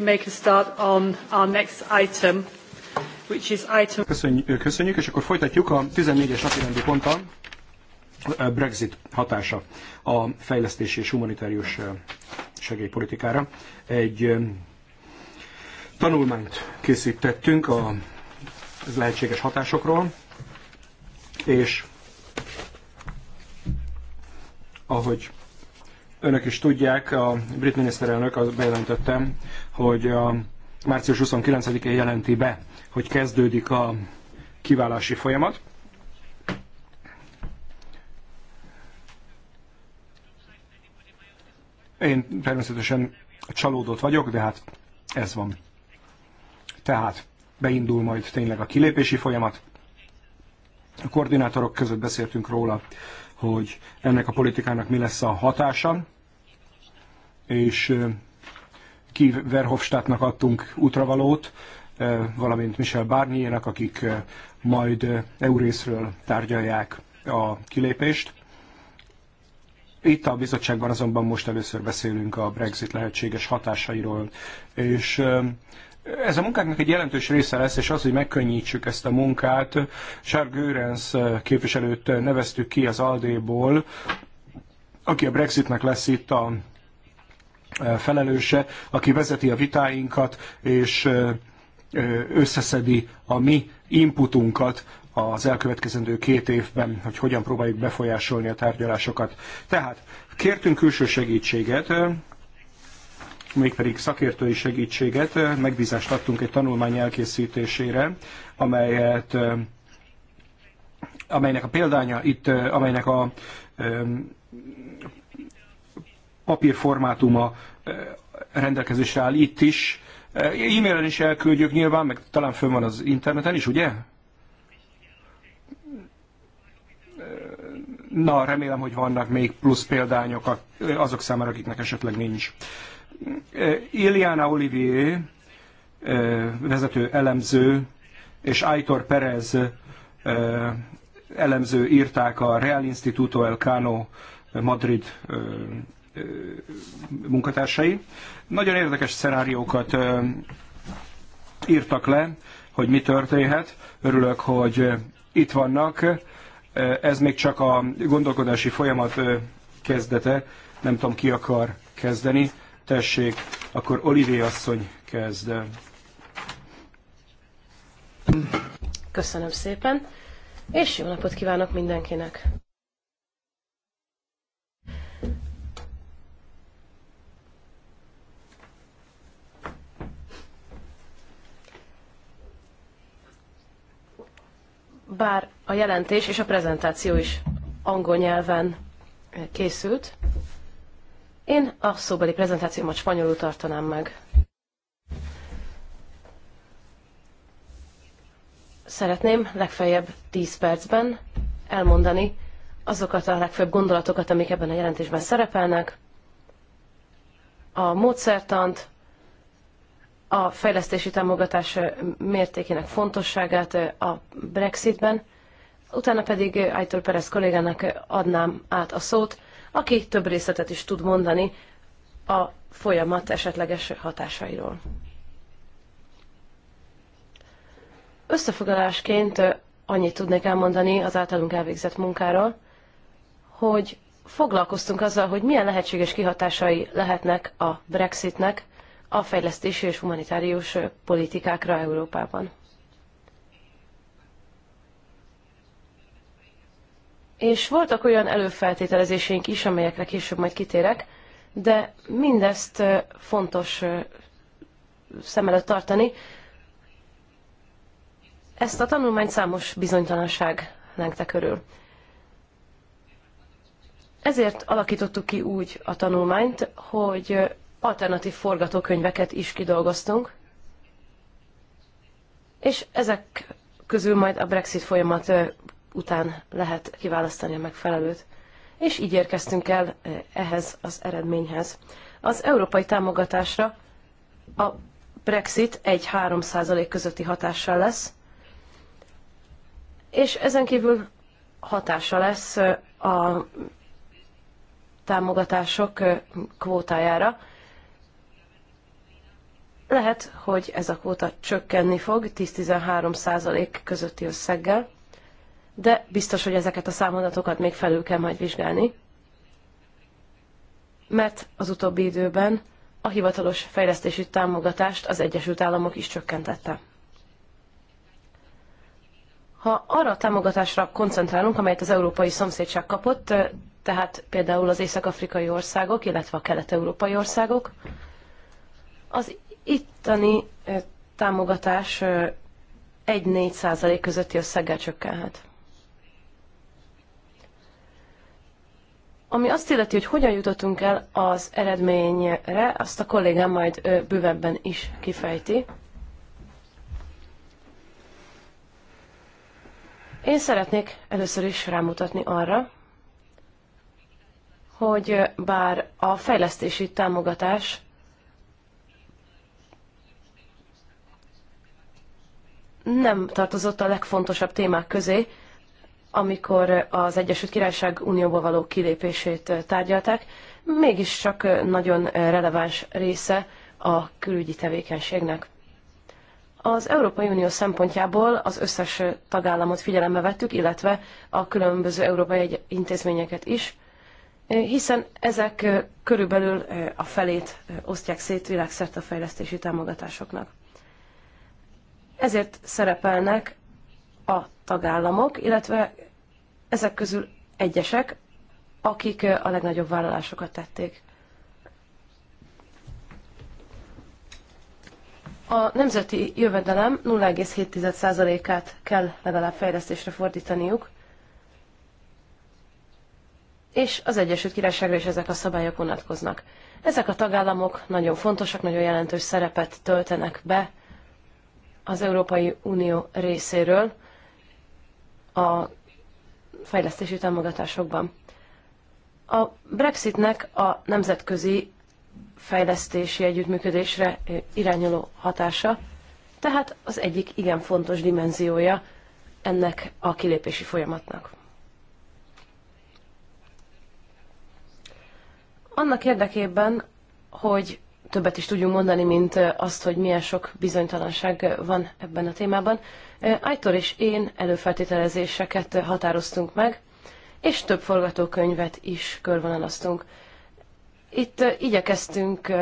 Make a start on our next item, which is item... Köszönjük, köszönjük, és akkor folytatjuk a 14-es napirendi ponttal. Brexit hatása a fejlesztési és humanitárius segélypolitikára. Egy tanulmányt készítettünk a lehetséges hatásokról, és ahogy önök is tudják, a brit miniszterelnök az bejelentette, hogy a március 29-én jelenti be, hogy kezdődik a kiválási folyamat. Én természetesen csalódott vagyok, de hát ez van. Tehát beindul majd tényleg a kilépési folyamat. A koordinátorok között beszéltünk róla, hogy ennek a politikának mi lesz a hatása, és ki Verhofstadtnak adtunk útravalót, eh, valamint Michel Barniernak, akik eh, majd eh, EU-részről tárgyalják a kilépést. Itt a bizottságban azonban most először beszélünk a Brexit lehetséges hatásairól, és ez a munkáknak egy jelentős része lesz, és az, hogy megkönnyítsük ezt a munkát, Charles Görens képviselőt neveztük ki az Aldéból, aki a Brexitnek lesz itt a felelőse, aki vezeti a vitáinkat, és összeszedi a mi inputunkat az elkövetkezendő két évben, hogy hogyan próbáljuk befolyásolni a tárgyalásokat. Tehát kértünk külső segítséget, mégpedig szakértői segítséget, megbízást adtunk egy tanulmány elkészítésére, amelyet, amelynek a példánya itt, amelynek a papírformátuma eh, rendelkezésre áll itt is. Eh, e-mailen is elküldjük nyilván, meg talán fönn van az interneten is, ugye? Eh, na, remélem, hogy vannak még plusz példányok azok számára, akiknek esetleg nincs. Iliana Olivier, vezető elemző, és Aitor Perez elemző írták a Real Instituto Elcano Madrid munkatársai. Nagyon érdekes szenáriókat írtak le, hogy mi történhet. Örülök, hogy itt vannak. Ez még csak a gondolkodási folyamat kezdete. Nem tudom, ki akar kezdeni. Tessék, akkor Olivier asszony kezd. Köszönöm szépen, és jó napot kívánok mindenkinek! bár a jelentés és a prezentáció is angol nyelven készült, én a szóbeli prezentációmat spanyolul tartanám meg. Szeretném legfeljebb 10 percben elmondani azokat a legfőbb gondolatokat, amik ebben a jelentésben szerepelnek, a módszertant, a fejlesztési támogatás mértékének fontosságát a Brexitben, utána pedig Aitor Perez kollégának adnám át a szót, aki több részletet is tud mondani a folyamat esetleges hatásairól. Összefoglalásként annyit tudnék elmondani az általunk elvégzett munkáról, hogy foglalkoztunk azzal, hogy milyen lehetséges kihatásai lehetnek a Brexitnek a fejlesztési és humanitárius politikákra Európában. És voltak olyan előfeltételezéseink is, amelyekre később majd kitérek, de mindezt fontos szem előtt tartani. Ezt a tanulmányt számos bizonytalanság lengte körül. Ezért alakítottuk ki úgy a tanulmányt, hogy alternatív forgatókönyveket is kidolgoztunk, és ezek közül majd a Brexit folyamat után lehet kiválasztani a megfelelőt. És így érkeztünk el ehhez az eredményhez. Az európai támogatásra a Brexit egy 3% közötti hatással lesz, és ezen kívül hatása lesz a támogatások kvótájára, lehet, hogy ez a kvóta csökkenni fog 10-13 százalék közötti összeggel, de biztos, hogy ezeket a számadatokat még felül kell majd vizsgálni, mert az utóbbi időben a hivatalos fejlesztési támogatást az Egyesült Államok is csökkentette. Ha arra a támogatásra koncentrálunk, amelyet az európai szomszédság kapott, tehát például az észak-afrikai országok, illetve a kelet-európai országok, az ittani támogatás 1-4 százalék közötti összeggel csökkenhet. Ami azt illeti, hogy hogyan jutottunk el az eredményre, azt a kollégám majd bővebben is kifejti. Én szeretnék először is rámutatni arra, hogy bár a fejlesztési támogatás nem tartozott a legfontosabb témák közé, amikor az Egyesült Királyság Unióba való kilépését tárgyalták, mégiscsak nagyon releváns része a külügyi tevékenységnek. Az Európai Unió szempontjából az összes tagállamot figyelembe vettük, illetve a különböző európai intézményeket is, hiszen ezek körülbelül a felét osztják szét világszerte a fejlesztési támogatásoknak. Ezért szerepelnek a tagállamok, illetve ezek közül egyesek, akik a legnagyobb vállalásokat tették. A nemzeti jövedelem 0,7%-át kell legalább fejlesztésre fordítaniuk, és az Egyesült Királyságra is ezek a szabályok vonatkoznak. Ezek a tagállamok nagyon fontosak, nagyon jelentős szerepet töltenek be az Európai Unió részéről a fejlesztési támogatásokban. A Brexitnek a nemzetközi fejlesztési együttműködésre irányuló hatása, tehát az egyik igen fontos dimenziója ennek a kilépési folyamatnak. Annak érdekében, hogy többet is tudjunk mondani, mint azt, hogy milyen sok bizonytalanság van ebben a témában. Aitor és én előfeltételezéseket határoztunk meg, és több forgatókönyvet is körvonalaztunk. Itt igyekeztünk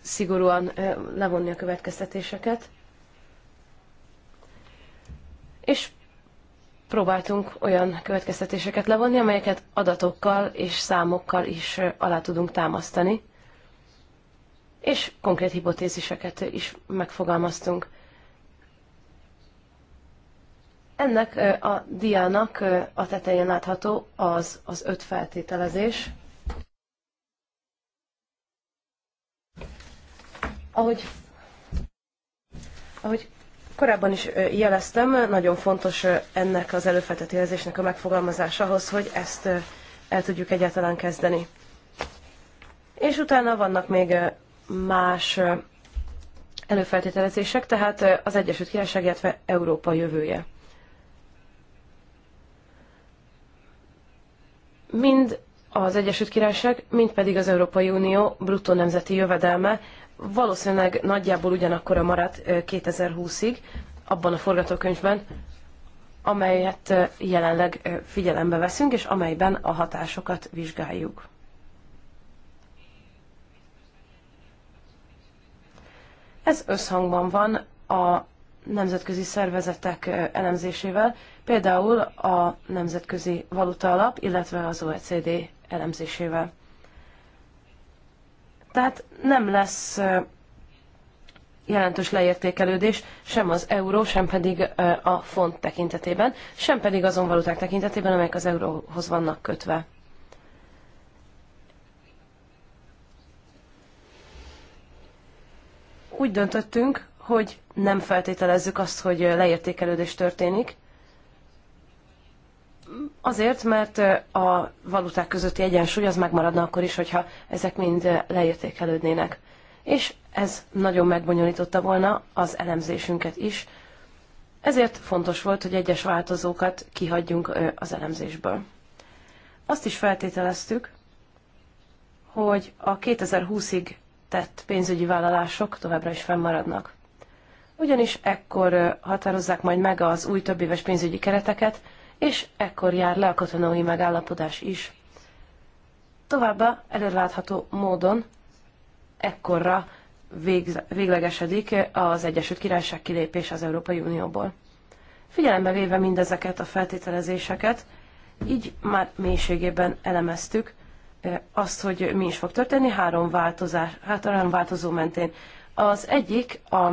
szigorúan levonni a következtetéseket, és próbáltunk olyan következtetéseket levonni, amelyeket adatokkal és számokkal is alá tudunk támasztani és konkrét hipotéziseket is megfogalmaztunk. Ennek a diának a tetején látható az az öt feltételezés. Ahogy, ahogy korábban is jeleztem, nagyon fontos ennek az előfeltételezésnek a megfogalmazásához, hogy ezt el tudjuk egyáltalán kezdeni. És utána vannak még más előfeltételezések, tehát az Egyesült Királyság, illetve Európa jövője. Mind az Egyesült Királyság, mind pedig az Európai Unió bruttó nemzeti jövedelme valószínűleg nagyjából ugyanakkora maradt 2020-ig, abban a forgatókönyvben, amelyet jelenleg figyelembe veszünk, és amelyben a hatásokat vizsgáljuk. Ez összhangban van a nemzetközi szervezetek elemzésével, például a Nemzetközi Valuta Alap, illetve az OECD elemzésével. Tehát nem lesz jelentős leértékelődés sem az euró, sem pedig a font tekintetében, sem pedig azon valuták tekintetében, amelyek az euróhoz vannak kötve. úgy döntöttünk, hogy nem feltételezzük azt, hogy leértékelődés történik, Azért, mert a valuták közötti egyensúly az megmaradna akkor is, hogyha ezek mind leértékelődnének. És ez nagyon megbonyolította volna az elemzésünket is, ezért fontos volt, hogy egyes változókat kihagyjunk az elemzésből. Azt is feltételeztük, hogy a 2020-ig tett pénzügyi vállalások továbbra is fennmaradnak. Ugyanis ekkor határozzák majd meg az új többéves pénzügyi kereteket, és ekkor jár le a katonai megállapodás is. Továbbá előrelátható módon ekkorra véglegesedik az Egyesült Királyság kilépés az Európai Unióból. Figyelembe véve mindezeket a feltételezéseket, így már mélységében elemeztük, azt, hogy mi is fog történni, három változás, hát három változó mentén. Az egyik a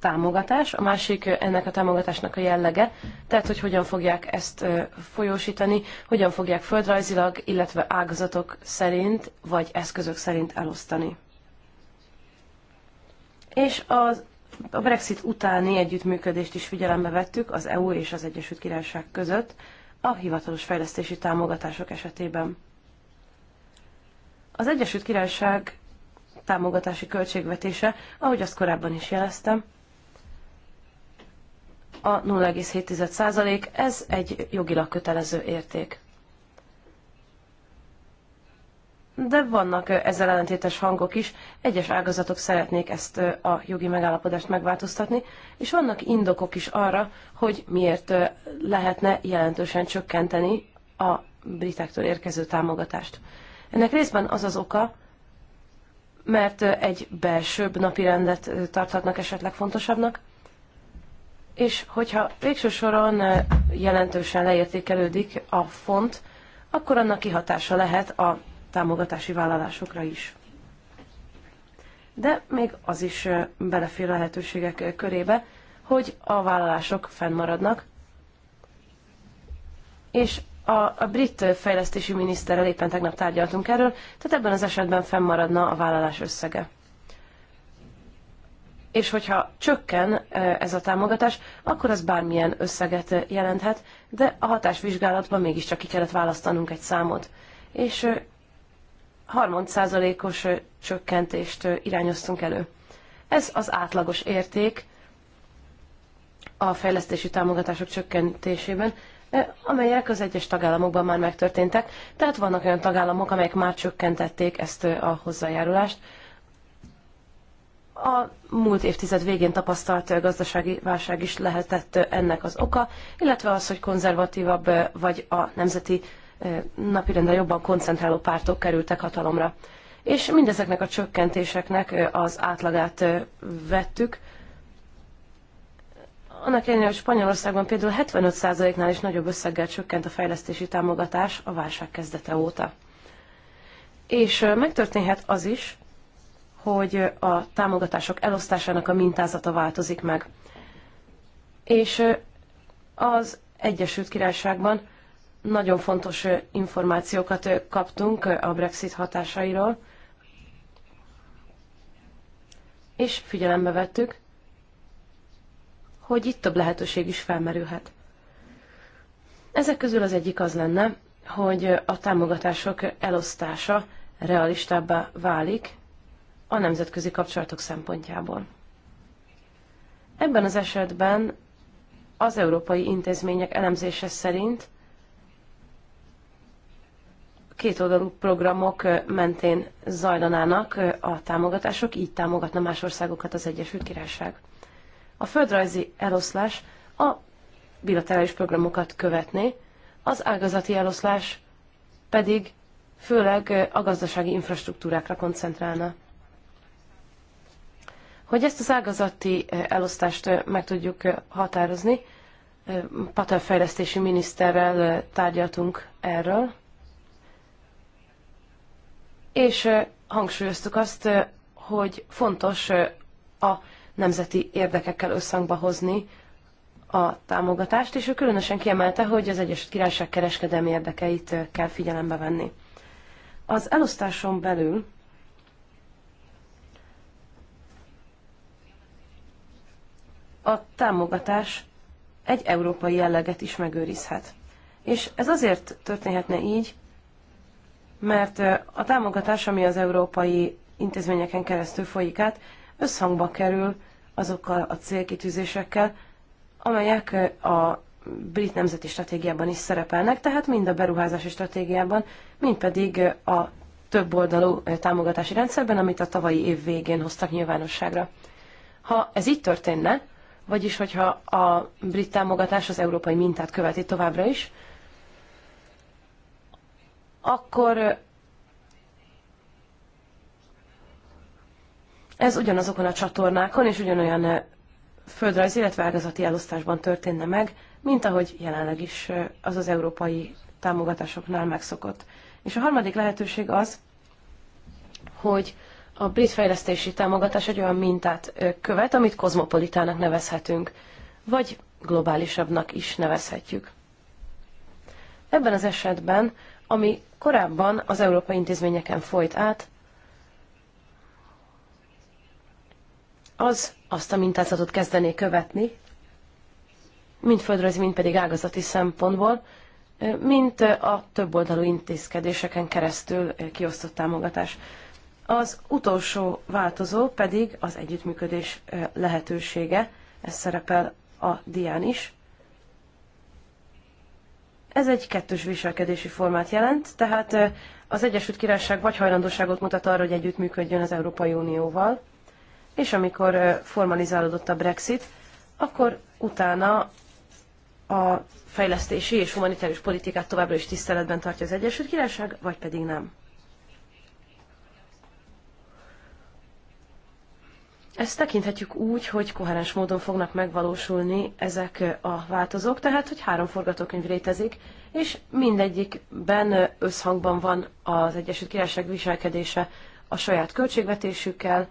támogatás, a másik ennek a támogatásnak a jellege, tehát hogy hogyan fogják ezt folyósítani, hogyan fogják földrajzilag, illetve ágazatok szerint, vagy eszközök szerint elosztani. És az, a Brexit utáni együttműködést is figyelembe vettük az EU és az Egyesült Királyság között, a hivatalos fejlesztési támogatások esetében. Az Egyesült Királyság támogatási költségvetése, ahogy azt korábban is jeleztem, a 0,7%, ez egy jogilag kötelező érték. de vannak ezzel ellentétes hangok is. Egyes ágazatok szeretnék ezt a jogi megállapodást megváltoztatni, és vannak indokok is arra, hogy miért lehetne jelentősen csökkenteni a britektől érkező támogatást. Ennek részben az az oka, mert egy belsőbb napirendet tarthatnak esetleg fontosabbnak, és hogyha végső soron jelentősen leértékelődik a font, akkor annak kihatása lehet a támogatási vállalásokra is. De még az is belefér lehetőségek körébe, hogy a vállalások fennmaradnak, és a, a brit fejlesztési miniszterrel éppen tegnap tárgyaltunk erről, tehát ebben az esetben fennmaradna a vállalás összege. És hogyha csökken ez a támogatás, akkor az bármilyen összeget jelenthet, de a hatásvizsgálatban mégiscsak ki kellett választanunk egy számot. És 30%-os csökkentést irányoztunk elő. Ez az átlagos érték a fejlesztési támogatások csökkentésében, amelyek az egyes tagállamokban már megtörténtek, tehát vannak olyan tagállamok, amelyek már csökkentették ezt a hozzájárulást. A múlt évtized végén tapasztalt gazdasági válság is lehetett ennek az oka, illetve az, hogy konzervatívabb vagy a nemzeti napirendre jobban koncentráló pártok kerültek hatalomra. És mindezeknek a csökkentéseknek az átlagát vettük. Annak ellenére, hogy Spanyolországban például 75%-nál is nagyobb összeggel csökkent a fejlesztési támogatás a válság kezdete óta. És megtörténhet az is, hogy a támogatások elosztásának a mintázata változik meg. És az Egyesült Királyságban nagyon fontos információkat kaptunk a Brexit hatásairól, és figyelembe vettük, hogy itt több lehetőség is felmerülhet. Ezek közül az egyik az lenne, hogy a támogatások elosztása realistábbá válik a nemzetközi kapcsolatok szempontjából. Ebben az esetben az európai intézmények elemzése szerint kétoldalú programok mentén zajlanának a támogatások, így támogatna más országokat az Egyesült Királyság. A földrajzi eloszlás a bilaterális programokat követné, az ágazati eloszlás pedig főleg a gazdasági infrastruktúrákra koncentrálna. Hogy ezt az ágazati elosztást meg tudjuk határozni, Patel fejlesztési miniszterrel tárgyaltunk erről, és hangsúlyoztuk azt, hogy fontos a nemzeti érdekekkel összhangba hozni a támogatást, és ő különösen kiemelte, hogy az Egyesült Királyság kereskedelmi érdekeit kell figyelembe venni. Az elosztáson belül a támogatás egy európai jelleget is megőrizhet. És ez azért történhetne így, mert a támogatás, ami az európai intézményeken keresztül folyik át, összhangba kerül azokkal a célkitűzésekkel, amelyek a brit nemzeti stratégiában is szerepelnek, tehát mind a beruházási stratégiában, mind pedig a többoldalú támogatási rendszerben, amit a tavalyi év végén hoztak nyilvánosságra. Ha ez így történne, vagyis hogyha a brit támogatás az európai mintát követi továbbra is, akkor ez ugyanazokon a csatornákon és ugyanolyan földrajz, illetve ágazati elosztásban történne meg, mint ahogy jelenleg is az az európai támogatásoknál megszokott. És a harmadik lehetőség az, hogy a brit fejlesztési támogatás egy olyan mintát követ, amit kozmopolitának nevezhetünk, vagy globálisabbnak is nevezhetjük. Ebben az esetben ami korábban az európai intézményeken folyt át, az azt a mintázatot kezdené követni, mind földrajzi, mind pedig ágazati szempontból, mint a többoldalú intézkedéseken keresztül kiosztott támogatás. Az utolsó változó pedig az együttműködés lehetősége, ez szerepel a dián is. Ez egy kettős viselkedési formát jelent, tehát az Egyesült Királyság vagy hajlandóságot mutat arra, hogy együttműködjön az Európai Unióval, és amikor formalizálódott a Brexit, akkor utána a fejlesztési és humanitárius politikát továbbra is tiszteletben tartja az Egyesült Királyság, vagy pedig nem. Ezt tekinthetjük úgy, hogy koherens módon fognak megvalósulni ezek a változók, tehát hogy három forgatókönyv létezik, és mindegyikben összhangban van az Egyesült Királyság viselkedése a saját költségvetésükkel,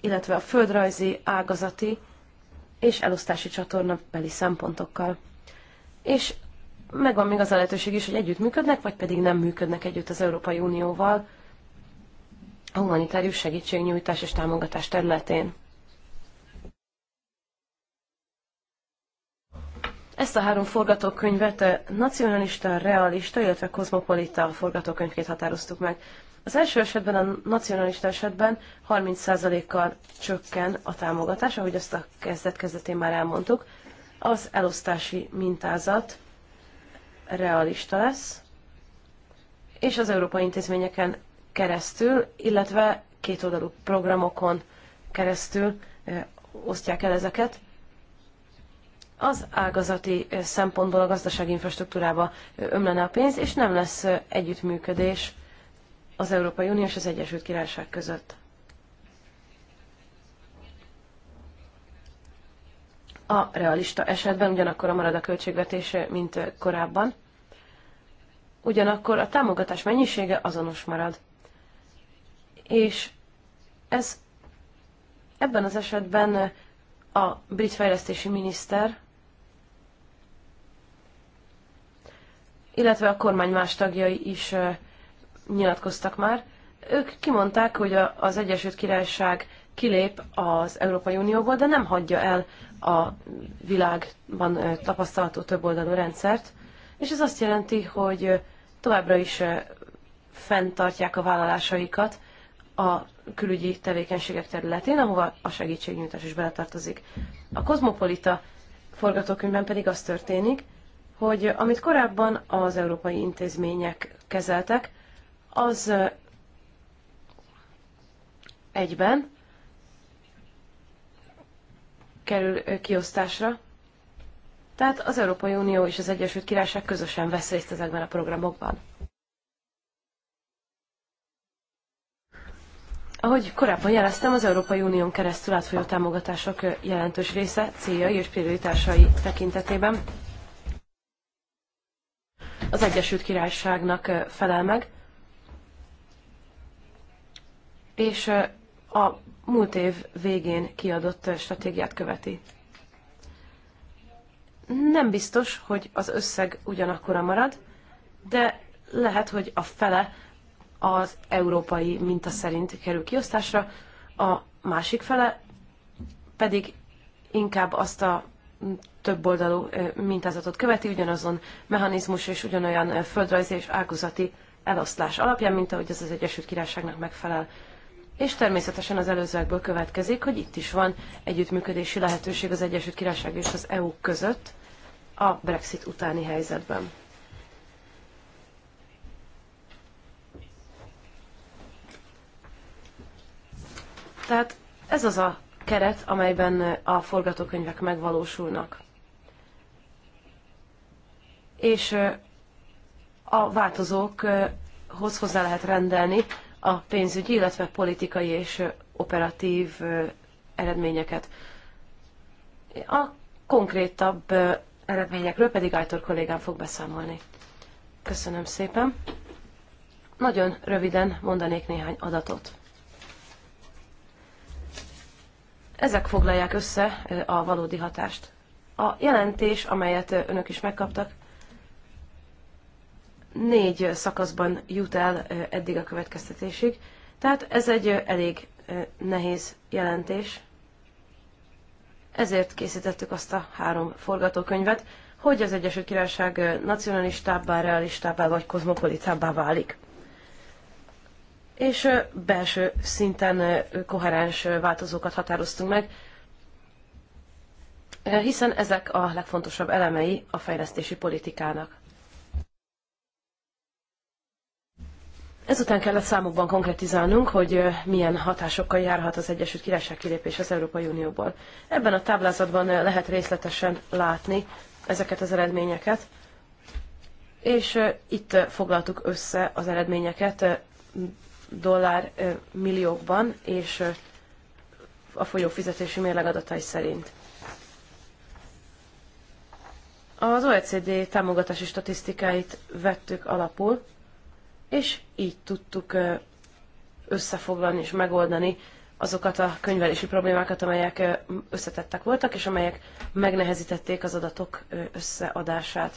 illetve a földrajzi, ágazati és elosztási csatorna beli szempontokkal. És megvan még az a lehetőség is, hogy együtt működnek, vagy pedig nem működnek együtt az Európai Unióval, a humanitárius segítségnyújtás és támogatás területén. Ezt a három forgatókönyvet eh, nacionalista, realista, illetve kozmopolita forgatókönyvként határoztuk meg. Az első esetben, a nacionalista esetben 30%-kal csökken a támogatás, ahogy azt a kezdet-kezdetén már elmondtuk. Az elosztási mintázat realista lesz, és az európai intézményeken keresztül, illetve kétoldalú programokon keresztül eh, osztják el ezeket. Az ágazati eh, szempontból a gazdasági infrastruktúrába eh, ömlene a pénz, és nem lesz együttműködés az Európai Unió és az Egyesült Királyság között. A realista esetben ugyanakkor a marad a költségvetés, mint korábban. Ugyanakkor a támogatás mennyisége azonos marad és ez ebben az esetben a brit fejlesztési miniszter, illetve a kormány más tagjai is nyilatkoztak már. Ők kimondták, hogy az Egyesült Királyság kilép az Európai Unióból, de nem hagyja el a világban tapasztalható többoldalú rendszert, és ez azt jelenti, hogy továbbra is fenntartják a vállalásaikat, a külügyi tevékenységek területén, ahova a segítségnyújtás is beletartozik. A kozmopolita forgatókönyvben pedig az történik, hogy amit korábban az európai intézmények kezeltek, az egyben kerül kiosztásra. Tehát az Európai Unió és az Egyesült Királyság közösen vesz részt ezekben a programokban. Ahogy korábban jeleztem, az Európai Unión keresztül átfolyó támogatások jelentős része céljai és prioritásai tekintetében az Egyesült Királyságnak felel meg, és a múlt év végén kiadott stratégiát követi. Nem biztos, hogy az összeg ugyanakkora marad, de lehet, hogy a fele az európai minta szerint kerül kiosztásra, a másik fele pedig inkább azt a többoldalú mintázatot követi, ugyanazon mechanizmus és ugyanolyan földrajzi és ágazati eloszlás alapján, mint ahogy ez az Egyesült Királyságnak megfelel. És természetesen az előzőekből következik, hogy itt is van együttműködési lehetőség az Egyesült Királyság és az EU között a Brexit utáni helyzetben. Tehát ez az a keret, amelyben a forgatókönyvek megvalósulnak. És a változókhoz hozzá lehet rendelni a pénzügyi, illetve politikai és operatív eredményeket. A konkrétabb eredményekről pedig Ájtor kollégám fog beszámolni. Köszönöm szépen. Nagyon röviden mondanék néhány adatot. Ezek foglalják össze a valódi hatást. A jelentés, amelyet önök is megkaptak, négy szakaszban jut el eddig a következtetésig, tehát ez egy elég nehéz jelentés. Ezért készítettük azt a három forgatókönyvet, hogy az Egyesült Királyság nacionalistábbá, realistábbá vagy kozmopolitábbá válik és belső szinten koherens változókat határoztunk meg, hiszen ezek a legfontosabb elemei a fejlesztési politikának. Ezután kellett számokban konkretizálnunk, hogy milyen hatásokkal járhat az Egyesült Királyság kilépés az Európai Unióból. Ebben a táblázatban lehet részletesen látni ezeket az eredményeket, és itt foglaltuk össze az eredményeket dollár milliókban, és a folyó fizetési mérleg adatai szerint. Az OECD támogatási statisztikáit vettük alapul, és így tudtuk összefoglalni és megoldani azokat a könyvelési problémákat, amelyek összetettek voltak, és amelyek megnehezítették az adatok összeadását.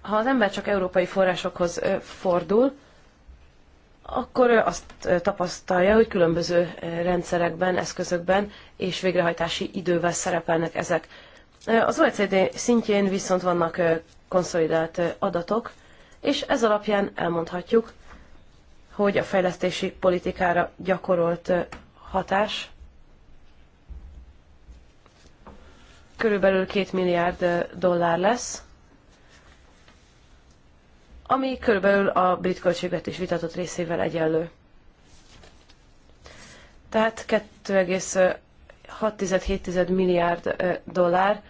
Ha az ember csak európai forrásokhoz fordul, akkor azt tapasztalja, hogy különböző rendszerekben, eszközökben és végrehajtási idővel szerepelnek ezek. Az OECD szintjén viszont vannak konszolidált adatok, és ez alapján elmondhatjuk, hogy a fejlesztési politikára gyakorolt hatás körülbelül 2 milliárd dollár lesz, ami körülbelül a brit költségvetés vitatott részével egyenlő. Tehát 2,6-7 milliárd dollár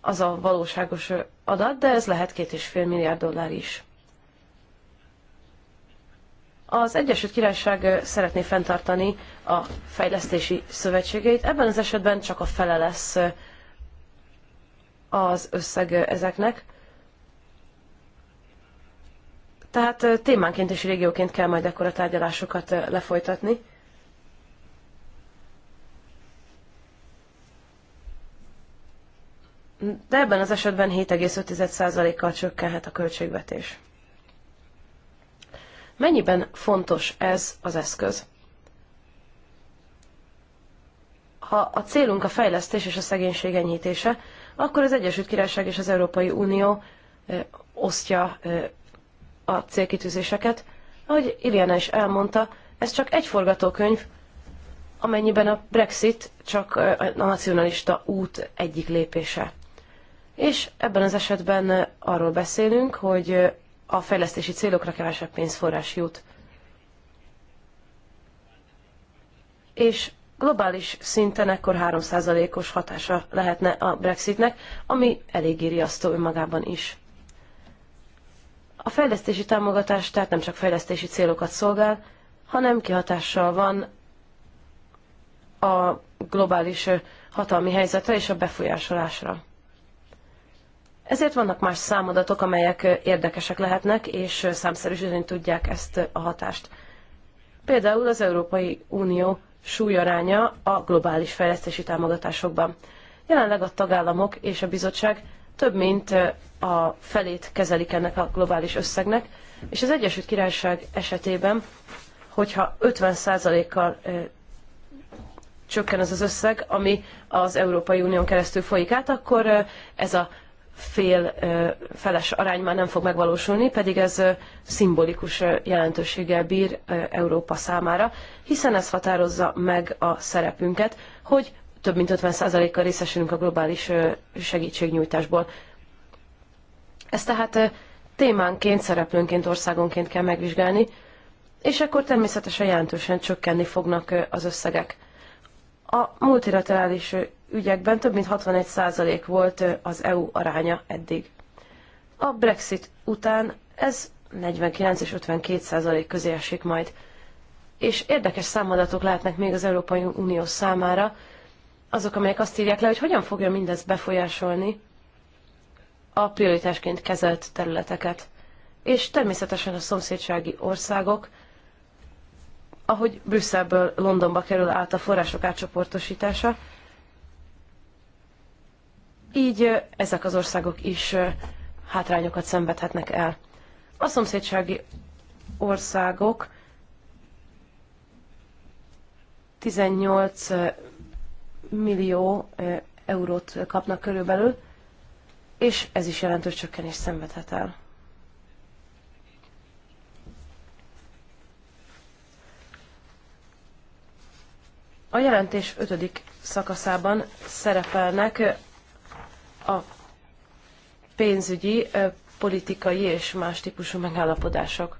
az a valóságos adat, de ez lehet 2,5 milliárd dollár is. Az Egyesült Királyság szeretné fenntartani a fejlesztési szövetségeit. Ebben az esetben csak a fele lesz az összeg ezeknek. Tehát témánként és régióként kell majd akkor a tárgyalásokat lefolytatni. De ebben az esetben 7,5%-kal csökkenhet a költségvetés. Mennyiben fontos ez az eszköz? Ha a célunk a fejlesztés és a szegénység enyhítése, akkor az Egyesült Királyság és az Európai Unió osztja a célkitűzéseket. Ahogy Iliana is elmondta, ez csak egy forgatókönyv, amennyiben a Brexit csak eh, a nacionalista út egyik lépése. És ebben az esetben eh, arról beszélünk, hogy eh, a fejlesztési célokra kevesebb pénzforrás jut. És globális szinten ekkor 3%-os hatása lehetne a Brexitnek, ami elég riasztó önmagában is. A fejlesztési támogatás tehát nem csak fejlesztési célokat szolgál, hanem kihatással van a globális hatalmi helyzetre és a befolyásolásra. Ezért vannak más számadatok, amelyek érdekesek lehetnek, és számszerűsíteni tudják ezt a hatást. Például az Európai Unió súlyaránya a globális fejlesztési támogatásokban. Jelenleg a tagállamok és a bizottság több mint a felét kezelik ennek a globális összegnek, és az Egyesült Királyság esetében, hogyha 50%-kal csökken ez az összeg, ami az Európai Unión keresztül folyik át, akkor ez a fél feles arány már nem fog megvalósulni, pedig ez szimbolikus jelentőséggel bír Európa számára, hiszen ez határozza meg a szerepünket, hogy több mint 50%-kal részesülünk a globális segítségnyújtásból. Ezt tehát témánként, szereplőnként, országonként kell megvizsgálni, és akkor természetesen jelentősen csökkenni fognak az összegek. A multilaterális ügyekben több mint 61% volt az EU aránya eddig. A Brexit után ez 49 és 52% közé esik majd. És érdekes számadatok lehetnek még az Európai Unió számára, azok, amelyek azt írják le, hogy hogyan fogja mindez befolyásolni a prioritásként kezelt területeket. És természetesen a szomszédsági országok, ahogy Brüsszelből Londonba kerül át a források átcsoportosítása, így ezek az országok is hátrányokat szenvedhetnek el. A szomszédsági országok 18 millió eurót kapnak körülbelül, és ez is jelentős csökkenés szenvedhet el. A jelentés ötödik szakaszában szerepelnek a pénzügyi, politikai és más típusú megállapodások.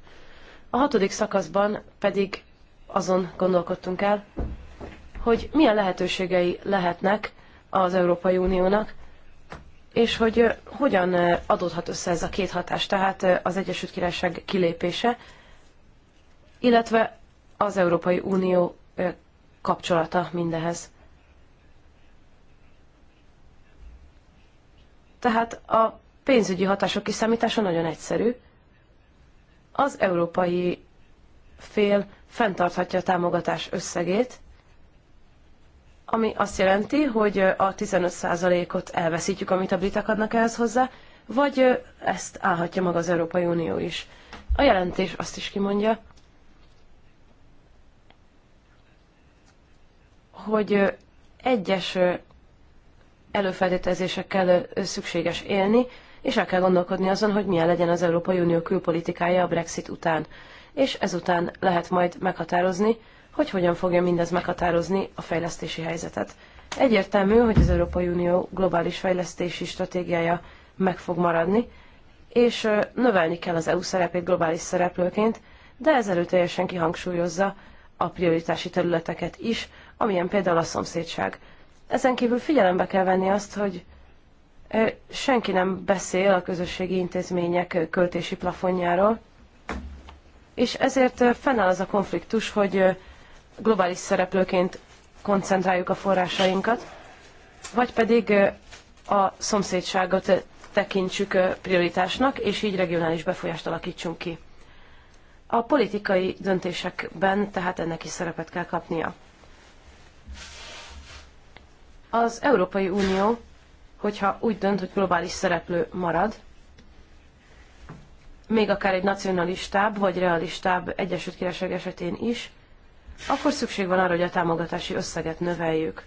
A hatodik szakaszban pedig azon gondolkodtunk el, hogy milyen lehetőségei lehetnek az Európai Uniónak, és hogy hogyan adódhat össze ez a két hatás, tehát az Egyesült Királyság kilépése, illetve az Európai Unió kapcsolata mindehez. Tehát a pénzügyi hatások kiszámítása nagyon egyszerű. Az európai fél fenntarthatja a támogatás összegét, ami azt jelenti, hogy a 15%-ot elveszítjük, amit a britek adnak ehhez hozzá, vagy ezt állhatja maga az Európai Unió is. A jelentés azt is kimondja, hogy egyes előfeltételezésekkel szükséges élni, és el kell gondolkodni azon, hogy milyen legyen az Európai Unió külpolitikája a Brexit után. És ezután lehet majd meghatározni, hogy hogyan fogja mindez meghatározni a fejlesztési helyzetet. Egyértelmű, hogy az Európai Unió globális fejlesztési stratégiája meg fog maradni, és növelni kell az EU szerepét globális szereplőként, de ez erőteljesen kihangsúlyozza a prioritási területeket is, amilyen például a szomszédság. Ezen kívül figyelembe kell venni azt, hogy senki nem beszél a közösségi intézmények költési plafonjáról, és ezért fennáll az a konfliktus, hogy globális szereplőként koncentráljuk a forrásainkat, vagy pedig a szomszédságot tekintsük prioritásnak, és így regionális befolyást alakítsunk ki. A politikai döntésekben tehát ennek is szerepet kell kapnia. Az Európai Unió, hogyha úgy dönt, hogy globális szereplő marad, még akár egy nacionalistább vagy realistább Egyesült Királyság esetén is, akkor szükség van arra, hogy a támogatási összeget növeljük.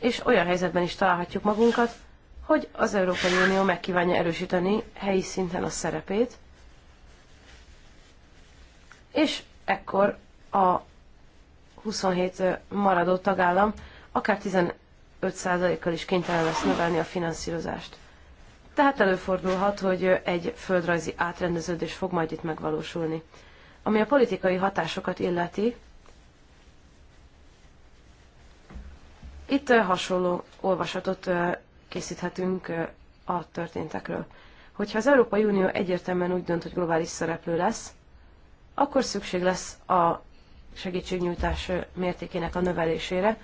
És olyan helyzetben is találhatjuk magunkat, hogy az Európai Unió megkívánja erősíteni helyi szinten a szerepét, és ekkor a 27 maradó tagállam akár 15%-kal is kénytelen lesz növelni a finanszírozást. Tehát előfordulhat, hogy egy földrajzi átrendeződés fog majd itt megvalósulni. Ami a politikai hatásokat illeti, itt hasonló olvasatot készíthetünk a történtekről. Hogyha az Európai Unió egyértelműen úgy dönt, hogy globális szereplő lesz, akkor szükség lesz a segítségnyújtás mértékének a növelésére,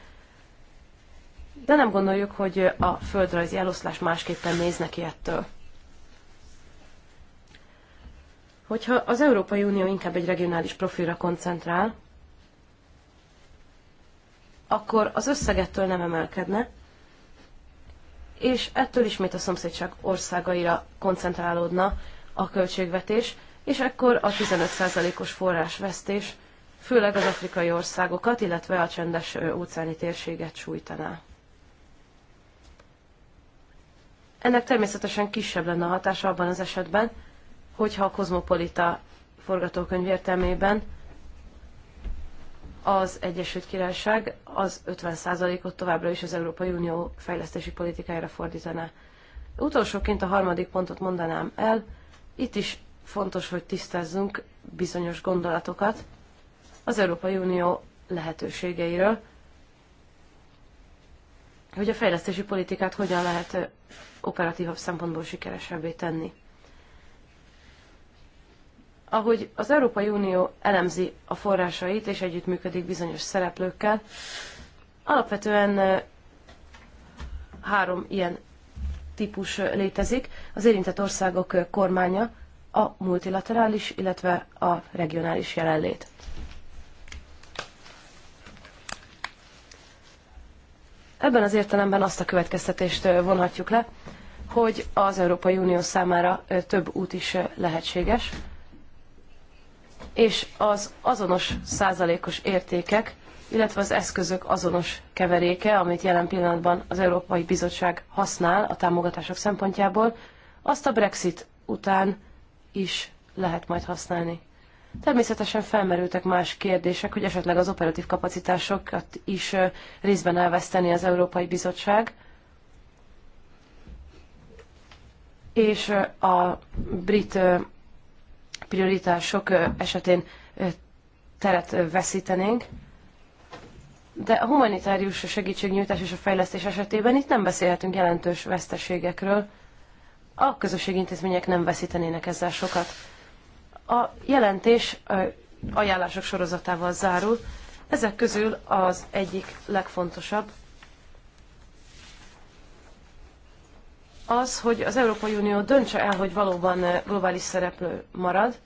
de nem gondoljuk, hogy a földrajzi eloszlás másképpen néz neki ettől. hogyha az Európai Unió inkább egy regionális profilra koncentrál, akkor az összegettől nem emelkedne, és ettől ismét a szomszédság országaira koncentrálódna a költségvetés, és ekkor a 15%-os forrásvesztés főleg az afrikai országokat, illetve a csendes óceáni térséget sújtaná. Ennek természetesen kisebb lenne a hatása abban az esetben, hogyha a kozmopolita forgatókönyv értelmében az Egyesült Királyság az 50%-ot továbbra is az Európai Unió fejlesztési politikájára fordítaná. Utolsóként a harmadik pontot mondanám el. Itt is fontos, hogy tisztázzunk bizonyos gondolatokat az Európai Unió lehetőségeiről, hogy a fejlesztési politikát hogyan lehet operatívabb szempontból sikeresebbé tenni. Ahogy az Európai Unió elemzi a forrásait és együttműködik bizonyos szereplőkkel, alapvetően három ilyen típus létezik. Az érintett országok kormánya, a multilaterális, illetve a regionális jelenlét. Ebben az értelemben azt a következtetést vonhatjuk le, hogy az Európai Unió számára több út is lehetséges, és az azonos százalékos értékek, illetve az eszközök azonos keveréke, amit jelen pillanatban az Európai Bizottság használ a támogatások szempontjából, azt a Brexit után is lehet majd használni. Természetesen felmerültek más kérdések, hogy esetleg az operatív kapacitásokat is részben elveszteni az Európai Bizottság, és a brit prioritások esetén teret veszítenénk. De a humanitárius segítségnyújtás és a fejlesztés esetében itt nem beszélhetünk jelentős veszteségekről. A közösségi intézmények nem veszítenének ezzel sokat. A jelentés ajánlások sorozatával zárul. Ezek közül az egyik legfontosabb az, hogy az Európai Unió döntse el, hogy valóban eh, globális szereplő marad,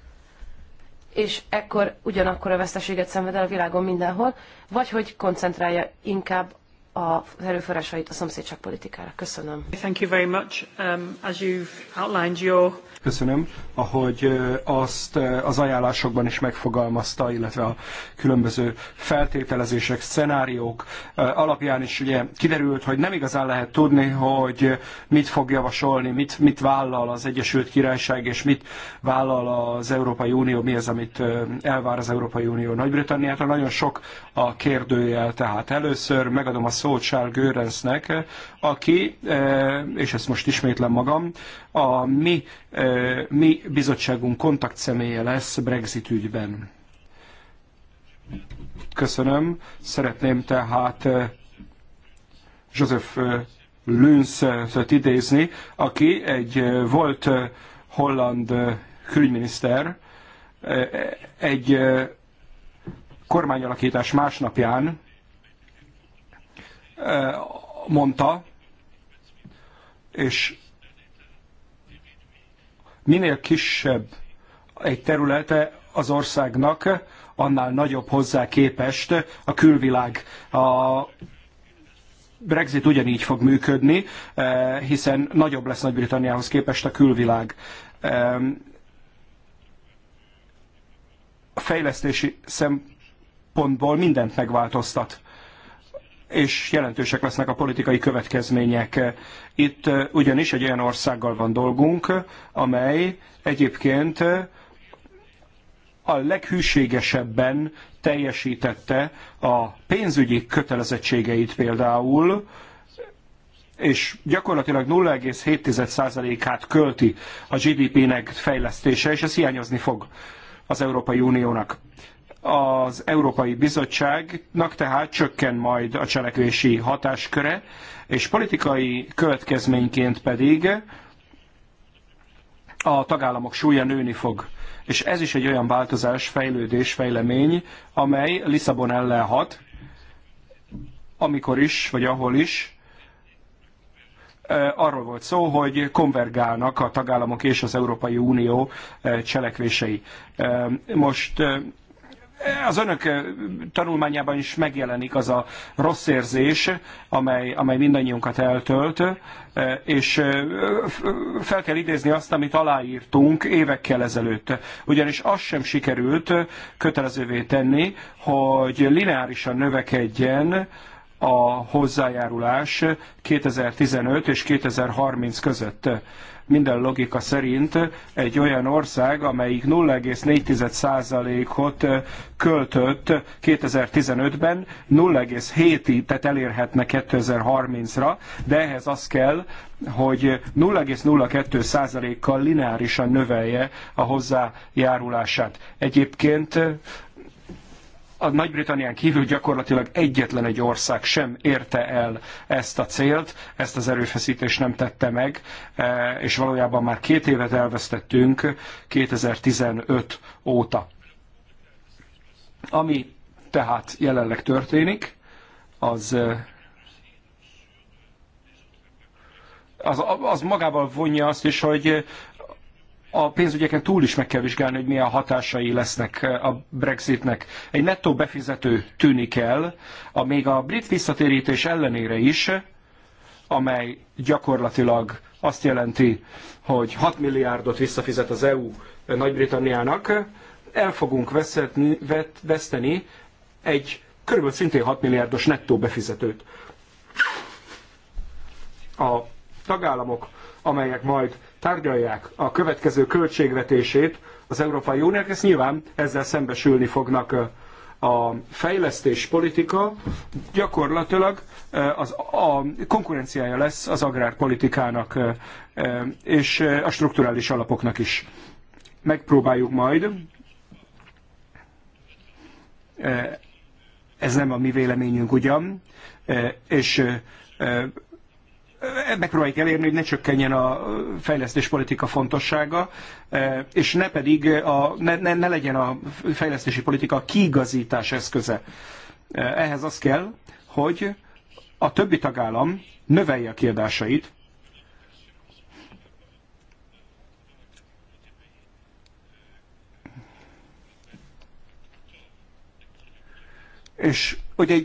és ekkor ugyanakkor a veszteséget szenved el a világon mindenhol, vagy hogy koncentrálja inkább a erőforrásait a szomszédságpolitikára. Köszönöm. Thank you very much. Um, as you've outlined your köszönöm, ahogy azt az ajánlásokban is megfogalmazta, illetve a különböző feltételezések, szenáriók alapján is ugye kiderült, hogy nem igazán lehet tudni, hogy mit fog javasolni, mit, mit vállal az Egyesült Királyság, és mit vállal az Európai Unió, mi az, amit elvár az Európai Unió Nagy-Britanniától. Nagyon sok a kérdőjel, tehát először megadom a szót Charles Görensnek, aki, e, és ezt most ismétlem magam, a mi, e, mi bizottságunk kontaktszemélye lesz Brexit ügyben. Köszönöm. Szeretném tehát e, Joseph Lünszet idézni, aki egy volt holland külügyminiszter, egy kormányalakítás másnapján mondta, és minél kisebb egy területe az országnak, annál nagyobb hozzá képest a külvilág. A Brexit ugyanígy fog működni, eh, hiszen nagyobb lesz Nagy-Britanniához képest a külvilág. A fejlesztési szempontból mindent megváltoztat és jelentősek lesznek a politikai következmények. Itt eh, ugyanis egy olyan országgal van dolgunk, amely egyébként eh, a leghűségesebben teljesítette a pénzügyi kötelezettségeit például, és gyakorlatilag 0,7%-át költi a GDP-nek fejlesztése, és ez hiányozni fog az Európai Uniónak. Az Európai Bizottságnak tehát csökken majd a cselekvési hatásköre, és politikai következményként pedig a tagállamok súlya nőni fog. És ez is egy olyan változás, fejlődés, fejlemény, amely Lisszabon ellen hat, amikor is, vagy ahol is, arról volt szó, hogy konvergálnak a tagállamok és az Európai Unió cselekvései. Most az önök eh, tanulmányában is megjelenik az a rossz érzés, amely, amely mindannyiunkat eltölt, eh, és eh, fel kell idézni azt, amit aláírtunk évekkel ezelőtt. Ugyanis az sem sikerült kötelezővé tenni, hogy lineárisan növekedjen a hozzájárulás 2015 és 2030 között minden logika szerint egy olyan ország, amelyik 0,4%-ot költött 2015-ben, 0,7-et tehát elérhetne 2030-ra, de ehhez az kell, hogy 0,02%-kal lineárisan növelje a hozzájárulását. Egyébként a Nagy-Britannián kívül gyakorlatilag egyetlen egy ország sem érte el ezt a célt, ezt az erőfeszítést nem tette meg, e, és valójában már két évet elvesztettünk 2015 óta. Ami tehát jelenleg történik, az e, az, az magával vonja azt is, hogy a pénzügyeken túl is meg kell vizsgálni, hogy milyen hatásai lesznek eh, a Brexitnek. Egy nettó befizető tűnik el, a még a brit visszatérítés ellenére is, amely gyakorlatilag azt jelenti, hogy 6 milliárdot visszafizet az EU Nagy-Britanniának, el fogunk veszetni, vet, veszteni egy körülbelül szintén 6 milliárdos nettó befizetőt. A tagállamok, amelyek majd tárgyalják a következő költségvetését az Európai Uniónak, ezt nyilván ezzel szembesülni fognak a fejlesztéspolitika gyakorlatilag az, a konkurenciája lesz az agrárpolitikának és a strukturális alapoknak is. Megpróbáljuk majd ez nem a mi véleményünk ugyan, és megpróbáljuk elérni, hogy ne csökkenjen a fejlesztéspolitika fontossága, és ne pedig a, ne, ne, ne legyen a fejlesztési politika a kiigazítás eszköze. Ehhez az kell, hogy a többi tagállam növelje a kiadásait, és ugye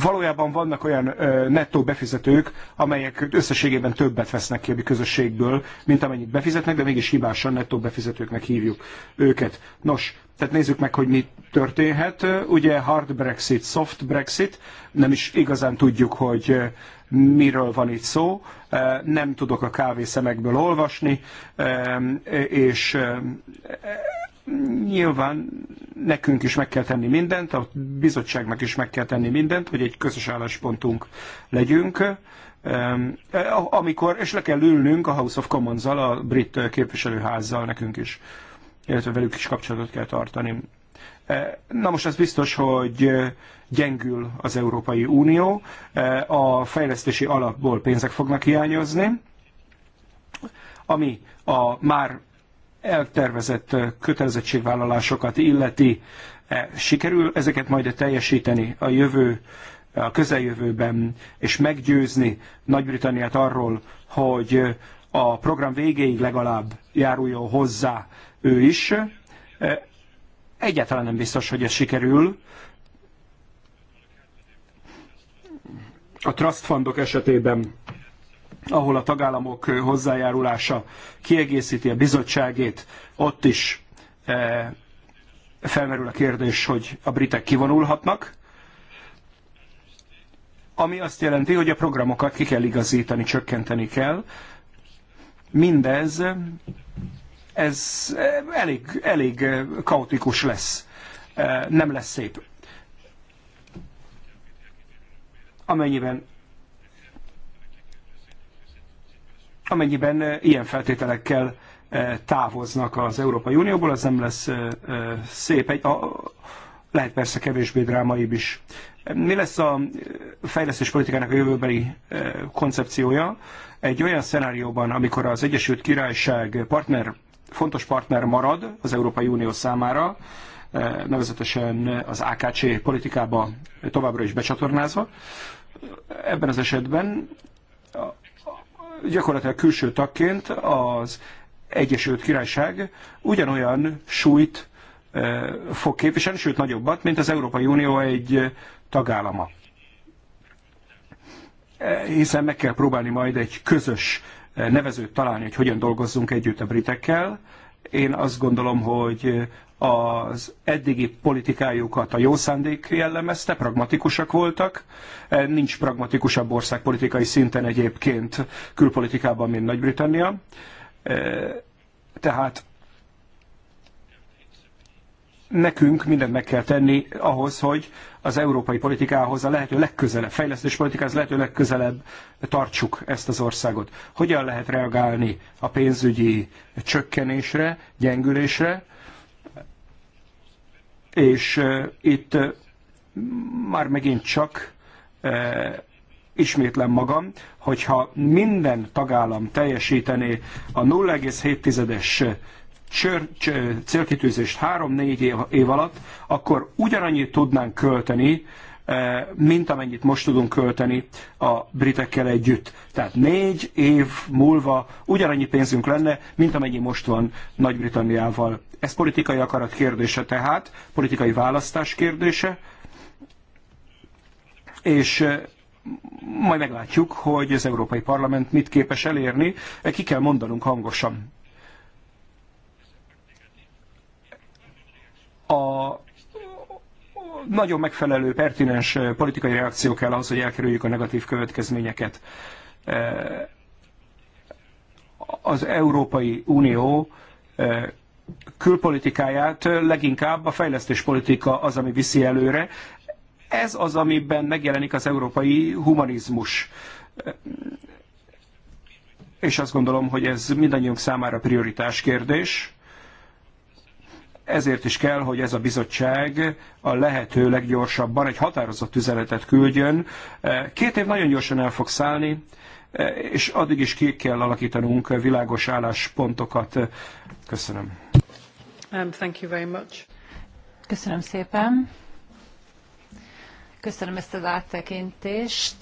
valójában vannak olyan ö, nettó befizetők, amelyek összességében többet vesznek ki a közösségből, mint amennyit befizetnek, de mégis hibásan nettó befizetőknek hívjuk őket. Nos, tehát nézzük meg, hogy mi történhet. Ugye hard Brexit, soft Brexit, nem is igazán tudjuk, hogy miről van itt szó. Nem tudok a kávészemekből olvasni, és Nyilván nekünk is meg kell tenni mindent, a bizottságnak is meg kell tenni mindent, hogy egy közös álláspontunk legyünk, e, amikor, és le kell ülnünk a House of Commons-zal, a brit képviselőházzal nekünk is, illetve velük is kapcsolatot kell tartani. E, na most az biztos, hogy gyengül az Európai Unió, e, a fejlesztési alapból pénzek fognak hiányozni, ami a már eltervezett kötelezettségvállalásokat illeti, e, sikerül ezeket majd teljesíteni a jövő, a közeljövőben, és meggyőzni Nagy-Britanniát arról, hogy a program végéig legalább járuljon hozzá ő is. E, egyáltalán nem biztos, hogy ez sikerül. A trust fundok esetében ahol a tagállamok hozzájárulása kiegészíti a bizottságét, ott is e, felmerül a kérdés, hogy a britek kivonulhatnak, ami azt jelenti, hogy a programokat ki kell igazítani, csökkenteni kell. Mindez ez elég, elég kaotikus lesz. E, nem lesz szép. Amennyiben amennyiben ilyen feltételekkel távoznak az Európai Unióból, az nem lesz szép. Egy, a, lehet persze kevésbé drámaibb is. Mi lesz a fejlesztés politikának a jövőbeli koncepciója? Egy olyan szenárióban, amikor az Egyesült Királyság partner, fontos partner marad az Európai Unió számára, nevezetesen az AKC politikába továbbra is becsatornázva. Ebben az esetben gyakorlatilag külső tagként az Egyesült Királyság ugyanolyan súlyt fog képviselni, sőt nagyobbat, mint az Európai Unió egy tagállama. E, hiszen meg kell próbálni majd egy közös nevezőt találni, hogy hogyan dolgozzunk együtt a britekkel. Én azt gondolom, hogy az eddigi politikájukat a jó szándék jellemezte, pragmatikusak voltak. E, nincs pragmatikusabb ország politikai szinten egyébként külpolitikában, mint Nagy-Britannia. E, tehát nekünk mindent meg kell tenni ahhoz, hogy az európai politikához a lehető legközelebb, fejlesztés politikához lehető legközelebb tartsuk ezt az országot. Hogyan lehet reagálni a pénzügyi csökkenésre, gyengülésre? és itt már megint csak ismétlem magam, hogyha minden tagállam teljesítené a 0,7-es célkitűzést 3-4 év alatt, akkor ugyanannyit tudnánk költeni, Eh, mint amennyit most tudunk költeni a britekkel együtt. Tehát négy év múlva ugyanannyi pénzünk lenne, mint amennyi most van Nagy-Britanniával. Ez politikai akarat kérdése tehát, politikai választás kérdése, és eh, majd meglátjuk, hogy az Európai Parlament mit képes elérni, eh, ki kell mondanunk hangosan. A nagyon megfelelő, pertinens politikai reakció kell ahhoz, hogy elkerüljük a negatív következményeket. Az Európai Unió külpolitikáját leginkább a fejlesztéspolitika az, ami viszi előre. Ez az, amiben megjelenik az európai humanizmus. És azt gondolom, hogy ez mindannyiunk számára prioritás kérdés ezért is kell, hogy ez a bizottság a lehető leggyorsabban egy határozott üzenetet küldjön. Két év nagyon gyorsan el fog szállni, és addig is ki kell alakítanunk világos álláspontokat. Köszönöm. Um, thank you very much. Köszönöm szépen. Köszönöm ezt az áttekintést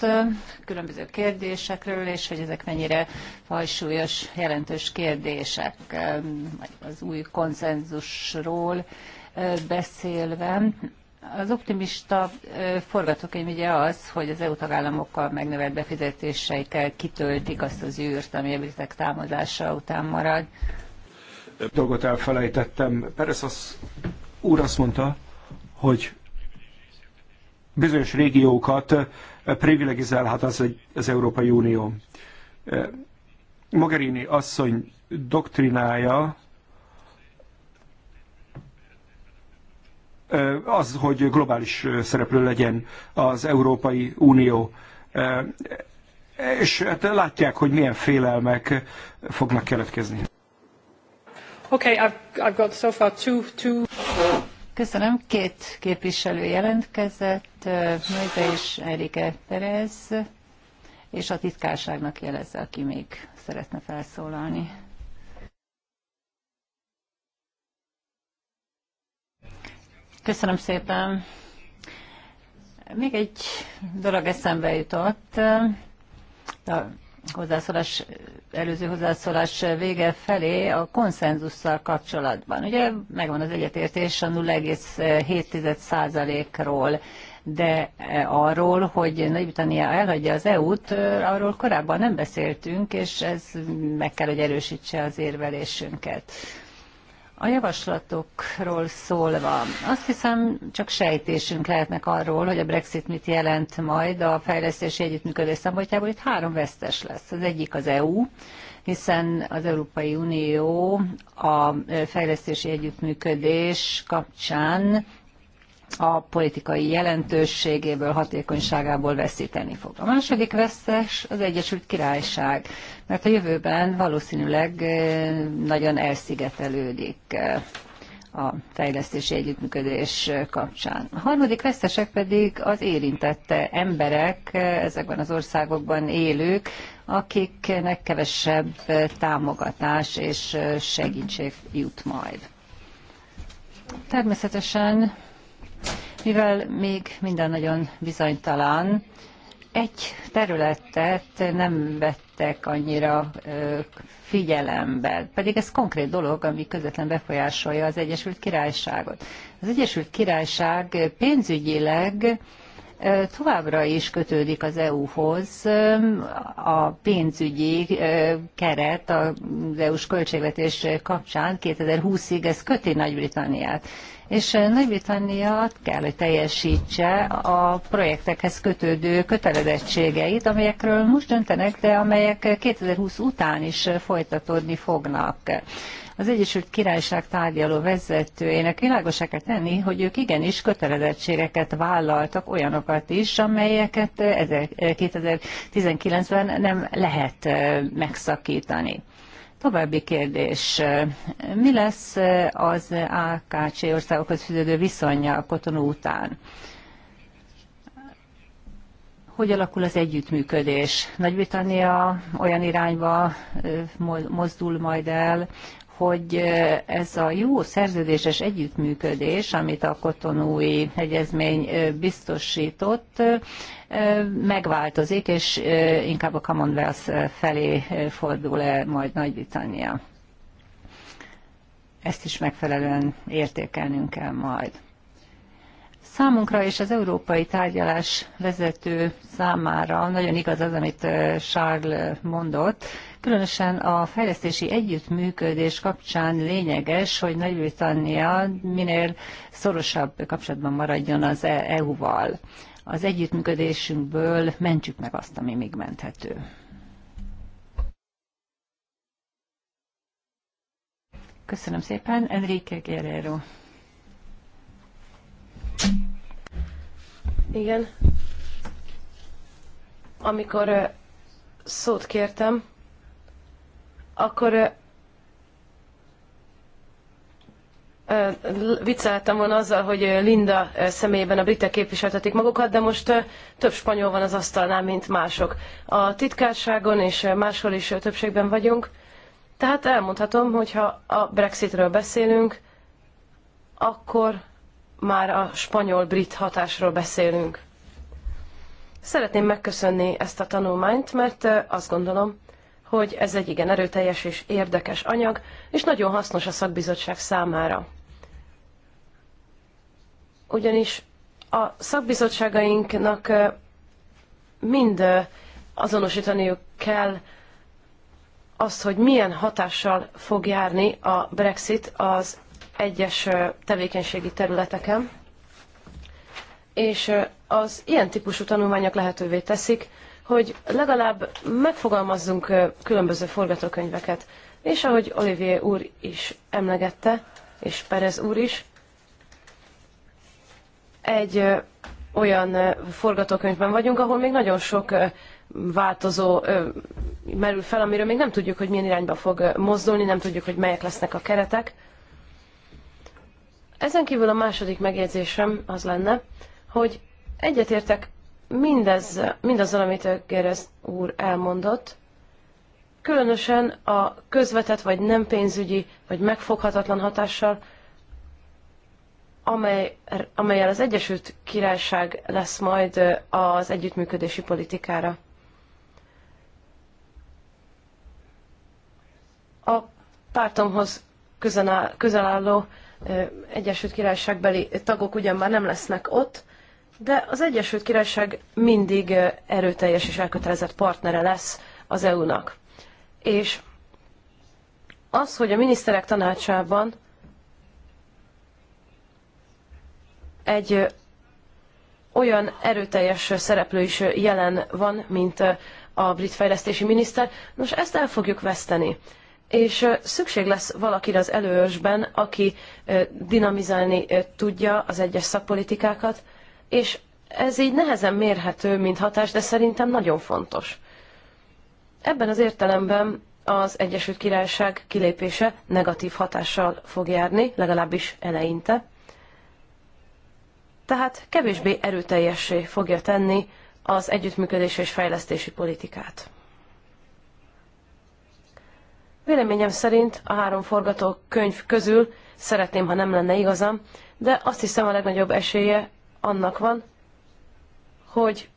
különböző kérdésekről, és hogy ezek mennyire fajsúlyos, jelentős kérdések ehm, az új konszenzusról ehm, beszélve. Az optimista ehm, forgatókönyv ugye az, hogy az EU tagállamokkal megnövelt befizetéseikkel kitöltik azt az űrt, ami a britek támadása után marad. Dolgot elfelejtettem. Peres az úr azt mondta, hogy bizonyos régiókat privilegizálhat az, az Európai Unió. Mogherini asszony doktrinája az, hogy globális szereplő legyen az Európai Unió. És hát látják, hogy milyen félelmek fognak keletkezni. Okay, I've, I've got so far two, two... Köszönöm. Két képviselő jelentkezett, Möjbe és Erike Perez, és a titkárságnak jelezze, aki még szeretne felszólalni. Köszönöm szépen. Még egy dolog eszembe jutott hozzászólás, előző hozzászólás vége felé a konszenzusszal kapcsolatban. Ugye megvan az egyetértés a 0,7%-ról, de arról, hogy Nagy-Britannia elhagyja az EU-t, arról korábban nem beszéltünk, és ez meg kell, hogy erősítse az érvelésünket. A javaslatokról szólva, azt hiszem csak sejtésünk lehetnek arról, hogy a Brexit mit jelent majd a fejlesztési együttműködés szempontjából. Itt három vesztes lesz. Az egyik az EU, hiszen az Európai Unió a fejlesztési együttműködés kapcsán a politikai jelentőségéből, hatékonyságából veszíteni fog. A második vesztes az Egyesült Királyság, mert a jövőben valószínűleg nagyon elszigetelődik a fejlesztési együttműködés kapcsán. A harmadik vesztesek pedig az érintett emberek, ezekben az országokban élők, akiknek kevesebb támogatás és segítség jut majd. Természetesen mivel még minden nagyon bizonytalan, egy területet nem vettek annyira figyelembe, pedig ez konkrét dolog, ami közvetlen befolyásolja az Egyesült Királyságot. Az Egyesült Királyság pénzügyileg továbbra is kötődik az EU-hoz a pénzügyi keret az EU-s költségvetés kapcsán 2020-ig, ez köti Nagy-Britanniát és eh, Nagy-Britannia kell, hogy teljesítse a projektekhez kötődő kötelezettségeit, amelyekről most döntenek, de amelyek 2020 után is eh, folytatódni fognak az Egyesült Királyság tárgyaló vezetőjének világosá kell tenni, hogy ők igenis kötelezettségeket vállaltak, olyanokat is, amelyeket 2019-ben eh, nem lehet megszakítani. További kérdés. Mi lesz az AKC országokhoz fűződő viszonya a Kotonó után? Hogy alakul az együttműködés? Nagy-Britannia olyan irányba mozdul majd el, hogy ez a jó szerződéses együttműködés, amit a kotonúi egyezmény biztosított, megváltozik, és inkább a Commonwealth felé fordul el majd Nagy-Britannia. Ezt is megfelelően értékelnünk kell majd. Számunkra és az európai tárgyalás vezető számára nagyon igaz az, amit Charles mondott, Különösen a fejlesztési együttműködés kapcsán lényeges, hogy Nagy-Britannia minél szorosabb kapcsolatban maradjon az e- EU-val. Az együttműködésünkből mentsük meg azt, ami még menthető. Köszönöm szépen, Enrique Guerrero. Igen. Amikor szót kértem, akkor vicceltem volna azzal, hogy Linda személyében a britek képviseltetik magukat, de most több spanyol van az asztalnál, mint mások. A titkárságon és máshol is többségben vagyunk, tehát elmondhatom, hogy ha a Brexitről beszélünk, akkor már a spanyol-brit hatásról beszélünk. Szeretném megköszönni ezt a tanulmányt, mert azt gondolom, hogy ez egy igen erőteljes és érdekes anyag, és nagyon hasznos a szakbizottság számára. Ugyanis a szakbizottságainknak mind azonosítaniuk kell azt, hogy milyen hatással fog járni a Brexit az egyes tevékenységi területeken, és az ilyen típusú tanulmányok lehetővé teszik, hogy legalább megfogalmazzunk különböző forgatókönyveket. És ahogy Olivier úr is emlegette, és Perez úr is, egy olyan forgatókönyvben vagyunk, ahol még nagyon sok változó merül fel, amiről még nem tudjuk, hogy milyen irányba fog mozdulni, nem tudjuk, hogy melyek lesznek a keretek. Ezen kívül a második megjegyzésem az lenne, hogy egyetértek mindez, mindazzal, amit Gerez úr elmondott, különösen a közvetett vagy nem pénzügyi, vagy megfoghatatlan hatással, amely, amelyel az Egyesült Királyság lesz majd az együttműködési politikára. A pártomhoz közel, közel álló Egyesült Királyságbeli tagok ugyan már nem lesznek ott, de az Egyesült Királyság mindig erőteljes és elkötelezett partnere lesz az EU-nak. És az, hogy a miniszterek tanácsában egy olyan erőteljes szereplő is jelen van, mint a brit fejlesztési miniszter, nos ezt el fogjuk veszteni. És szükség lesz valakire az előörsben, aki dinamizálni tudja az egyes szakpolitikákat, és ez így nehezen mérhető, mint hatás, de szerintem nagyon fontos. Ebben az értelemben az Egyesült Királyság kilépése negatív hatással fog járni, legalábbis eleinte. Tehát kevésbé erőteljessé fogja tenni az együttműködés és fejlesztési politikát. Véleményem szerint a három forgatókönyv közül szeretném, ha nem lenne igazam, de azt hiszem a legnagyobb esélye annak van, hogy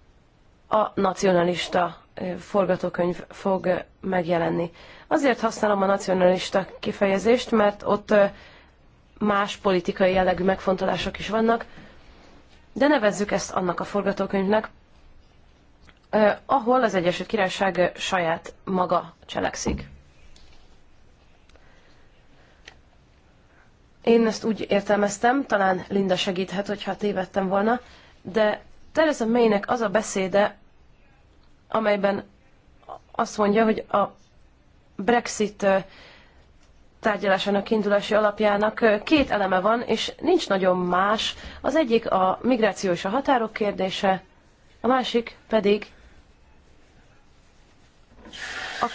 a nacionalista forgatókönyv fog megjelenni. Azért használom a nacionalista kifejezést, mert ott más politikai jellegű megfontolások is vannak, de nevezzük ezt annak a forgatókönyvnek, ahol az Egyesült Királyság saját maga cselekszik. Én ezt úgy értelmeztem, talán Linda segíthet, hogyha tévedtem volna, de Theresa Maynek az a beszéde, amelyben azt mondja, hogy a Brexit tárgyalásának indulási alapjának két eleme van, és nincs nagyon más. Az egyik a migráció és a határok kérdése, a másik pedig a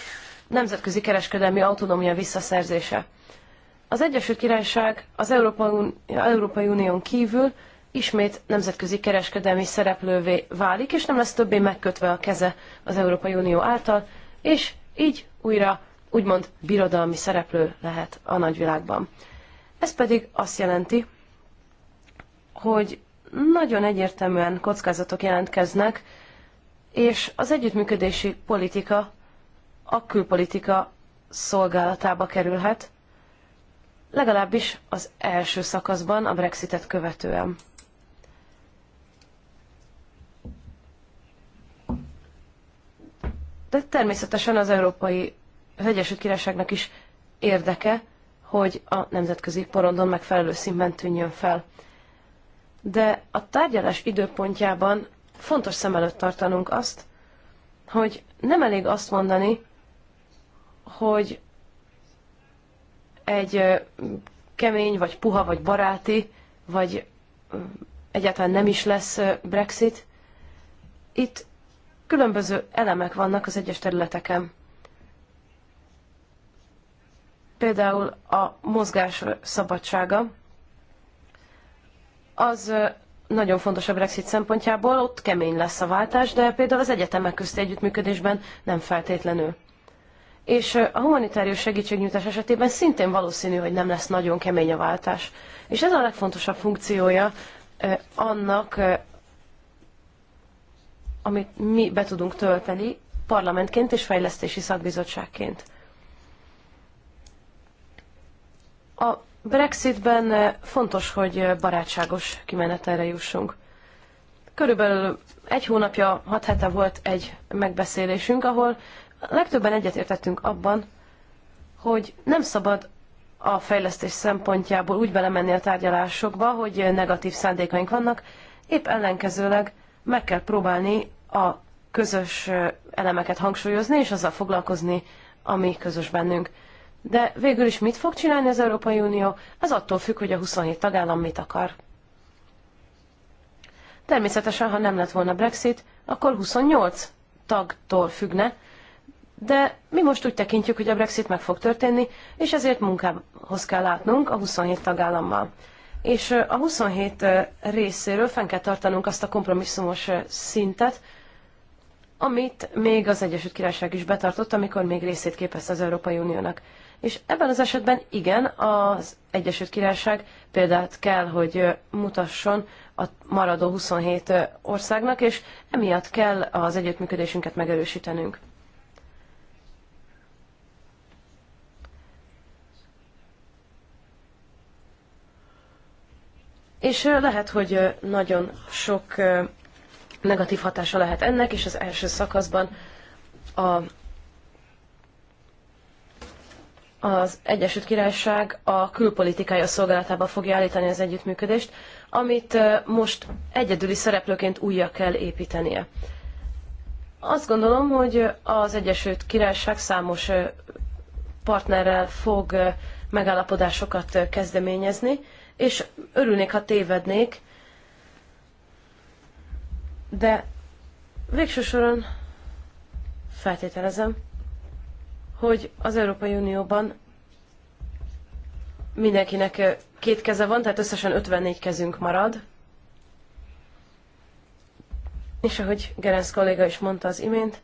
nemzetközi kereskedelmi autonómia visszaszerzése. Az Egyesült Királyság az Európai Unión kívül ismét nemzetközi kereskedelmi szereplővé válik, és nem lesz többé megkötve a keze az Európai Unió által, és így újra úgymond birodalmi szereplő lehet a nagyvilágban. Ez pedig azt jelenti, hogy nagyon egyértelműen kockázatok jelentkeznek, és az együttműködési politika a külpolitika szolgálatába kerülhet, legalábbis az első szakaszban a Brexitet követően. De természetesen az Európai Egyesült Királyságnak is érdeke, hogy a nemzetközi porondon megfelelő színben tűnjön fel. De a tárgyalás időpontjában fontos szem előtt tartanunk azt, hogy nem elég azt mondani, hogy egy kemény, vagy puha, vagy baráti, vagy egyáltalán nem is lesz Brexit. Itt különböző elemek vannak az egyes területeken. Például a mozgás szabadsága, az nagyon fontos a Brexit szempontjából, ott kemény lesz a váltás, de például az egyetemek közti együttműködésben nem feltétlenül és a humanitárius segítségnyújtás esetében szintén valószínű, hogy nem lesz nagyon kemény a váltás. És ez a legfontosabb funkciója annak, amit mi be tudunk tölteni parlamentként és fejlesztési szakbizottságként. A Brexitben fontos, hogy barátságos kimenetelre jussunk. Körülbelül egy hónapja, hat hete volt egy megbeszélésünk, ahol legtöbben egyetértettünk abban, hogy nem szabad a fejlesztés szempontjából úgy belemenni a tárgyalásokba, hogy negatív szándékaink vannak, épp ellenkezőleg meg kell próbálni a közös elemeket hangsúlyozni, és azzal foglalkozni, ami közös bennünk. De végül is mit fog csinálni az Európai Unió? Ez attól függ, hogy a 27 tagállam mit akar. Természetesen, ha nem lett volna Brexit, akkor 28 tagtól függne, de mi most úgy tekintjük, hogy a Brexit meg fog történni, és ezért munkához kell látnunk a 27 tagállammal. És a 27 részéről fenn kell tartanunk azt a kompromisszumos szintet, amit még az Egyesült Királyság is betartott, amikor még részét képezte az Európai Uniónak. És ebben az esetben igen, az Egyesült Királyság példát kell, hogy mutasson a maradó 27 országnak, és emiatt kell az együttműködésünket megerősítenünk. És lehet, hogy nagyon sok negatív hatása lehet ennek, és az első szakaszban a, az Egyesült Királyság a külpolitikája szolgálatába fogja állítani az együttműködést, amit most egyedüli szereplőként újra kell építenie. Azt gondolom, hogy az Egyesült Királyság számos partnerrel fog megállapodásokat kezdeményezni, és örülnék, ha tévednék, de végső soron feltételezem, hogy az Európai Unióban mindenkinek két keze van, tehát összesen 54 kezünk marad. És ahogy Gerenc kolléga is mondta az imént,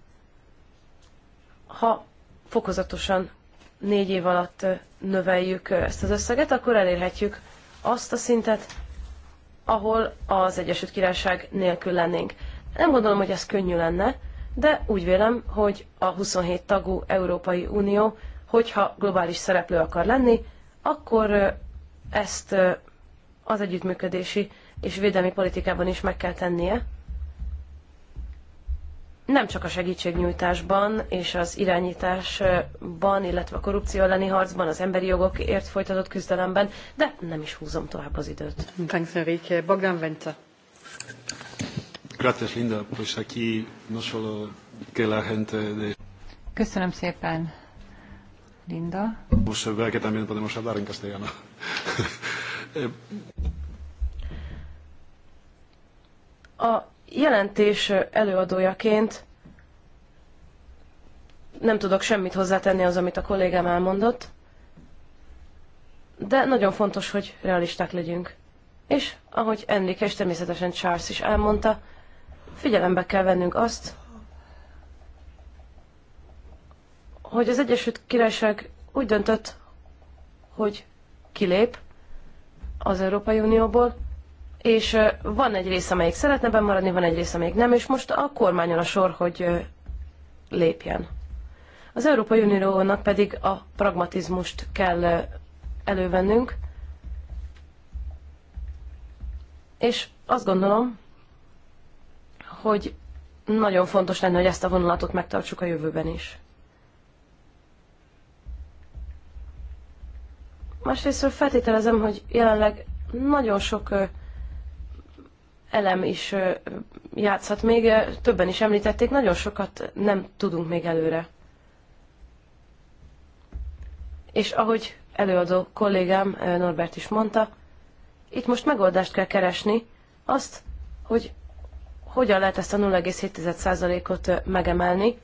ha fokozatosan négy év alatt növeljük ezt az összeget, akkor elérhetjük azt a szintet, ahol az Egyesült Királyság nélkül lennénk. Nem gondolom, hogy ez könnyű lenne, de úgy vélem, hogy a 27 tagú Európai Unió, hogyha globális szereplő akar lenni, akkor ezt az együttműködési és védelmi politikában is meg kell tennie, nem csak a segítségnyújtásban és az irányításban, illetve a korrupció elleni harcban, az emberi jogokért folytatott küzdelemben, de nem is húzom tovább az időt. Thanks, Enrique. Bogdan Venta. Gracias, Linda. Pues aquí no solo que la gente de... Köszönöm szépen, Linda. Pues se que también podemos hablar en castellano. Eh, a jelentés előadójaként nem tudok semmit hozzátenni az, amit a kollégám elmondott, de nagyon fontos, hogy realisták legyünk. És ahogy Enrique és természetesen Charles is elmondta, figyelembe kell vennünk azt, hogy az Egyesült Királyság úgy döntött, hogy kilép az Európai Unióból, és van egy rész, amelyik szeretne bemaradni, van egy rész, amelyik nem, és most a kormányon a sor, hogy lépjen. Az Európai Uniónak pedig a pragmatizmust kell elővennünk, és azt gondolom, hogy nagyon fontos lenne, hogy ezt a vonulatot megtartsuk a jövőben is. Másrészt feltételezem, hogy jelenleg nagyon sok elem is játszhat még, többen is említették, nagyon sokat nem tudunk még előre. És ahogy előadó kollégám Norbert is mondta, itt most megoldást kell keresni, azt, hogy hogyan lehet ezt a 0,7%-ot megemelni.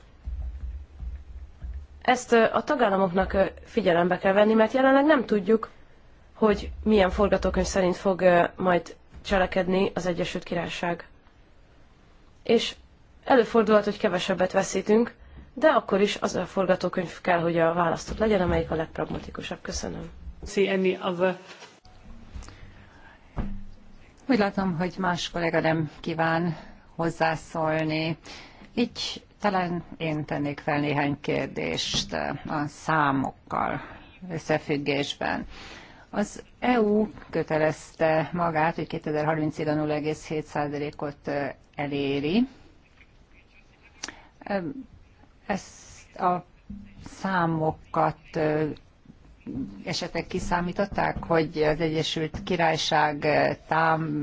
Ezt a tagállamoknak figyelembe kell venni, mert jelenleg nem tudjuk, hogy milyen forgatókönyv szerint fog majd cselekedni az Egyesült Királyság. És előfordulhat, hogy kevesebbet veszítünk, de akkor is az a forgatókönyv kell, hogy a választott legyen, amelyik a legpragmatikusabb. Köszönöm. See any other... Úgy látom, hogy más kollega nem kíván hozzászólni. Így talán én tennék fel néhány kérdést a számokkal összefüggésben. Az EU kötelezte magát, hogy 2030-ig a 0,7%-ot eléri. Ezt a számokat esetleg kiszámították, hogy az Egyesült Királyság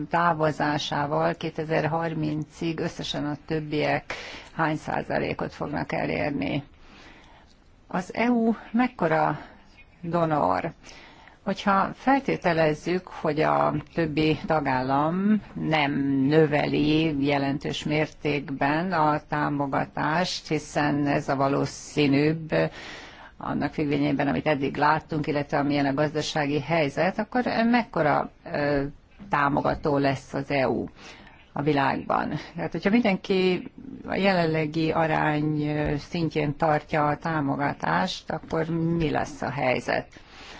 távozásával 2030-ig összesen a többiek hány százalékot fognak elérni? Az EU mekkora donor? Hogyha feltételezzük, hogy a többi tagállam nem növeli jelentős mértékben a támogatást, hiszen ez a valószínűbb, annak függvényében, amit eddig láttunk, illetve amilyen a gazdasági helyzet, akkor mekkora támogató lesz az EU a világban. Tehát, hogyha mindenki a jelenlegi arány szintjén tartja a támogatást, akkor mi lesz a helyzet?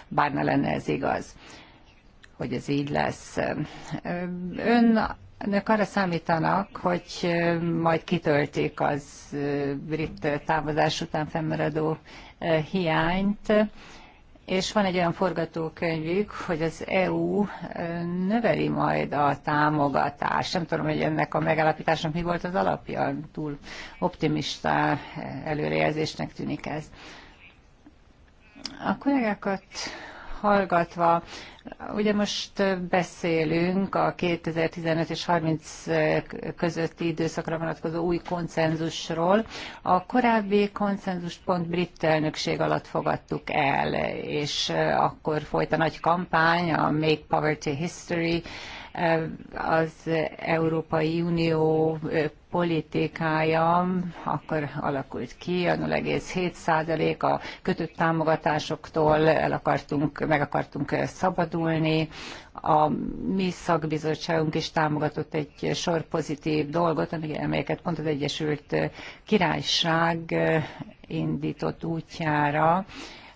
bár ne lenne ez igaz, hogy ez így lesz. Ön Önök arra számítanak, hogy majd kitöltik az eh, brit távozás után fennmaradó eh, hiányt, és van egy olyan forgatókönyvük, hogy az EU eh, növeli majd a támogatást. Nem tudom, hogy ennek a megállapításnak mi volt az alapja, túl optimista előrejelzésnek tűnik ez. A kollégákat hallgatva, ugye most beszélünk a 2015 és 30 közötti időszakra vonatkozó új konszenzusról. A korábbi konszenzust pont brit elnökség alatt fogadtuk el, és akkor folyt a nagy kampány, a Make Poverty History, az Európai Unió politikája akkor alakult ki, a 0,7 a kötött támogatásoktól el akartunk, meg akartunk szabadulni, a mi szakbizottságunk is támogatott egy sor pozitív dolgot, amelyeket pont az Egyesült Királyság indított útjára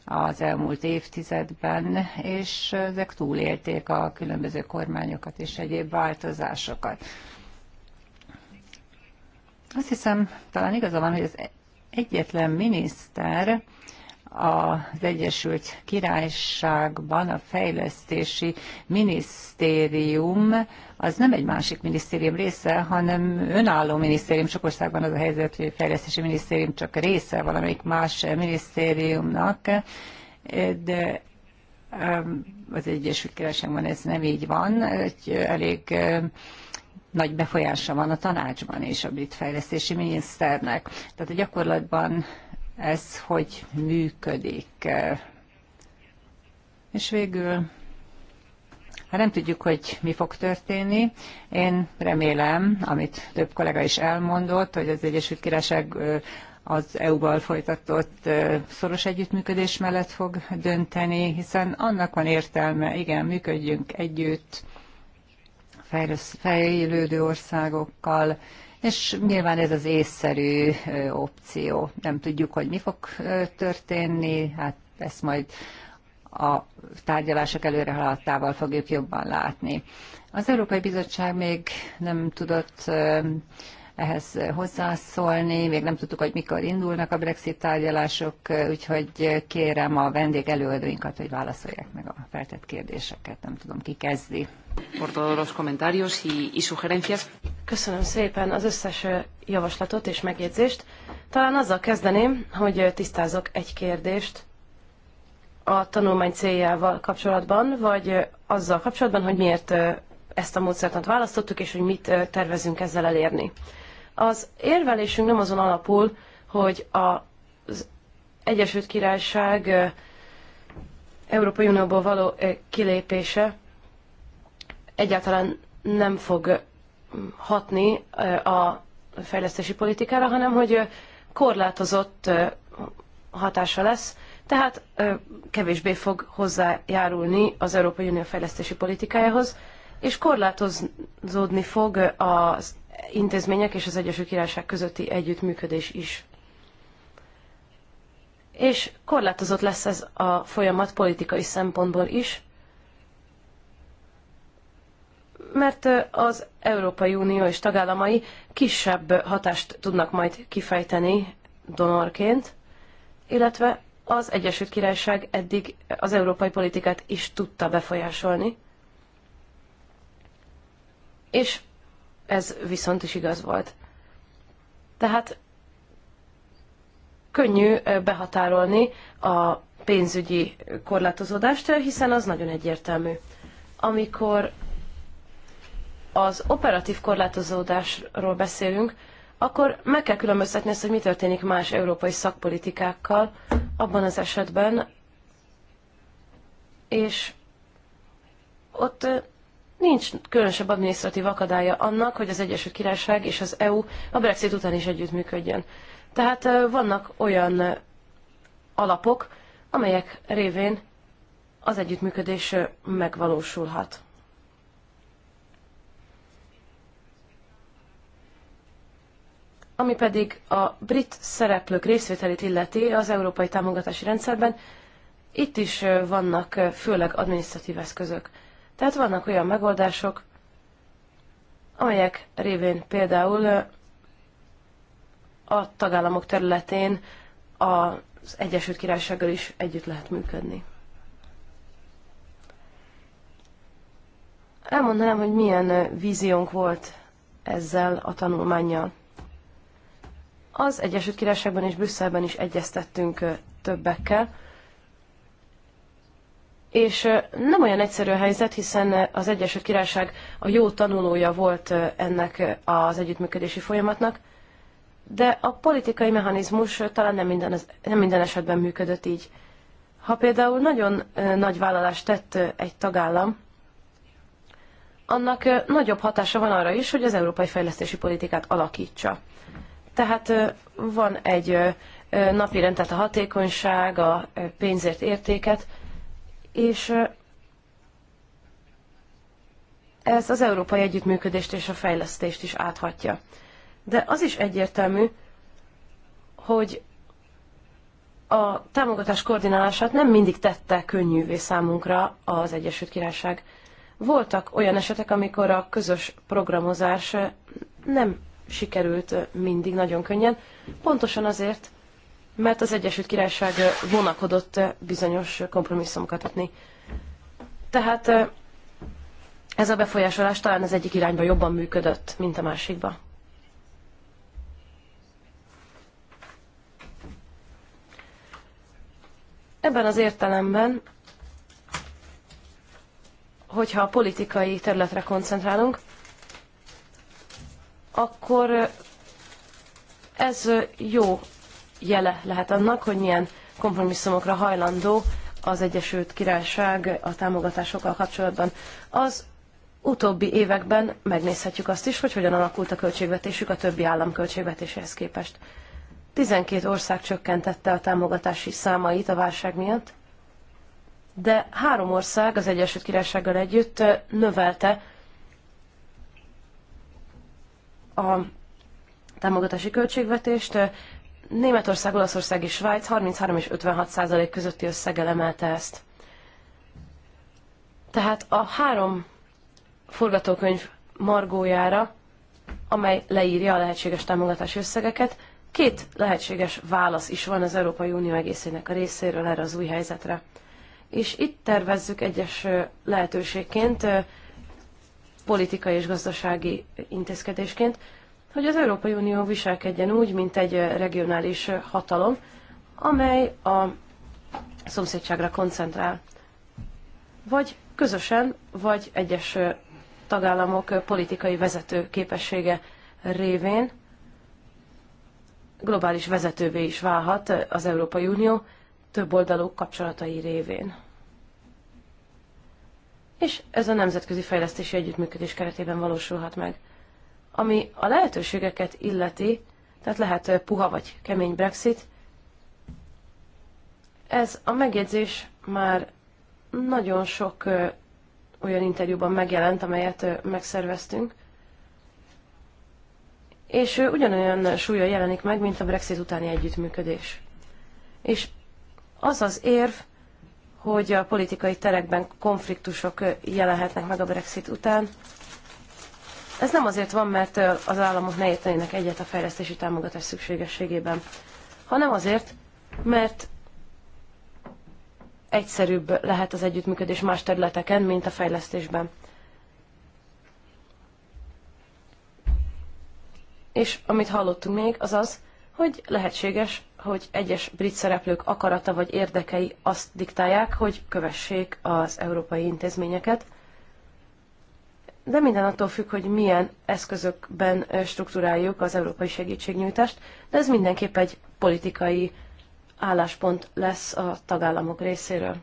az elmúlt évtizedben, és ezek túlélték a különböző kormányokat és egyéb változásokat. Azt hiszem, talán igaza van, hogy az egyetlen miniszter az Egyesült Királyságban a fejlesztési minisztérium az nem egy másik minisztérium része, hanem önálló minisztérium. Sok országban az a helyzet, hogy a fejlesztési minisztérium csak része valamelyik más minisztériumnak, de um, az Egyesült Királyságban ez nem így van, egy elég nagy befolyása van a tanácsban és a brit fejlesztési miniszternek. Tehát a gyakorlatban ez hogy működik. És végül Hát nem tudjuk, hogy mi fog történni. Én remélem, amit több kollega is elmondott, hogy az Egyesült Királyság az EU-val folytatott szoros együttműködés mellett fog dönteni, hiszen annak van értelme, igen, működjünk együtt, fejlődő országokkal, és nyilván ez az észszerű opció. Nem tudjuk, hogy mi fog történni, hát ezt majd a tárgyalások előre haladtával fogjuk jobban látni. Az Európai Bizottság még nem tudott ehhez hozzászólni. Még nem tudtuk, hogy mikor indulnak a Brexit tárgyalások, úgyhogy kérem a vendég előadóinkat, hogy válaszolják meg a feltett kérdéseket. Nem tudom, ki kezdi. Por todos los comentarios y, y sugerencias. Köszönöm szépen az összes javaslatot és megjegyzést. Talán azzal kezdeném, hogy tisztázok egy kérdést a tanulmány céljával kapcsolatban, vagy azzal kapcsolatban, hogy miért ezt a módszertant választottuk, és hogy mit tervezünk ezzel elérni. Az érvelésünk nem azon alapul, hogy az Egyesült Királyság Európai Unióból való kilépése egyáltalán nem fog hatni a fejlesztési politikára, hanem hogy korlátozott hatása lesz, tehát kevésbé fog hozzájárulni az Európai Unió fejlesztési politikájához, és korlátozódni fog az intézmények és az Egyesült Királyság közötti együttműködés is. És korlátozott lesz ez a folyamat politikai szempontból is, mert az Európai Unió és tagállamai kisebb hatást tudnak majd kifejteni donorként, illetve az Egyesült Királyság eddig az európai politikát is tudta befolyásolni. És ez viszont is igaz volt. Tehát könnyű behatárolni a pénzügyi korlátozódást, hiszen az nagyon egyértelmű. Amikor az operatív korlátozódásról beszélünk, akkor meg kell különböztetni ezt, hogy mi történik más európai szakpolitikákkal abban az esetben, és ott Nincs különösebb adminisztratív akadálya annak, hogy az Egyesült Királyság és az EU a Brexit után is együttműködjön. Tehát vannak olyan alapok, amelyek révén az együttműködés megvalósulhat. Ami pedig a brit szereplők részvételét illeti az európai támogatási rendszerben, itt is vannak főleg adminisztratív eszközök. Tehát vannak olyan megoldások, amelyek révén például a tagállamok területén az Egyesült Királysággal is együtt lehet működni. Elmondanám, hogy milyen víziónk volt ezzel a tanulmányjal. Az Egyesült Királyságban és Brüsszelben is egyeztettünk többekkel, és nem olyan egyszerű a helyzet, hiszen az Egyesült Királyság a jó tanulója volt ennek az együttműködési folyamatnak, de a politikai mechanizmus talán nem minden, nem minden esetben működött így. Ha például nagyon nagy vállalást tett egy tagállam, annak nagyobb hatása van arra is, hogy az európai fejlesztési politikát alakítsa. Tehát van egy napi rend, tehát a hatékonyság, a pénzért értéket, és ez az európai együttműködést és a fejlesztést is áthatja. De az is egyértelmű, hogy a támogatás koordinálását nem mindig tette könnyűvé számunkra az Egyesült Királyság. Voltak olyan esetek, amikor a közös programozás nem sikerült mindig nagyon könnyen, pontosan azért, mert az Egyesült Királyság vonakodott eh, bizonyos kompromisszumokat adni. Tehát eh, ez a befolyásolás talán az egyik irányba jobban működött, mint a másikba. Ebben az értelemben, hogyha a politikai területre koncentrálunk, akkor eh, ez jó jele lehet annak, hogy milyen kompromisszumokra hajlandó az Egyesült Királyság a támogatásokkal kapcsolatban. Az utóbbi években megnézhetjük azt is, hogy hogyan alakult a költségvetésük a többi állam költségvetéséhez képest. 12 ország csökkentette a támogatási számait a válság miatt, de három ország az Egyesült Királysággal együtt növelte a támogatási költségvetést, Németország, Olaszország és Svájc 33 és 56 százalék közötti összeggel emelte ezt. Tehát a három forgatókönyv margójára, amely leírja a lehetséges támogatási összegeket, két lehetséges válasz is van az Európai Unió egészének a részéről erre az új helyzetre. És itt tervezzük egyes lehetőségként, politikai és gazdasági intézkedésként, hogy az Európai Unió viselkedjen úgy, mint egy regionális hatalom, amely a szomszédságra koncentrál. Vagy közösen, vagy egyes tagállamok politikai vezető képessége révén globális vezetővé is válhat az Európai Unió többoldalú kapcsolatai révén. És ez a nemzetközi fejlesztési együttműködés keretében valósulhat meg. Ami a lehetőségeket illeti, tehát lehet puha vagy kemény Brexit, ez a megjegyzés már nagyon sok olyan interjúban megjelent, amelyet megszerveztünk, és ugyanolyan súlya jelenik meg, mint a Brexit utáni együttműködés. És az az érv, hogy a politikai terekben konfliktusok jelenhetnek meg a Brexit után, ez nem azért van, mert az államok ne értenének egyet a fejlesztési támogatás szükségességében, hanem azért, mert egyszerűbb lehet az együttműködés más területeken, mint a fejlesztésben. És amit hallottunk még, az az, hogy lehetséges, hogy egyes brit szereplők akarata vagy érdekei azt diktálják, hogy kövessék az európai intézményeket, de minden attól függ, hogy milyen eszközökben strukturáljuk az európai segítségnyújtást, de ez mindenképp egy politikai álláspont lesz a tagállamok részéről.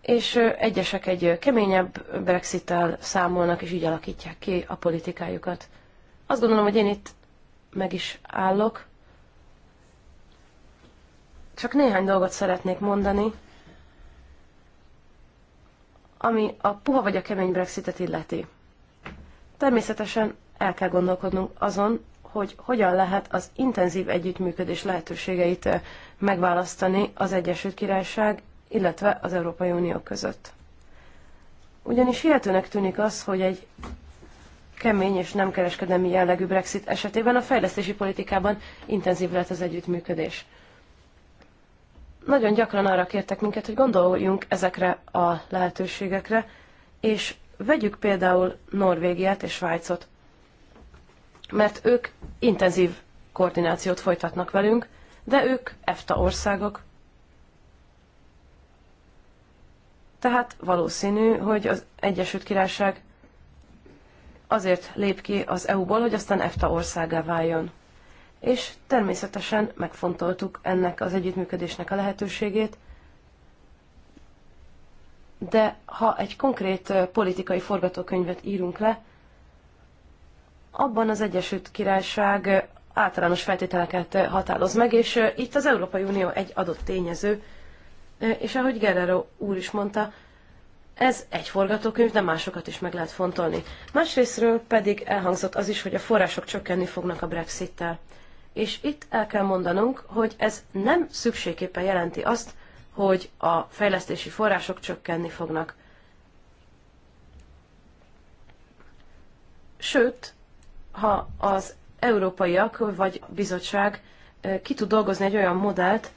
És egyesek egy keményebb brexit számolnak, és így alakítják ki a politikájukat. Azt gondolom, hogy én itt meg is állok. Csak néhány dolgot szeretnék mondani, ami a puha vagy a kemény Brexitet illeti. Természetesen el kell gondolkodnunk azon, hogy hogyan lehet az intenzív együttműködés lehetőségeit eh, megválasztani az Egyesült Királyság, illetve az Európai Unió között. Ugyanis hihetőnek tűnik az, hogy egy kemény és nem kereskedelmi jellegű Brexit esetében a fejlesztési politikában intenzív lehet az együttműködés nagyon gyakran arra kértek minket, hogy gondoljunk ezekre a lehetőségekre, és vegyük például Norvégiát és Svájcot, mert ők intenzív koordinációt folytatnak velünk, de ők EFTA országok. Tehát valószínű, hogy az Egyesült Királyság azért lép ki az EU-ból, hogy aztán EFTA országá váljon és természetesen megfontoltuk ennek az együttműködésnek a lehetőségét, de ha egy konkrét politikai forgatókönyvet írunk le, abban az Egyesült Királyság általános feltételeket határoz meg, és itt az Európai Unió egy adott tényező, és ahogy Guerrero úr is mondta, ez egy forgatókönyv, de másokat is meg lehet fontolni. Másrésztről pedig elhangzott az is, hogy a források csökkenni fognak a Brexit-tel és itt el kell mondanunk, hogy ez nem szükségképpen jelenti azt, hogy a fejlesztési források csökkenni fognak. Sőt, ha az európaiak vagy bizottság ki tud dolgozni egy olyan modellt,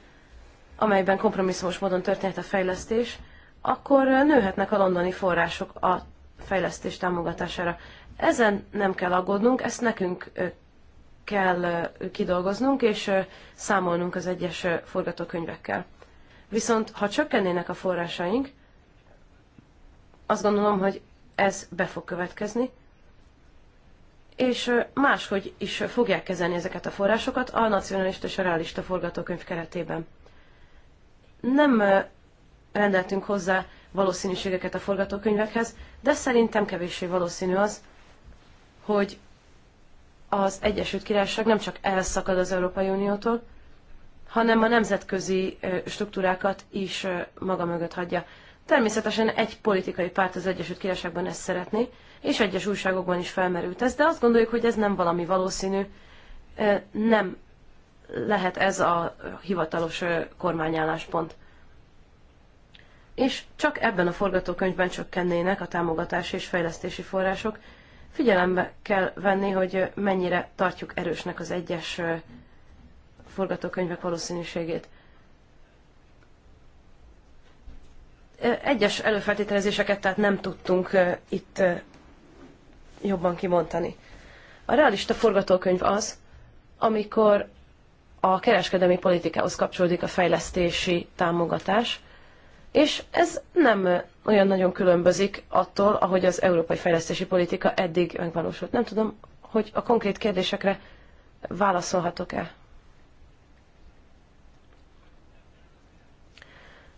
amelyben kompromisszumos módon történhet a fejlesztés, akkor nőhetnek a londoni források a fejlesztés támogatására. Ezen nem kell aggódnunk, ezt nekünk kell kidolgoznunk, és számolnunk az egyes forgatókönyvekkel. Viszont ha csökkennének a forrásaink, azt gondolom, hogy ez be fog következni, és máshogy is fogják kezelni ezeket a forrásokat a nacionalista és a realista forgatókönyv keretében. Nem rendeltünk hozzá valószínűségeket a forgatókönyvekhez, de szerintem kevéssé valószínű az, hogy az Egyesült Királyság nem csak elszakad az Európai Uniótól, hanem a nemzetközi struktúrákat is maga mögött hagyja. Természetesen egy politikai párt az Egyesült Királyságban ezt szeretné, és egyes újságokban is felmerült ez, de azt gondoljuk, hogy ez nem valami valószínű, nem lehet ez a hivatalos kormányálláspont. És csak ebben a forgatókönyvben csökkennének a támogatási és fejlesztési források, Figyelembe kell venni, hogy mennyire tartjuk erősnek az egyes forgatókönyvek valószínűségét. Egyes előfeltételezéseket tehát nem tudtunk itt jobban kimondani. A realista forgatókönyv az, amikor a kereskedelmi politikához kapcsolódik a fejlesztési támogatás, és ez nem olyan nagyon különbözik attól, ahogy az európai fejlesztési politika eddig megvalósult. Nem tudom, hogy a konkrét kérdésekre válaszolhatok-e.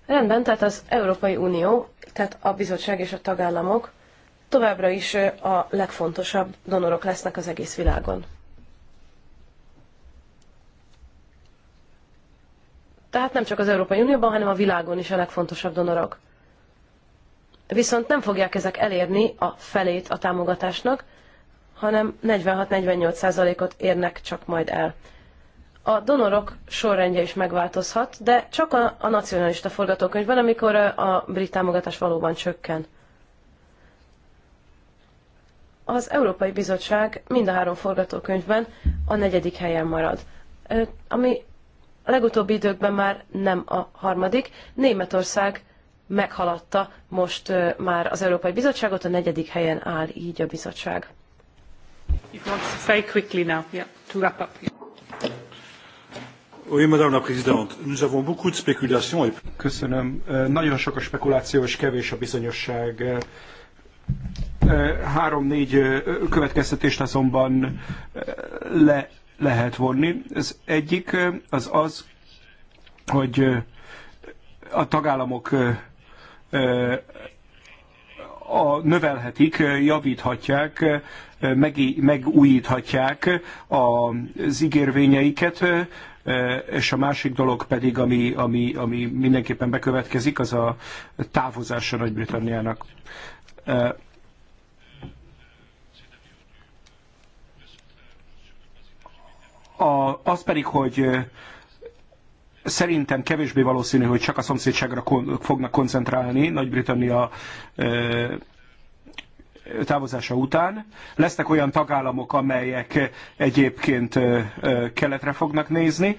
Rendben, tehát az Európai Unió, tehát a bizottság és a tagállamok továbbra is a legfontosabb donorok lesznek az egész világon. tehát nem csak az Európai Unióban, hanem a világon is a legfontosabb donorok. Viszont nem fogják ezek elérni a felét a támogatásnak, hanem 46-48 százalékot érnek csak majd el. A donorok sorrendje is megváltozhat, de csak a, a nacionalista forgatókönyvben, amikor a brit támogatás valóban csökken. Az Európai Bizottság mind a három forgatókönyvben a negyedik helyen marad, ami a legutóbbi időkben már nem a harmadik. Németország meghaladta most már az Európai Bizottságot, a negyedik helyen áll így a bizottság. Köszönöm. Nagyon sok a spekuláció és kevés a bizonyosság. Három-négy következtetést azonban le lehet vonni. Ez egyik az az, hogy a tagállamok a, növelhetik, javíthatják, meg, megújíthatják az ígérvényeiket, és a másik dolog pedig, ami, ami, ami mindenképpen bekövetkezik, az a távozása Nagy-Britanniának. A, az pedig, hogy szerintem kevésbé valószínű, hogy csak a szomszédságra kon, fognak koncentrálni Nagy-Britannia távozása után. Lesznek olyan tagállamok, amelyek egyébként keletre fognak nézni,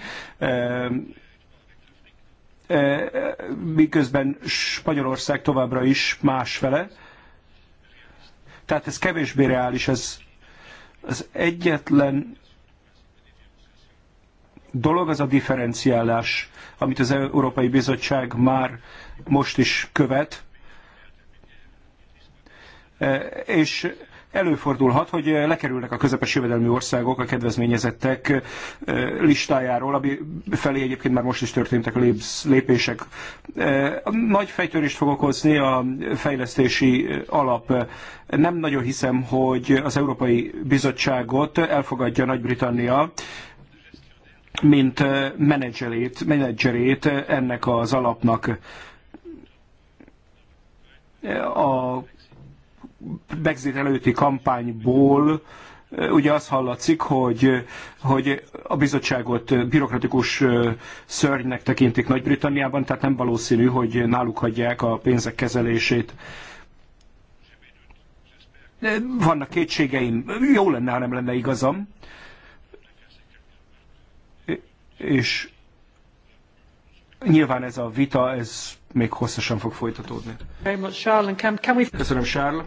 miközben Spanyolország továbbra is másfele. Tehát ez kevésbé reális, ez az egyetlen dolog, az a differenciálás, amit az Európai Bizottság már most is követ, e, és előfordulhat, hogy lekerülnek a közepes jövedelmi országok a kedvezményezettek e, listájáról, ami felé egyébként már most is történtek lépések. E, nagy fejtörést fog okozni a fejlesztési alap. Nem nagyon hiszem, hogy az Európai Bizottságot elfogadja Nagy-Britannia mint menedzserét, menedzserét ennek az alapnak. A Brexit előtti kampányból ugye az hallatszik, hogy, hogy a bizottságot bürokratikus szörnynek tekintik Nagy-Britanniában, tehát nem valószínű, hogy náluk hagyják a pénzek kezelését. Vannak kétségeim, jó lenne, ha nem lenne igazam, és nyilván ez a vita, ez még hosszasan fog folytatódni. Köszönöm, Charles.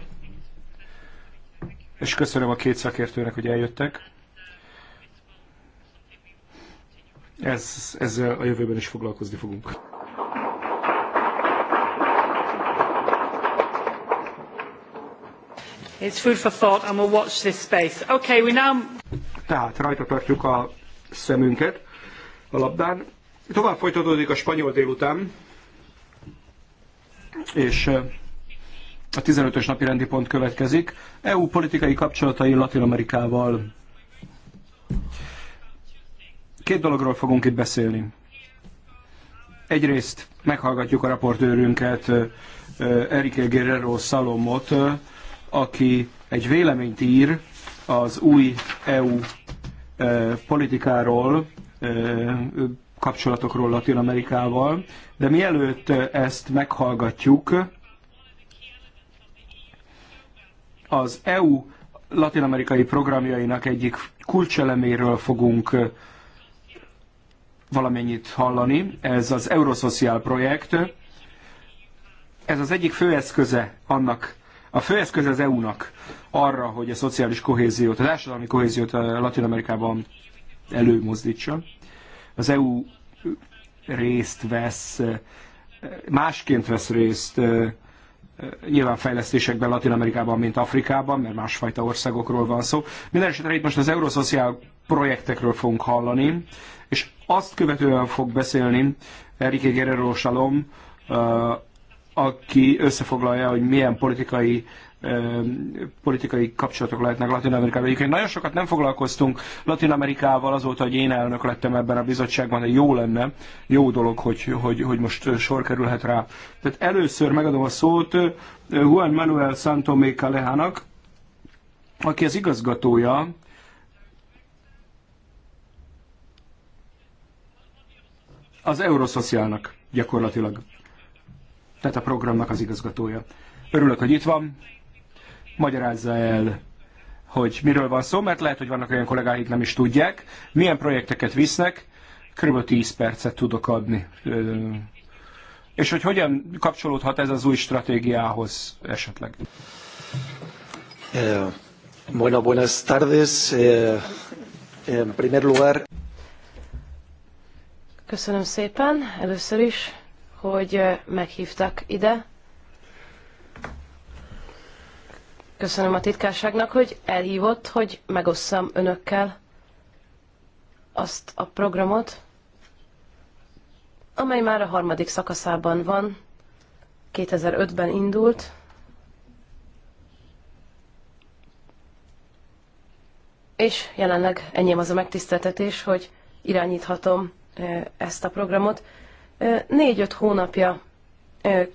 És köszönöm a két szakértőnek, hogy eljöttek. Ez, ezzel a jövőben is foglalkozni fogunk. It's food for thought and we'll watch this space. Okay, we now... Tehát rajta tartjuk a szemünket a labdán. Tovább folytatódik a spanyol délután, és a 15-ös napi rendi pont következik. EU politikai kapcsolatai Latin-Amerikával. Két dologról fogunk itt beszélni. Egyrészt meghallgatjuk a raportőrünket, Enrique Guerrero Salomot, aki egy véleményt ír az új EU politikáról, kapcsolatokról Latin Amerikával, de mielőtt ezt meghallgatjuk, az EU latinamerikai programjainak egyik kulcseleméről fogunk valamennyit hallani. Ez az Eurosocial projekt. Ez az egyik főeszköze annak, a főeszköze az EU-nak arra, hogy a szociális kohéziót, a társadalmi kohéziót Latin Amerikában előmozdítsa. Az EU részt vesz, másként vesz részt nyilván fejlesztésekben Latin Amerikában, mint Afrikában, mert másfajta országokról van szó. Mindenesetre itt most az euroszociál projektekről fogunk hallani, és azt követően fog beszélni Erike Guerrero Salom, aki összefoglalja, hogy milyen politikai politikai kapcsolatok lehetnek Latin Amerikával. Egyébként nagyon sokat nem foglalkoztunk Latin Amerikával azóta, hogy én elnök lettem ebben a bizottságban, de jó lenne, jó dolog, hogy, hogy, hogy most sor kerülhet rá. Tehát először megadom a szót Juan Manuel Santomé Calehának, aki az igazgatója az Euroszociálnak gyakorlatilag. Tehát a programnak az igazgatója. Örülök, hogy itt van magyarázza el, hogy miről van szó, mert lehet, hogy vannak olyan kollégáik, nem is tudják, milyen projekteket visznek, kb. 10 percet tudok adni. És hogy hogyan kapcsolódhat ez az új stratégiához esetleg? Eh, bueno, buenas tardes. Eh, en primer lugar... Köszönöm szépen először is, hogy eh, meghívtak ide. Köszönöm a titkárságnak, hogy elhívott, hogy megosszam önökkel azt a programot, amely már a harmadik szakaszában van, 2005-ben indult. És jelenleg enyém az a megtiszteltetés, hogy irányíthatom eh, ezt a programot. Eh, négy-öt hónapja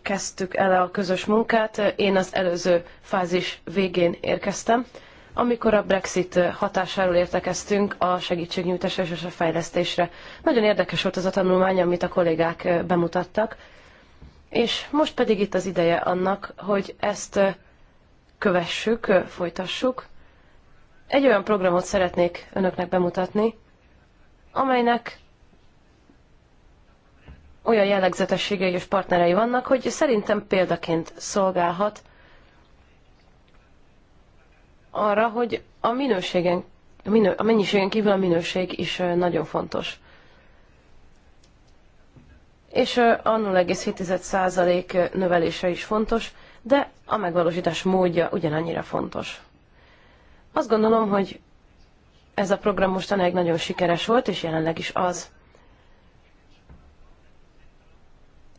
kezdtük el a közös munkát. Én az előző fázis végén érkeztem, amikor a Brexit hatásáról értekeztünk a segítségnyújtásra és a fejlesztésre. Nagyon érdekes volt az a tanulmány, amit a kollégák bemutattak, és most pedig itt az ideje annak, hogy ezt kövessük, folytassuk. Egy olyan programot szeretnék önöknek bemutatni, amelynek olyan jellegzetességei és partnerei vannak, hogy szerintem példaként szolgálhat arra, hogy a minőségen, a, minő, a mennyiségen kívül a minőség is nagyon fontos. És a 0,7% növelése is fontos, de a megvalósítás módja ugyanannyira fontos. Azt gondolom, hogy ez a program mostanáig nagyon sikeres volt, és jelenleg is az.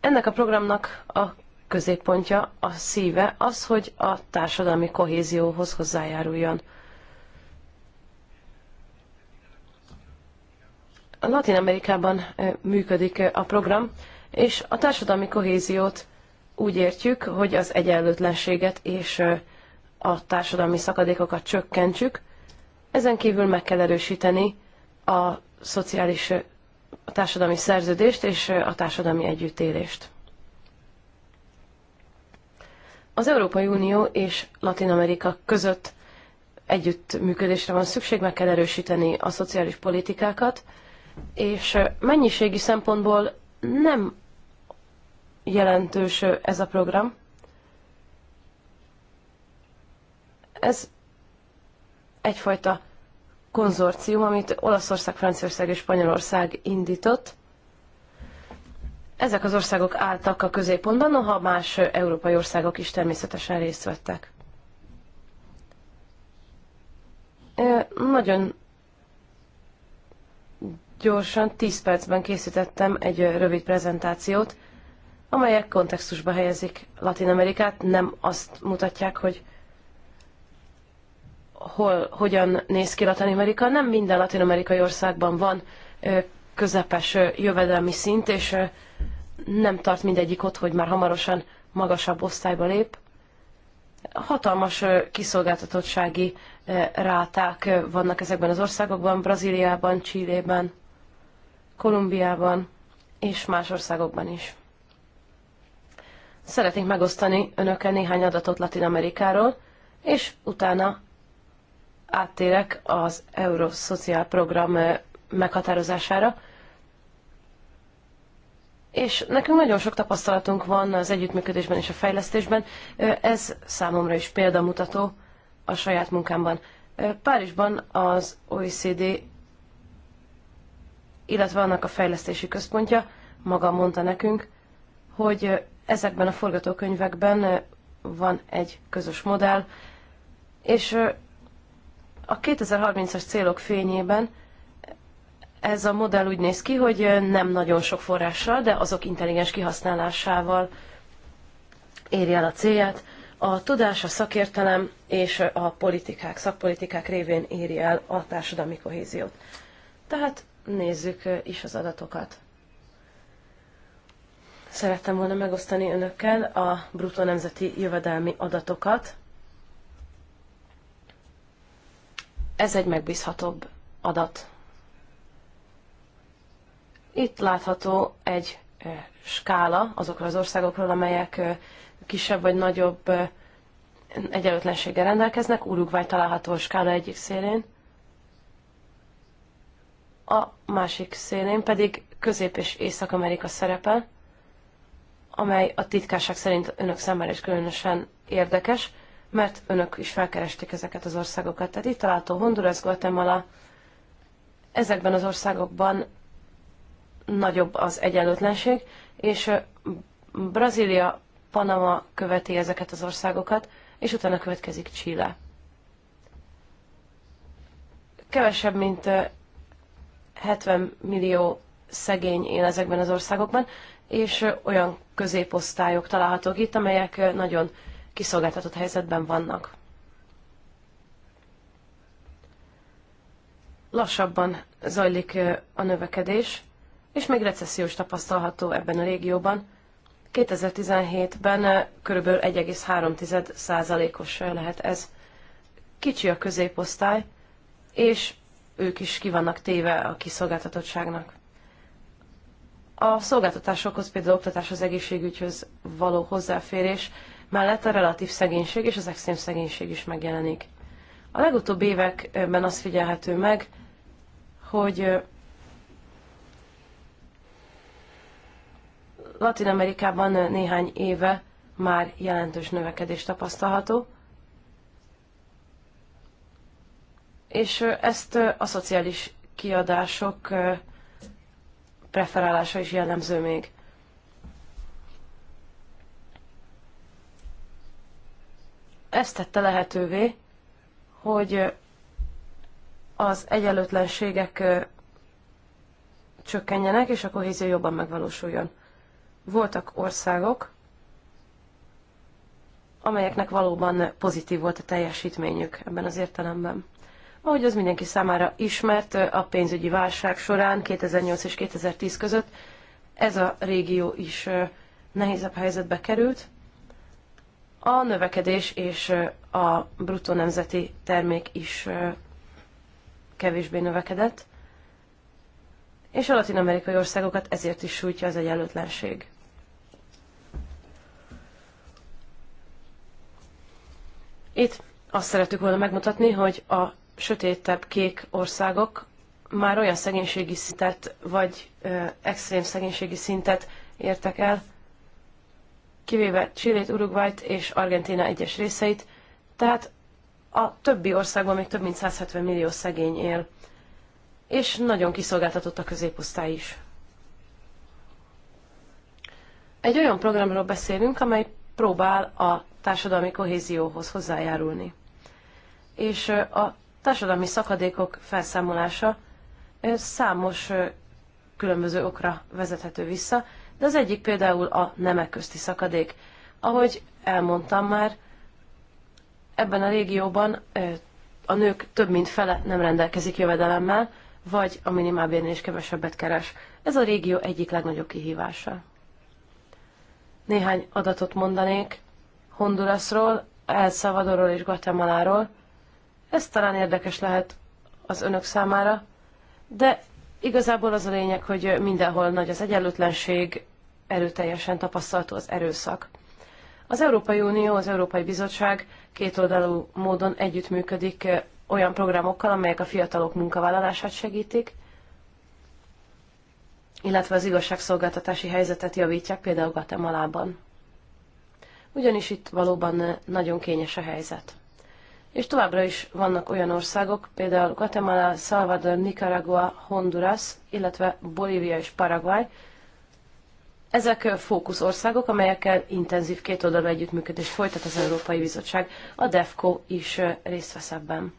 Ennek a programnak a középpontja, a szíve az, hogy a társadalmi kohézióhoz hozzájáruljon. A Latin Amerikában működik a program, és a társadalmi kohéziót úgy értjük, hogy az egyenlőtlenséget és a társadalmi szakadékokat csökkentsük, ezen kívül meg kell erősíteni a szociális a társadalmi szerződést és a társadalmi együttélést. Az Európai Unió és Latin Amerika között együttműködésre van szükség, meg kell erősíteni a szociális politikákat, és mennyiségi szempontból nem jelentős ez a program. Ez egyfajta konzorcium, amit Olaszország, Franciaország és Spanyolország indított. Ezek az országok álltak a középpontban, noha más európai országok is természetesen részt vettek. Nagyon gyorsan, 10 percben készítettem egy rövid prezentációt, amelyek kontextusba helyezik Latin Amerikát, nem azt mutatják, hogy hol, hogyan néz ki Latin-Amerika. Nem minden latin-amerikai országban van közepes jövedelmi szint, és nem tart mindegyik ott, hogy már hamarosan magasabb osztályba lép. Hatalmas kiszolgáltatottsági ráták vannak ezekben az országokban, Brazíliában, Csillében, Kolumbiában és más országokban is. Szeretnék megosztani önökkel néhány adatot Latin Amerikáról, és utána áttérek az Euroszociál Program meghatározására. És nekünk nagyon sok tapasztalatunk van az együttműködésben és a fejlesztésben. Ez számomra is példamutató a saját munkámban. Párizsban az OECD, illetve annak a fejlesztési központja maga mondta nekünk, hogy ezekben a forgatókönyvekben van egy közös modell, és a 2030-as célok fényében ez a modell úgy néz ki, hogy nem nagyon sok forrással, de azok intelligens kihasználásával éri el a célját. A tudás, a szakértelem és a politikák, szakpolitikák révén éri el a társadalmi kohéziót. Tehát nézzük is az adatokat. Szerettem volna megosztani önökkel a bruttó nemzeti jövedelmi adatokat, ez egy megbízhatóbb adat. Itt látható egy skála azokra az országokról, amelyek kisebb vagy nagyobb egyenlőtlenséggel rendelkeznek. Uruguay található a skála egyik szélén, a másik szélén pedig Közép- és Észak-Amerika szerepel, amely a titkárság szerint önök számára is különösen érdekes, mert önök is felkeresték ezeket az országokat. Tehát itt található Honduras, Guatemala, ezekben az országokban nagyobb az egyenlőtlenség, és Brazília, Panama követi ezeket az országokat, és utána következik Chile. Kevesebb, mint 70 millió szegény él ezekben az országokban, és olyan középosztályok találhatók itt, amelyek nagyon kiszolgáltatott helyzetben vannak. Lassabban zajlik a növekedés, és még recessziós tapasztalható ebben a régióban. 2017-ben kb. 1,3%-os lehet ez. Kicsi a középosztály, és ők is kivannak téve a kiszolgáltatottságnak. A szolgáltatásokhoz, például oktatás az egészségügyhöz való hozzáférés mellett a relatív szegénység és az extrém szegénység is megjelenik. A legutóbbi években az figyelhető meg, hogy Latin Amerikában néhány éve már jelentős növekedés tapasztalható, és ezt a szociális kiadások preferálása is jellemző még. ezt tette lehetővé, hogy az egyenlőtlenségek csökkenjenek, és a kohézió jobban megvalósuljon. Voltak országok, amelyeknek valóban pozitív volt a teljesítményük ebben az értelemben. Ahogy az mindenki számára ismert, a pénzügyi válság során 2008 és 2010 között ez a régió is nehézebb helyzetbe került, a növekedés és a bruttó nemzeti termék is kevésbé növekedett, és a latin-amerikai országokat ezért is sújtja az egyenlőtlenség. Itt azt szeretük volna megmutatni, hogy a sötétebb kék országok már olyan szegénységi szintet, vagy ö, extrém szegénységi szintet értek el, kivéve Csillét, Uruguayt és Argentina egyes részeit, tehát a többi országban még több mint 170 millió szegény él, és nagyon kiszolgáltatott a középosztály is. Egy olyan programról beszélünk, amely próbál a társadalmi kohézióhoz hozzájárulni. És a társadalmi szakadékok felszámolása számos különböző okra vezethető vissza, de az egyik például a nemek közti szakadék. Ahogy elmondtam már, ebben a régióban a nők több mint fele nem rendelkezik jövedelemmel, vagy a minimálbérnél is kevesebbet keres. Ez a régió egyik legnagyobb kihívása. Néhány adatot mondanék Hondurasról, El Salvadorról és Guatemala-ról, Ez talán érdekes lehet az önök számára, de Igazából az a lényeg, hogy mindenhol nagy az egyenlőtlenség, erőteljesen tapasztalható az erőszak. Az Európai Unió, az Európai Bizottság kétoldalú módon együttműködik eh, olyan programokkal, amelyek a fiatalok munkavállalását segítik, illetve az igazságszolgáltatási helyzetet javítják például Guatemala-ban. Ugyanis itt valóban eh, nagyon kényes a helyzet és továbbra is vannak olyan országok, például Guatemala, Salvador, Nicaragua, Honduras, illetve Bolívia és Paraguay. Ezek fókuszországok, amelyekkel intenzív kétoldalú együttműködést folytat az Európai Bizottság. A DEFCO is részt vesz ebben.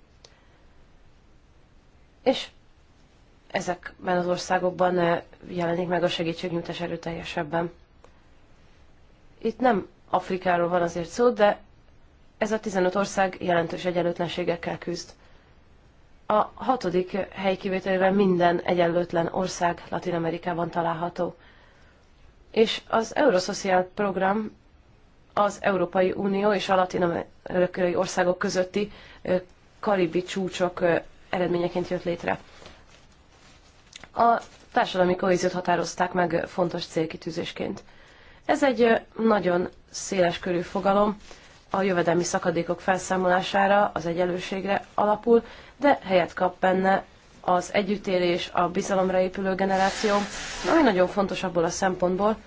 És ezekben az országokban jelenik meg a segítségnyújtás erőteljesebben. Itt nem Afrikáról van azért szó, de ez a 15 ország jelentős egyenlőtlenségekkel küzd. A hatodik hely kivételével minden egyenlőtlen ország Latin-Amerikában található. És az Eurosocial program az Európai Unió és a latin-amerikai országok közötti karibi csúcsok eredményeként jött létre. A társadalmi kohéziót határozták meg fontos célkitűzésként. Ez egy nagyon széles körű fogalom, a jövedelmi szakadékok felszámolására, az egyenlőségre alapul, de helyet kap benne az együttélés, a bizalomra épülő generáció, ami nagyon fontos abból a szempontból,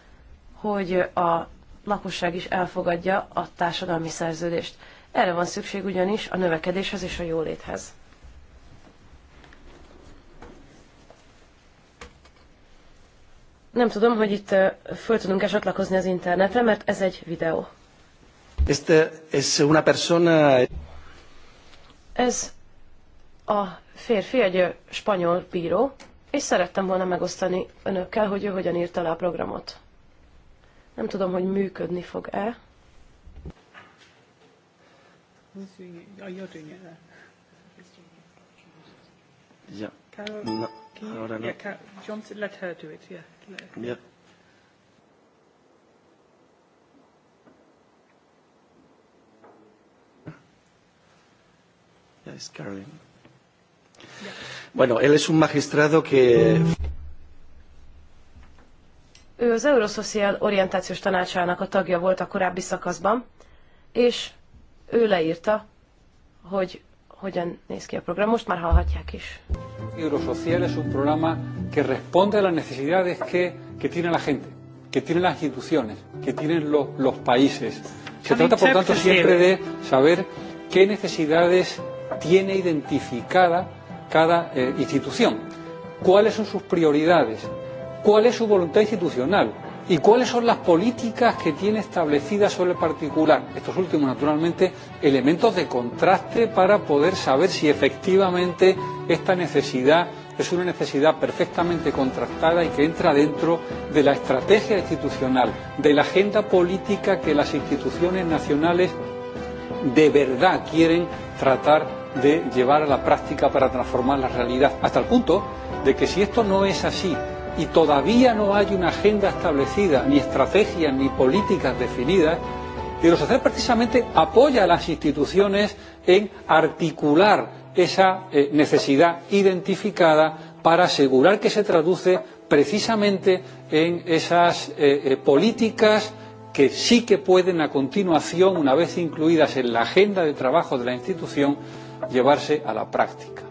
hogy a lakosság is elfogadja a társadalmi szerződést. Erre van szükség ugyanis a növekedéshez és a jóléthez. Nem tudom, hogy itt föl tudunk-e csatlakozni az internetre, mert ez egy videó. Este es una persona... Ez a férfi egy spanyol bíró, és szerettem volna megosztani önökkel, hogy ő hogyan írta le a programot. Nem tudom, hogy működni fog-e. Yeah. Carol, no, can you, yeah, Carol, John, let her do it. Yeah. Yeah. es Caroline. Bueno, él es un magistrado que... Ő az Euroszociál Orientációs Tanácsának a tagja volt a korábbi szakaszban, és ő leírta, hogy hogyan néz ki a program. Most már hallhatják is. Eurosocial es un programa que responde a las necesidades que, que tiene la gente, que tiene las instituciones, que tienen los, los países. Se trata, por tanto, siempre de saber qué necesidades tiene identificada cada eh, institución, cuáles son sus prioridades, cuál es su voluntad institucional y cuáles son las políticas que tiene establecidas sobre el particular. Estos últimos, naturalmente, elementos de contraste para poder saber si efectivamente esta necesidad es una necesidad perfectamente contrastada y que entra dentro de la estrategia institucional, de la agenda política que las instituciones nacionales de verdad quieren tratar de llevar a la práctica para transformar la realidad, hasta el punto de que si esto no es así y todavía no hay una agenda establecida, ni estrategias, ni políticas definidas, los hacer precisamente apoya a las instituciones en articular esa eh, necesidad identificada para asegurar que se traduce precisamente en esas eh, eh, políticas que sí que pueden a continuación, una vez incluidas en la agenda de trabajo de la institución, llevarse a la práctica.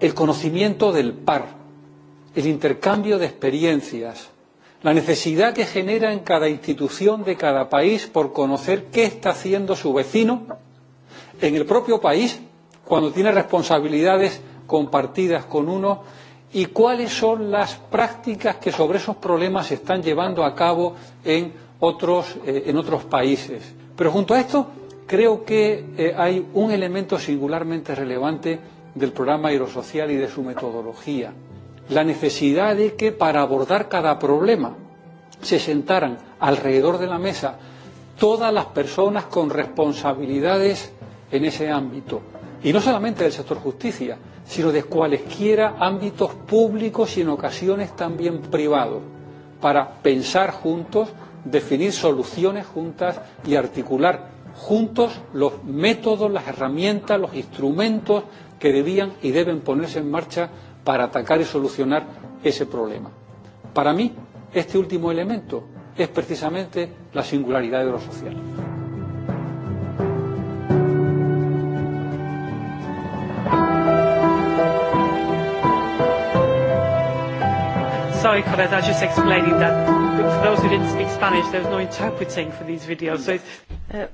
El conocimiento del par, el intercambio de experiencias, la necesidad que genera en cada institución de cada país por conocer qué está haciendo su vecino en el propio país cuando tiene responsabilidades compartidas con uno y cuáles son las prácticas que sobre esos problemas se están llevando a cabo en otros, eh, en otros países. Pero junto a esto creo que eh, hay un elemento singularmente relevante del programa aerosocial y de su metodología. La necesidad de que para abordar cada problema se sentaran alrededor de la mesa todas las personas con responsabilidades en ese ámbito. Y no solamente del sector justicia, sino de cualesquiera ámbitos públicos y en ocasiones también privados, para pensar juntos, definir soluciones juntas y articular juntos los métodos, las herramientas, los instrumentos que debían y deben ponerse en marcha para atacar y solucionar ese problema. Para mí, este último elemento es precisamente la singularidad de lo social. Sorry, Colette, I was just explaining that. for those who didn't speak Spanish, there was no interpreting for these videos. So it's... Uh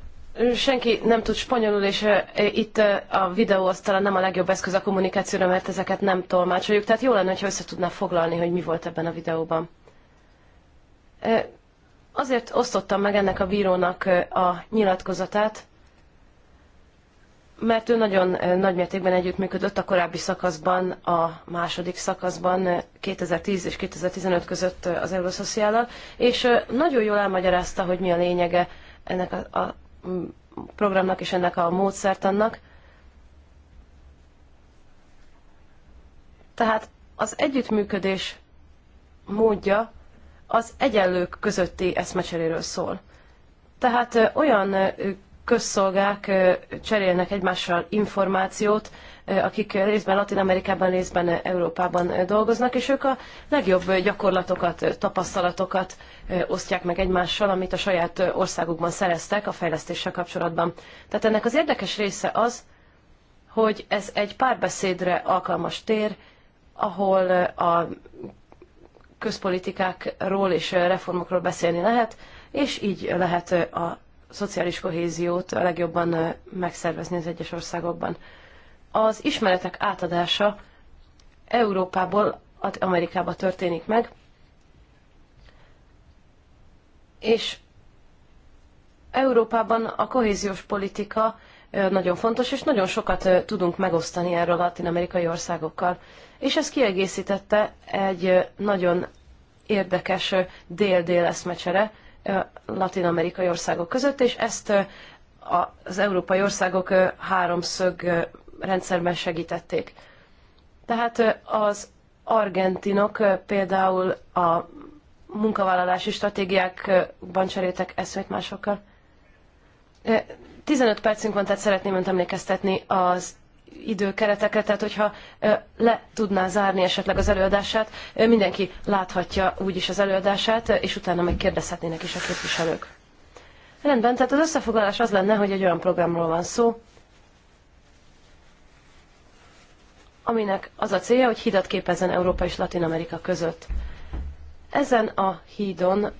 Senki nem tud spanyolul, és itt a videó az talán nem a legjobb eszköz a kommunikációra, mert ezeket nem tolmácsoljuk. Tehát jó lenne, ha össze tudná foglalni, hogy mi volt ebben a videóban. Azért osztottam meg ennek a bírónak a nyilatkozatát, mert ő nagyon nagymértékben együttműködött a korábbi szakaszban, a második szakaszban, 2010 és 2015 között az Euroszociállal, és nagyon jól elmagyarázta, hogy mi a lényege ennek a, a programnak és ennek a módszertannak. Tehát az együttműködés módja az egyenlők közötti eszmecseréről szól. Tehát olyan közszolgák cserélnek egymással információt, akik részben Latin Amerikában, részben Európában dolgoznak, és ők a legjobb gyakorlatokat, tapasztalatokat osztják meg egymással, amit a saját országukban szereztek a fejlesztéssel kapcsolatban. Tehát ennek az érdekes része az, hogy ez egy párbeszédre alkalmas tér, ahol a közpolitikákról és reformokról beszélni lehet, és így lehet a szociális kohéziót a legjobban megszervezni az egyes országokban. Az ismeretek átadása Európából Amerikába történik meg, és Európában a kohéziós politika nagyon fontos, és nagyon sokat tudunk megosztani erről a latin-amerikai országokkal. És ez kiegészítette egy nagyon érdekes dél-dél eszmecsere, latin-amerikai országok között, és ezt az európai országok háromszög rendszerben segítették. Tehát az argentinok például a munkavállalási stratégiákban cseréltek eszmét másokkal. 15 percünk van, tehát szeretném önt emlékeztetni az időkereteket, tehát hogyha le tudná zárni esetleg az előadását, mindenki láthatja úgyis az előadását, és utána meg kérdezhetnének is a képviselők. Rendben, tehát az összefoglalás az lenne, hogy egy olyan programról van szó, aminek az a célja, hogy hidat képezzen Európa és Latin Amerika között. Ezen a hídon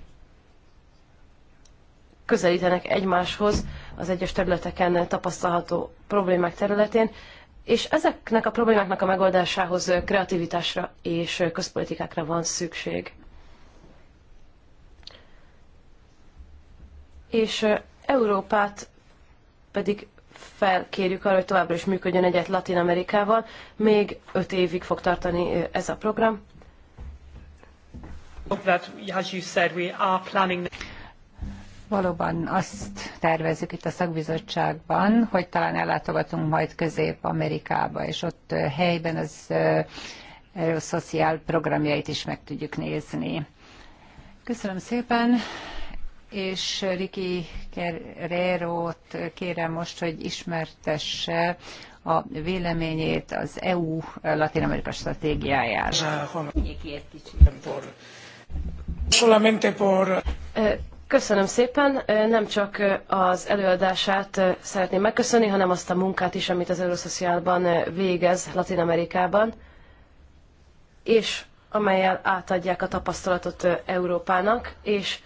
közelítenek egymáshoz az egyes területeken tapasztalható problémák területén, és ezeknek a problémáknak a megoldásához kreativitásra és közpolitikákra van szükség. És Európát pedig felkérjük arra, hogy továbbra is működjön egyet Latin Amerikával. Még öt évig fog tartani ez a program. Valóban azt tervezzük itt a szakbizottságban, hogy talán ellátogatunk majd Közép-Amerikába, és ott helyben az szociál programjait is meg tudjuk nézni. Köszönöm szépen, és Riki Guerrero-t kérem most, hogy ismertesse a véleményét az EU Latin Amerika stratégiájára. Solamente por... Köszönöm szépen. Nem csak az előadását szeretném megköszönni, hanem azt a munkát is, amit az Euroszociálban végez Latin Amerikában, és amelyel átadják a tapasztalatot Európának, és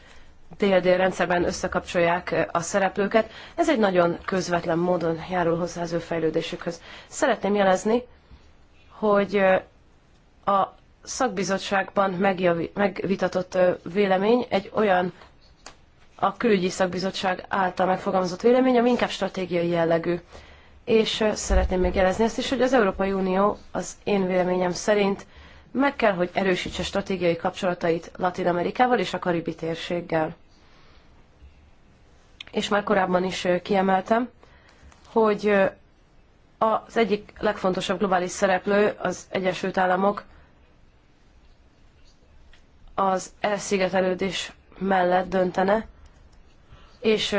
dél-dél rendszerben összekapcsolják a szereplőket. Ez egy nagyon közvetlen módon járul hozzá az ő fejlődésükhöz. Szeretném jelezni, hogy a szakbizottságban megvitatott vélemény egy olyan a külügyi szakbizottság által megfogalmazott vélemény, ami inkább stratégiai jellegű. És szeretném még jelezni ezt is, hogy az Európai Unió az én véleményem szerint meg kell, hogy erősítse stratégiai kapcsolatait Latin Amerikával és a Karibi térséggel. És már korábban is kiemeltem, hogy az egyik legfontosabb globális szereplő, az Egyesült Államok az elszigetelődés mellett döntene, és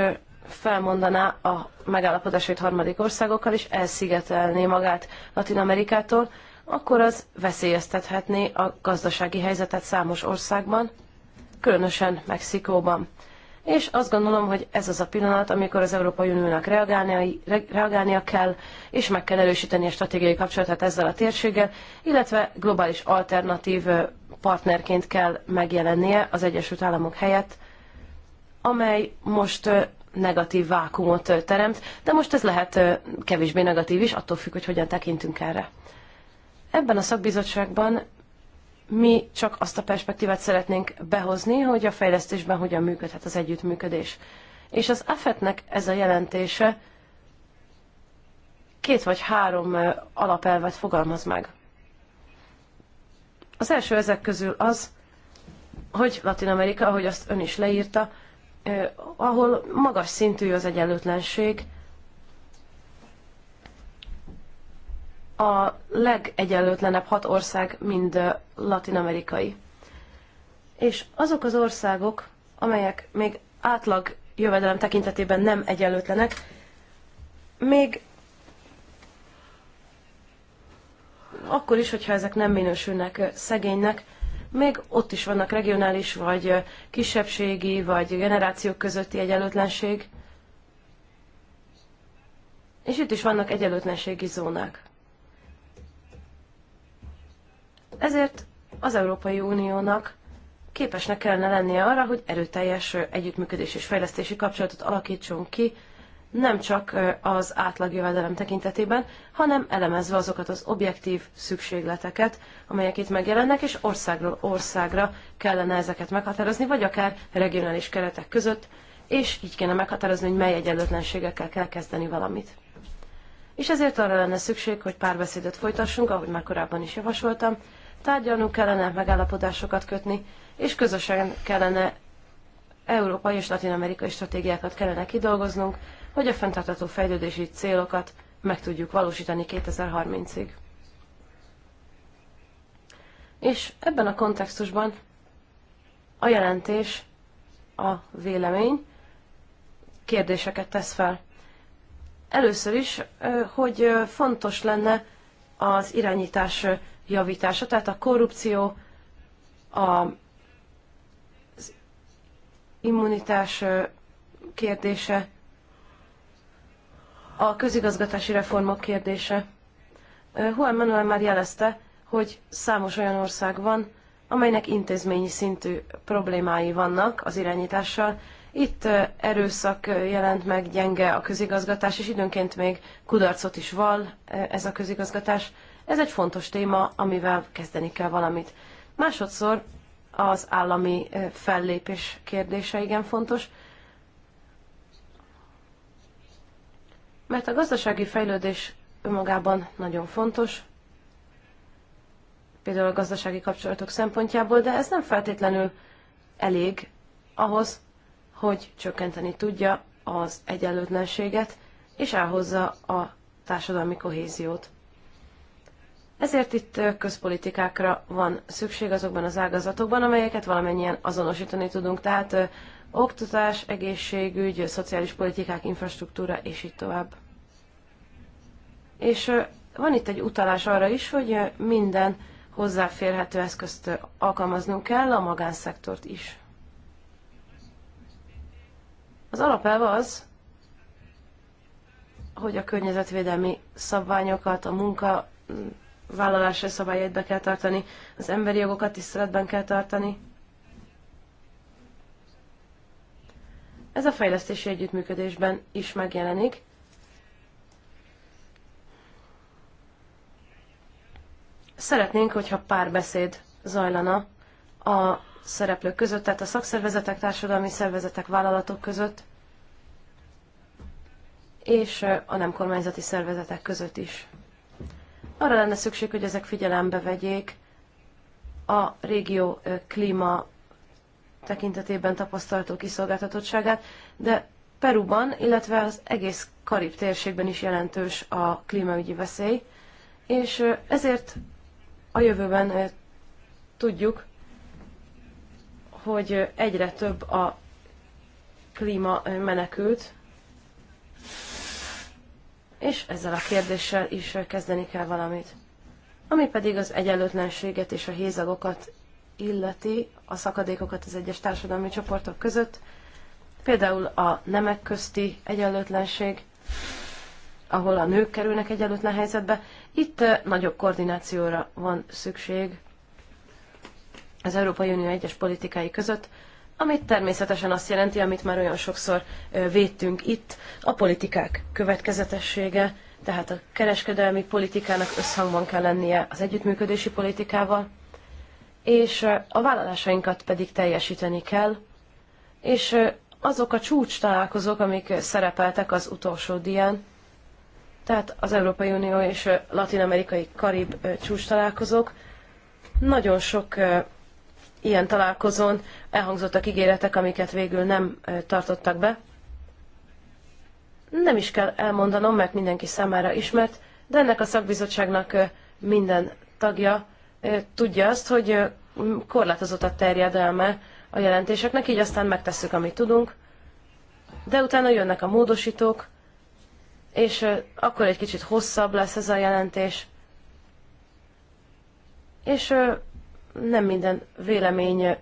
felmondaná a megállapodásait harmadik országokkal, és elszigetelné magát Latin Amerikától, akkor az veszélyeztethetné a gazdasági helyzetet számos országban, különösen Mexikóban. És azt gondolom, hogy ez az a pillanat, amikor az Európai Uniónak reagálnia, reagálnia kell, és meg kell erősíteni a stratégiai kapcsolatát ezzel a térséggel, illetve globális alternatív partnerként kell megjelennie az Egyesült Államok helyett amely most negatív vákumot teremt, de most ez lehet kevésbé negatív is, attól függ, hogy hogyan tekintünk erre. Ebben a szakbizottságban mi csak azt a perspektívát szeretnénk behozni, hogy a fejlesztésben hogyan működhet az együttműködés. És az AFET-nek ez a jelentése két vagy három alapelvet fogalmaz meg. Az első ezek közül az, hogy Latin Amerika, ahogy azt ön is leírta, ahol magas szintű az egyenlőtlenség, a legegyenlőtlenebb hat ország mind latinamerikai. És azok az országok, amelyek még átlag jövedelem tekintetében nem egyenlőtlenek, még akkor is, hogyha ezek nem minősülnek szegénynek, még ott is vannak regionális, vagy kisebbségi, vagy generációk közötti egyenlőtlenség. És itt is vannak egyenlőtlenségi zónák. Ezért az Európai Uniónak képesnek kellene lennie arra, hogy erőteljes együttműködés és fejlesztési kapcsolatot alakítson ki nem csak az átlagjövedelem tekintetében, hanem elemezve azokat az objektív szükségleteket, amelyek itt megjelennek, és országról országra kellene ezeket meghatározni, vagy akár regionális keretek között, és így kéne meghatározni, hogy mely egyenlőtlenségekkel kell kezdeni valamit. És ezért arra lenne szükség, hogy párbeszédet folytassunk, ahogy már korábban is javasoltam, tárgyalnunk kellene megállapodásokat kötni, és közösen kellene európai és latin-amerikai stratégiákat kellene kidolgoznunk, hogy a fenntartható fejlődési célokat meg tudjuk valósítani 2030-ig. És ebben a kontextusban a jelentés, a vélemény kérdéseket tesz fel. Először is, hogy fontos lenne az irányítás javítása, tehát a korrupció, a immunitás kérdése, a közigazgatási reformok kérdése. Juan Manuel már jelezte, hogy számos olyan ország van, amelynek intézményi szintű problémái vannak az irányítással. Itt erőszak jelent meg, gyenge a közigazgatás, és időnként még kudarcot is val ez a közigazgatás. Ez egy fontos téma, amivel kezdeni kell valamit. Másodszor az állami fellépés kérdése igen fontos. Mert a gazdasági fejlődés önmagában nagyon fontos, például a gazdasági kapcsolatok szempontjából, de ez nem feltétlenül elég ahhoz, hogy csökkenteni tudja az egyenlőtlenséget, és elhozza a társadalmi kohéziót. Ezért itt közpolitikákra van szükség azokban az ágazatokban, amelyeket valamennyien azonosítani tudunk, tehát oktatás, egészségügy, szociális politikák, infrastruktúra, és így tovább. És van itt egy utalás arra is, hogy minden hozzáférhető eszközt alkalmaznunk kell, a magánszektort is. Az alapelv az, hogy a környezetvédelmi szabványokat, a munka vállalási szabályait be kell tartani, az emberi jogokat tiszteletben kell tartani, Ez a fejlesztési együttműködésben is megjelenik. Szeretnénk, hogyha párbeszéd zajlana a szereplők között, tehát a szakszervezetek, társadalmi szervezetek, vállalatok között, és a nem kormányzati szervezetek között is. Arra lenne szükség, hogy ezek figyelembe vegyék a régió klíma tekintetében tapasztaltó kiszolgáltatottságát, de Peruban, illetve az egész Karib térségben is jelentős a klímaügyi veszély, és ezért a jövőben tudjuk, hogy egyre több a klíma menekült, és ezzel a kérdéssel is kezdeni kell valamit. Ami pedig az egyenlőtlenséget és a hézagokat illeti a szakadékokat az egyes társadalmi csoportok között, például a nemek közti egyenlőtlenség, ahol a nők kerülnek egyenlőtlen helyzetbe. Itt nagyobb koordinációra van szükség az Európai Unió egyes politikái között, amit természetesen azt jelenti, amit már olyan sokszor védtünk itt, a politikák következetessége, tehát a kereskedelmi politikának összhangban kell lennie az együttműködési politikával, és a vállalásainkat pedig teljesíteni kell, és azok a csúcs találkozók, amik szerepeltek az utolsó dián, tehát az Európai Unió és latin-amerikai karib csúcs találkozók, nagyon sok ilyen találkozón elhangzottak ígéretek, amiket végül nem tartottak be. Nem is kell elmondanom, mert mindenki számára ismert, de ennek a szakbizottságnak minden tagja tudja azt, hogy korlátozott a terjedelme a jelentéseknek, így aztán megtesszük, amit tudunk, de utána jönnek a módosítók, és akkor egy kicsit hosszabb lesz ez a jelentés, és nem minden vélemény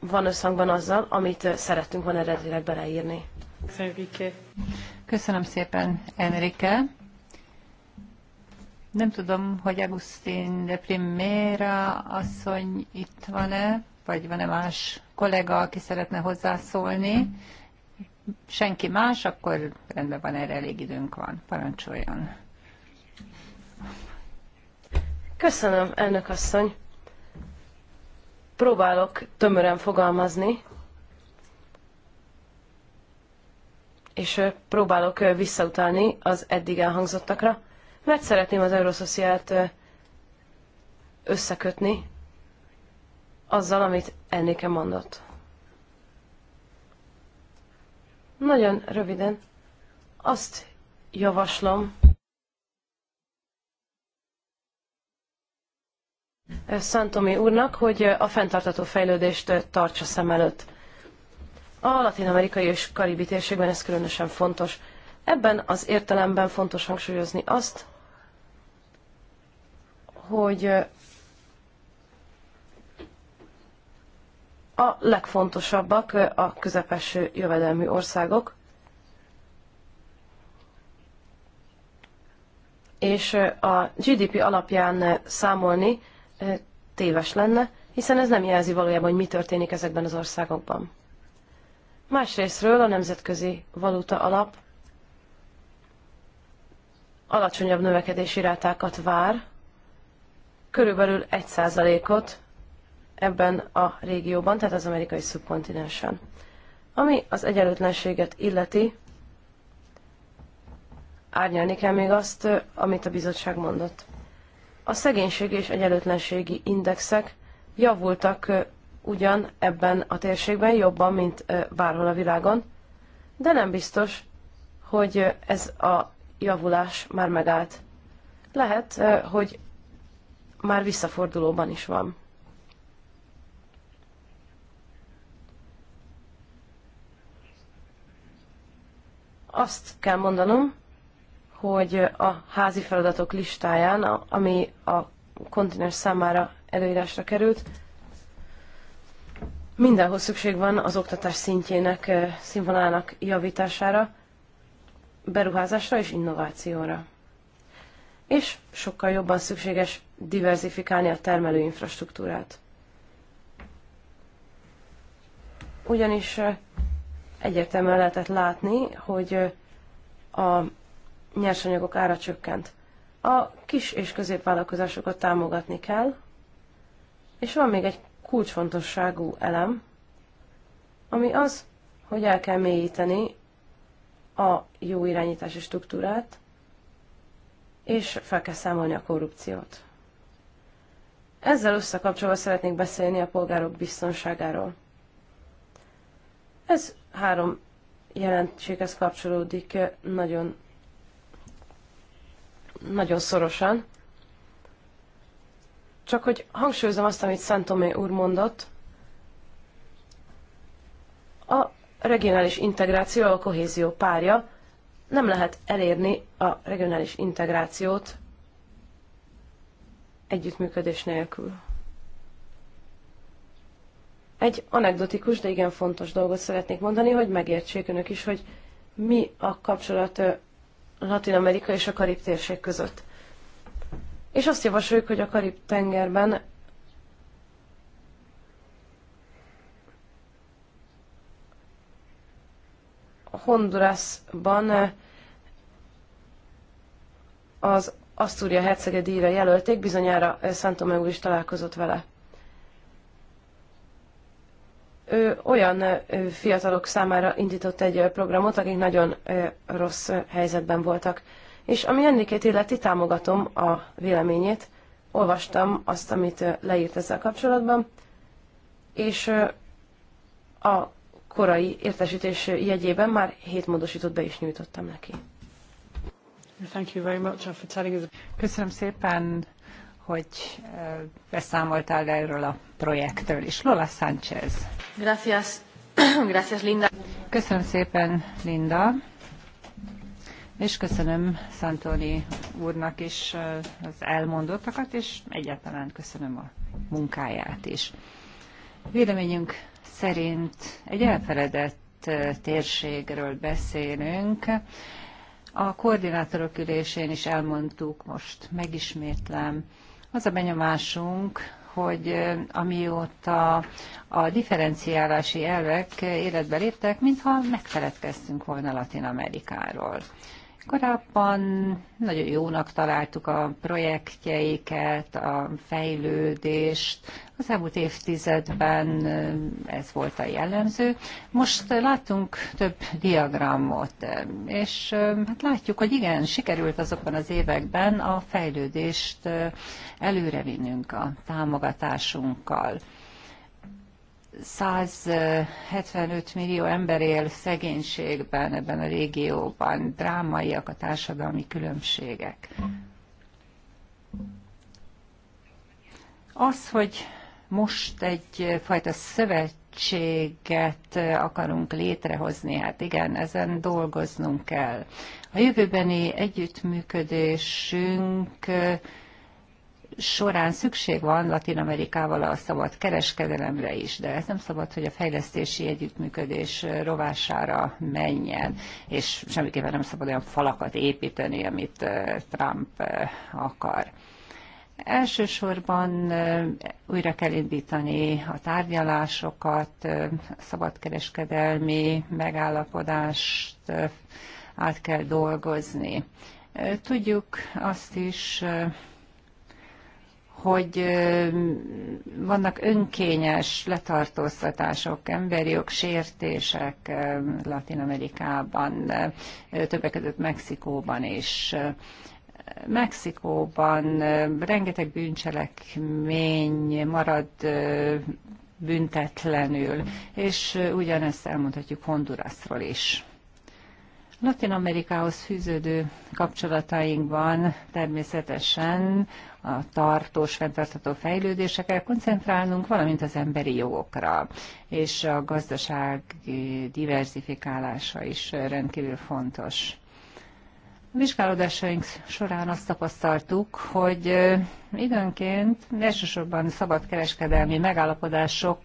van összhangban azzal, amit szerettünk volna eredetileg beleírni. Köszönöm szépen, Enrique. Nem tudom, hogy Agustin de Primera asszony itt van-e, vagy van-e más kollega, aki szeretne hozzászólni. Senki más, akkor rendben van, erre elég időnk van. Parancsoljon. Köszönöm, elnök asszony. Próbálok tömören fogalmazni, és próbálok visszautalni az eddig elhangzottakra mert szeretném az euroszociált összekötni azzal, amit Ennéke mondott. Nagyon röviden. Azt javaslom, Szentomi úrnak, hogy a fenntartató fejlődést tartsa szem előtt. A latin-amerikai és karibi térségben ez különösen fontos. Ebben az értelemben fontos hangsúlyozni azt, hogy a legfontosabbak a közepes jövedelmű országok, és a GDP alapján számolni téves lenne, hiszen ez nem jelzi valójában, hogy mi történik ezekben az országokban. Másrésztről a nemzetközi valuta alap alacsonyabb növekedési rátákat vár, körülbelül 1%-ot ebben a régióban, tehát az amerikai szubkontinensen. Ami az egyenlőtlenséget illeti, árnyalni kell még azt, amit a bizottság mondott. A szegénység és egyenlőtlenségi indexek javultak ugyan ebben a térségben jobban, mint bárhol a világon, de nem biztos, hogy ez a javulás már megállt. Lehet, hogy már visszafordulóban is van. Azt kell mondanom, hogy a házi feladatok listáján, ami a kontinens számára előírásra került, mindenhol szükség van az oktatás szintjének, eh, színvonalának javítására, beruházásra és innovációra és sokkal jobban szükséges diversifikálni a termelő infrastruktúrát. Ugyanis egyértelműen lehetett látni, hogy a nyersanyagok ára csökkent. A kis és középvállalkozásokat támogatni kell, és van még egy kulcsfontosságú elem, ami az, hogy el kell mélyíteni a jó irányítási struktúrát, és fel kell számolni a korrupciót. Ezzel összekapcsolva szeretnék beszélni a polgárok biztonságáról. Ez három jelentséghez kapcsolódik eh, nagyon, nagyon szorosan. Csak hogy hangsúlyozom azt, amit Szentomé úr mondott, a regionális integráció a kohézió párja, nem lehet elérni a regionális integrációt együttműködés nélkül. Egy anekdotikus, de igen fontos dolgot szeretnék mondani, hogy megértsék önök is, hogy mi a kapcsolat Latin Amerika és a Karib térség között. És azt javasoljuk, hogy a Karib tengerben Hondurasban eh, az Asztúria hercege díjra jelölték, bizonyára eh, Szentomé úr is találkozott vele. Ő olyan eh, fiatalok számára indított egy programot, akik nagyon rossz helyzetben voltak. És ami ennikét illeti, támogatom a véleményét, olvastam azt, amit leírt ezzel kapcsolatban, és a korai értesítés jegyében már hét módosított be is nyújtottam neki. Thank you very much for telling us. Köszönöm szépen, hogy eh, beszámoltál erről a projektről is. Lola Sánchez. Gracias. Gracias, Linda. Köszönöm szépen, Linda. És köszönöm Szantoni úrnak is eh, az elmondottakat, és egyáltalán köszönöm a munkáját is. Véleményünk szerint egy elfeledett térségről beszélünk. A koordinátorok ülésén is elmondtuk, most megismétlem. Az a benyomásunk, hogy amióta a differenciálási elvek életbe léptek, mintha megfeledkeztünk volna Latin Amerikáról. Korábban nagyon jónak találtuk a projektjeiket, a fejlődést. Az elmúlt évtizedben ez volt a jellemző. Most láttunk több diagramot, és hát látjuk, hogy igen, sikerült azokban az években a fejlődést előrevinnünk a támogatásunkkal. 175 millió ember él szegénységben ebben a régióban, drámaiak a társadalmi különbségek. Az, hogy most egyfajta szövetséget akarunk létrehozni, hát igen, ezen dolgoznunk kell. A jövőbeni együttműködésünk során szükség van Latin Amerikával a szabad kereskedelemre is, de ez nem szabad, hogy a fejlesztési együttműködés rovására menjen, és semmiképpen nem szabad olyan falakat építeni, amit Trump akar. Elsősorban újra kell indítani a tárgyalásokat, a szabadkereskedelmi megállapodást át kell dolgozni. Tudjuk azt is, hogy vannak önkényes letartóztatások, emberi jogsértések Latin Amerikában, többek között Mexikóban is. Mexikóban rengeteg bűncselekmény marad büntetlenül, és ugyanezt elmondhatjuk Hondurasról is. Latin Amerikához fűződő kapcsolatainkban természetesen a tartós, fenntartható fejlődésekre koncentrálnunk, valamint az emberi jogokra, és a gazdaság diversifikálása is rendkívül fontos. A vizsgálódásaink során azt tapasztaltuk, hogy időnként elsősorban szabadkereskedelmi megállapodások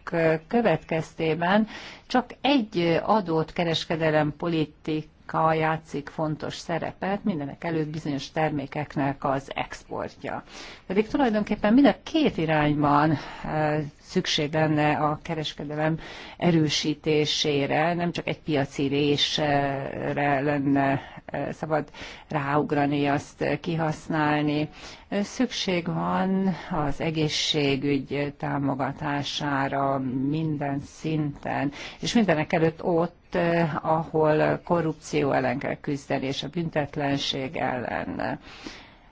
következtében csak egy adott kereskedelem politik Amerika játszik fontos szerepet, mindenek előtt bizonyos termékeknek az exportja. Pedig tulajdonképpen mind a két irányban eh, szükség lenne a kereskedelem erősítésére, nem csak egy piaci résre lenne eh, szabad ráugrani, azt kihasználni. Eh, szükség van az egészségügy támogatására minden szinten, és mindenek előtt ott, ott, eh, ahol korrupció ellen kell küzdeni, és a büntetlenség ellen.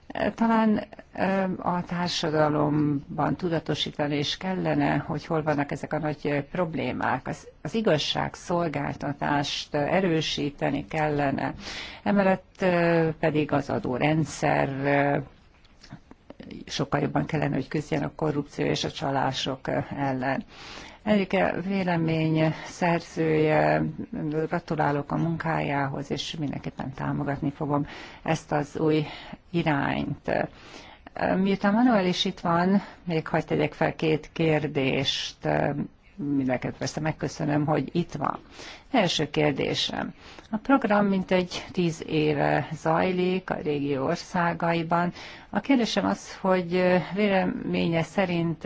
Eh, talán eh, a társadalomban tudatosítani is kellene, hogy hol vannak ezek a nagy problémák. Az, az szolgáltatást erősíteni kellene. Emellett pedig az adórendszer sokkal jobban kellene, hogy küzdjen a korrupció és a csalások ellen. Enrique vélemény szerzője, gratulálok a munkájához, és mindenképpen támogatni fogom ezt az új irányt. Miután Manuel is itt van, még hagyd tegyek fel két kérdést mindenket persze megköszönöm, hogy itt van. Első kérdésem. A program mintegy tíz éve zajlik a régió országaiban. A kérdésem az, hogy véleménye szerint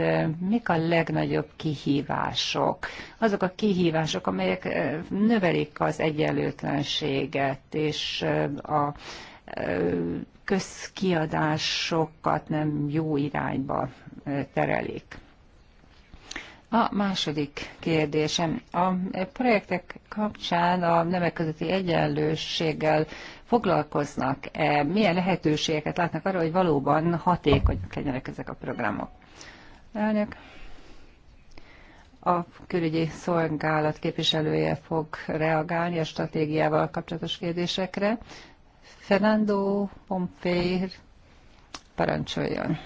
mik a legnagyobb kihívások? Azok a kihívások, amelyek növelik az egyenlőtlenséget és a közkiadásokat nem jó irányba terelik. A második kérdésem. A projektek kapcsán a nemek közötti egyenlősséggel foglalkoznak-e? Milyen lehetőségeket látnak arra, hogy valóban hatékonyak legyenek ezek a programok? Elnök, a külügyi szolgálat képviselője fog reagálni a stratégiával kapcsolatos kérdésekre. Fernando Pompeir, parancsoljon.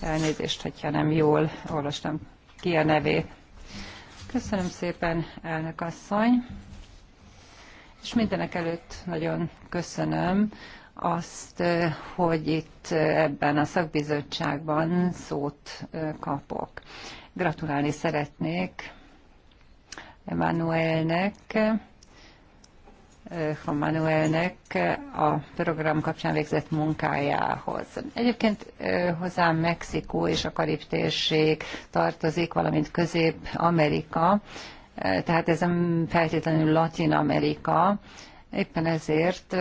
Elnézést, hogyha nem jól olvastam ki a nevét. Köszönöm szépen, elnök asszony. És mindenek előtt nagyon köszönöm azt, hogy itt ebben a szakbizottságban szót kapok. Gratulálni szeretnék Emanuelnek Juan Manuelnek a program kapcsán végzett munkájához. Egyébként hozzám Mexikó és a Karib térség tartozik, valamint Közép-Amerika, tehát ez nem feltétlenül Latin-Amerika, Éppen ezért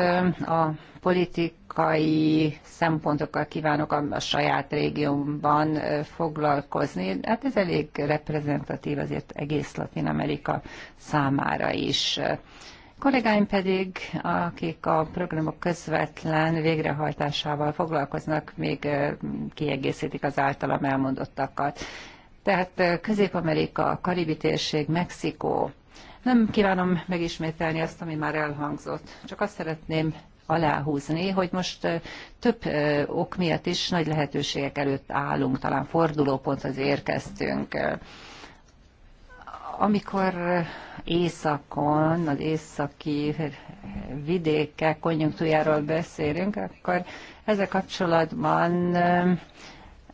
a politikai szempontokkal kívánok a saját régiómban foglalkozni. Hát ez elég reprezentatív azért egész Latin Amerika számára is. Kollégáim pedig, akik a programok közvetlen végrehajtásával foglalkoznak, még kiegészítik az általam elmondottakat. Tehát Közép-Amerika, Karibi térség, Mexikó. Nem kívánom megismételni azt, ami már elhangzott, csak azt szeretném aláhúzni, hogy most több ok miatt is nagy lehetőségek előtt állunk, talán fordulóponthoz érkeztünk. Amikor északon, az északi vidékek konjunktújáról beszélünk, akkor ezzel kapcsolatban um,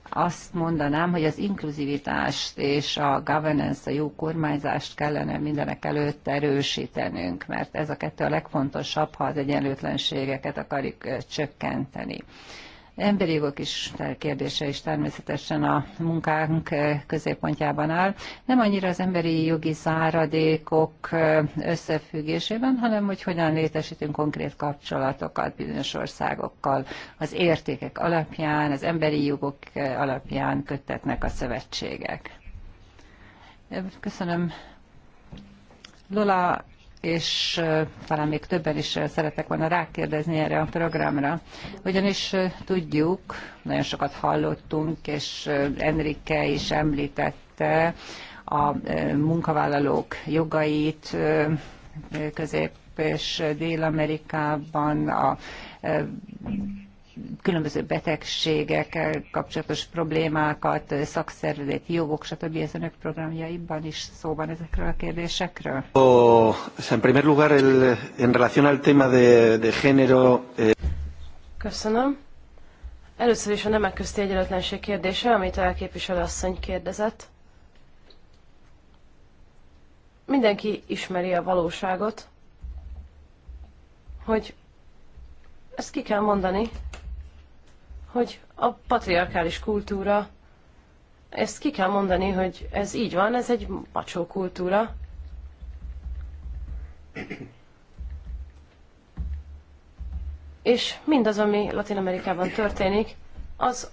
azt mondanám, hogy az inkluzivitást és a governance, a jó kormányzást kellene mindenek előtt erősítenünk, mert ez a kettő a legfontosabb, ha az egyenlőtlenségeket akarjuk csökkenteni. Emberi jogok is kérdése is természetesen a munkánk középpontjában áll. Nem annyira az emberi jogi záradékok összefüggésében, hanem hogy hogyan létesítünk konkrét kapcsolatokat bizonyos országokkal. Az értékek alapján, az emberi jogok alapján köttetnek a szövetségek. Köszönöm. Lola és talán még többen is szeretek volna rákérdezni erre a programra, ugyanis tudjuk, nagyon sokat hallottunk, és Enrique is említette a munkavállalók jogait közép és Dél-Amerikában, a különböző betegségekkel kapcsolatos problémákat, szakszervezeti jogok, stb. az önök programjaiban is szó van ezekről a kérdésekről? O, en primer lugar, el, en relación al tema de, de género... Eh... Köszönöm. Először is a nemek közti egyenlőtlenség kérdése, amit a képviselő asszony kérdezett. Mindenki ismeri a valóságot, hogy ezt ki kell mondani, hogy a patriarkális kultúra, ezt ki kell mondani, hogy ez így van, ez egy macsó kultúra. És mindaz, ami Latin Amerikában történik, az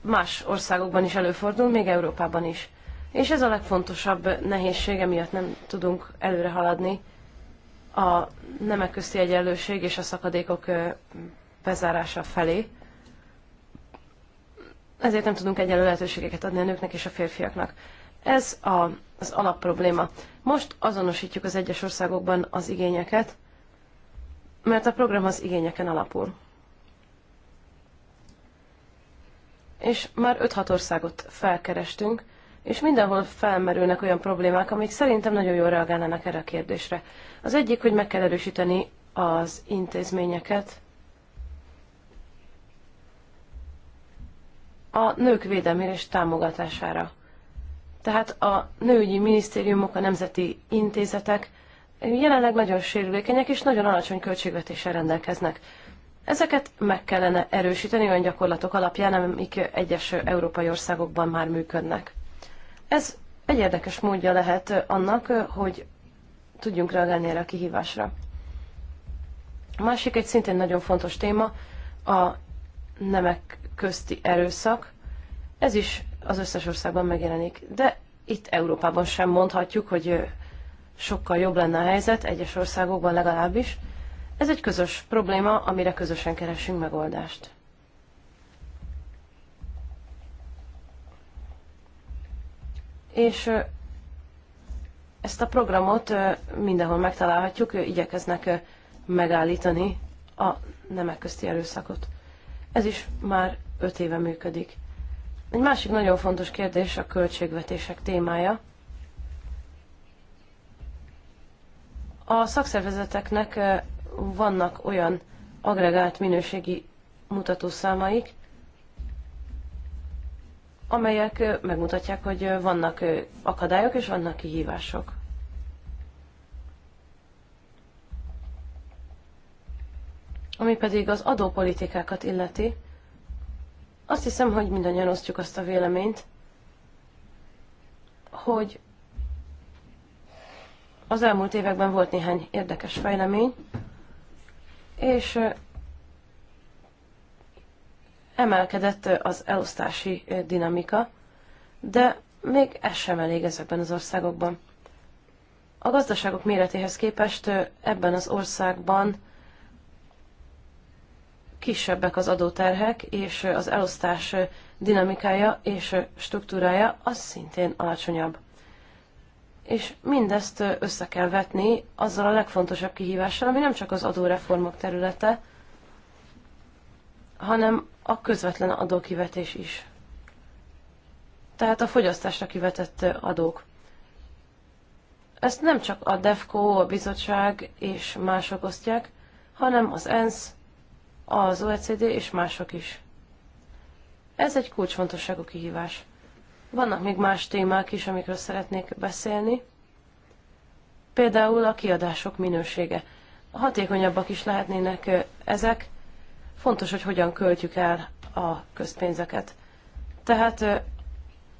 más országokban is előfordul, még Európában is. És ez a legfontosabb nehézsége miatt nem tudunk előre haladni a nemek közti egyenlőség és a szakadékok bezárása felé ezért nem tudunk egyenlő lehetőségeket adni a nőknek és a férfiaknak. Ez a, az alapprobléma. Most azonosítjuk az egyes országokban az igényeket, mert a program az igényeken alapul. És már 5-6 országot felkerestünk, és mindenhol felmerülnek olyan problémák, amik szerintem nagyon jól reagálnának erre a kérdésre. Az egyik, hogy meg kell erősíteni az intézményeket, a nők védelmére és támogatására. Tehát a nőügyi minisztériumok, a nemzeti intézetek jelenleg nagyon sérülékenyek és nagyon alacsony költségvetéssel rendelkeznek. Ezeket meg kellene erősíteni olyan gyakorlatok alapján, amik egyes európai országokban már működnek. Ez egy érdekes módja lehet annak, hogy tudjunk reagálni erre a kihívásra. A másik egy szintén nagyon fontos téma, a nemek közti erőszak. Ez is az összes országban megjelenik, de itt Európában sem mondhatjuk, hogy sokkal jobb lenne a helyzet, egyes országokban legalábbis. Ez egy közös probléma, amire közösen keresünk megoldást. És ezt a programot mindenhol megtalálhatjuk, igyekeznek megállítani a nemek közti erőszakot. Ez is már öt éve működik. Egy másik nagyon fontos kérdés a költségvetések témája. A szakszervezeteknek vannak olyan agregált minőségi mutatószámaik, amelyek megmutatják, hogy vannak akadályok és vannak kihívások. Ami pedig az adópolitikákat illeti, azt hiszem, hogy mindannyian osztjuk azt a véleményt, hogy az elmúlt években volt néhány érdekes fejlemény, és emelkedett az elosztási dinamika, de még ez sem elég ezekben az országokban. A gazdaságok méretéhez képest ebben az országban kisebbek az adóterhek, és az elosztás dinamikája és struktúrája az szintén alacsonyabb. És mindezt össze kell vetni azzal a legfontosabb kihívással, ami nem csak az adóreformok területe, hanem a közvetlen adókivetés is. Tehát a fogyasztásra kivetett adók. Ezt nem csak a DEFCO, a bizottság és mások osztják, hanem az ENSZ, az OECD és mások is. Ez egy kulcsfontosságú kihívás. Vannak még más témák is, amikről szeretnék beszélni. Például a kiadások minősége. Hatékonyabbak is lehetnének ezek. Fontos, hogy hogyan költjük el a közpénzeket. Tehát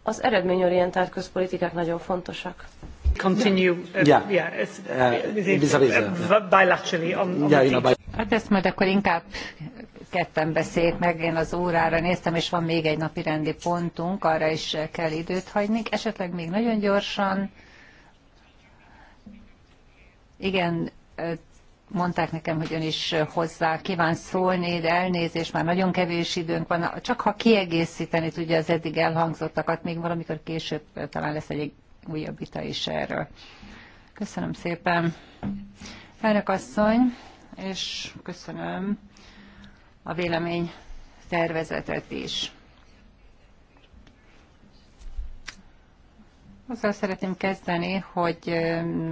az eredményorientált közpolitikák nagyon fontosak. Continue. Uh, yeah. yeah uh, uh, bilaterally on, on yeah, Hát ezt majd akkor inkább ketten beszéljük meg, én az órára néztem, és van még egy napi rendi pontunk, arra is kell időt hagyni. Esetleg még nagyon gyorsan. Igen, mondták nekem, hogy ön is hozzá kíván szólni, de elnézés, már nagyon kevés időnk van. Csak ha kiegészíteni tudja az eddig elhangzottakat, még valamikor később talán lesz egy újabb vita is erről. Köszönöm szépen. Elnök asszony, és köszönöm a vélemény tervezetet is. Azzal szeretném kezdeni, hogy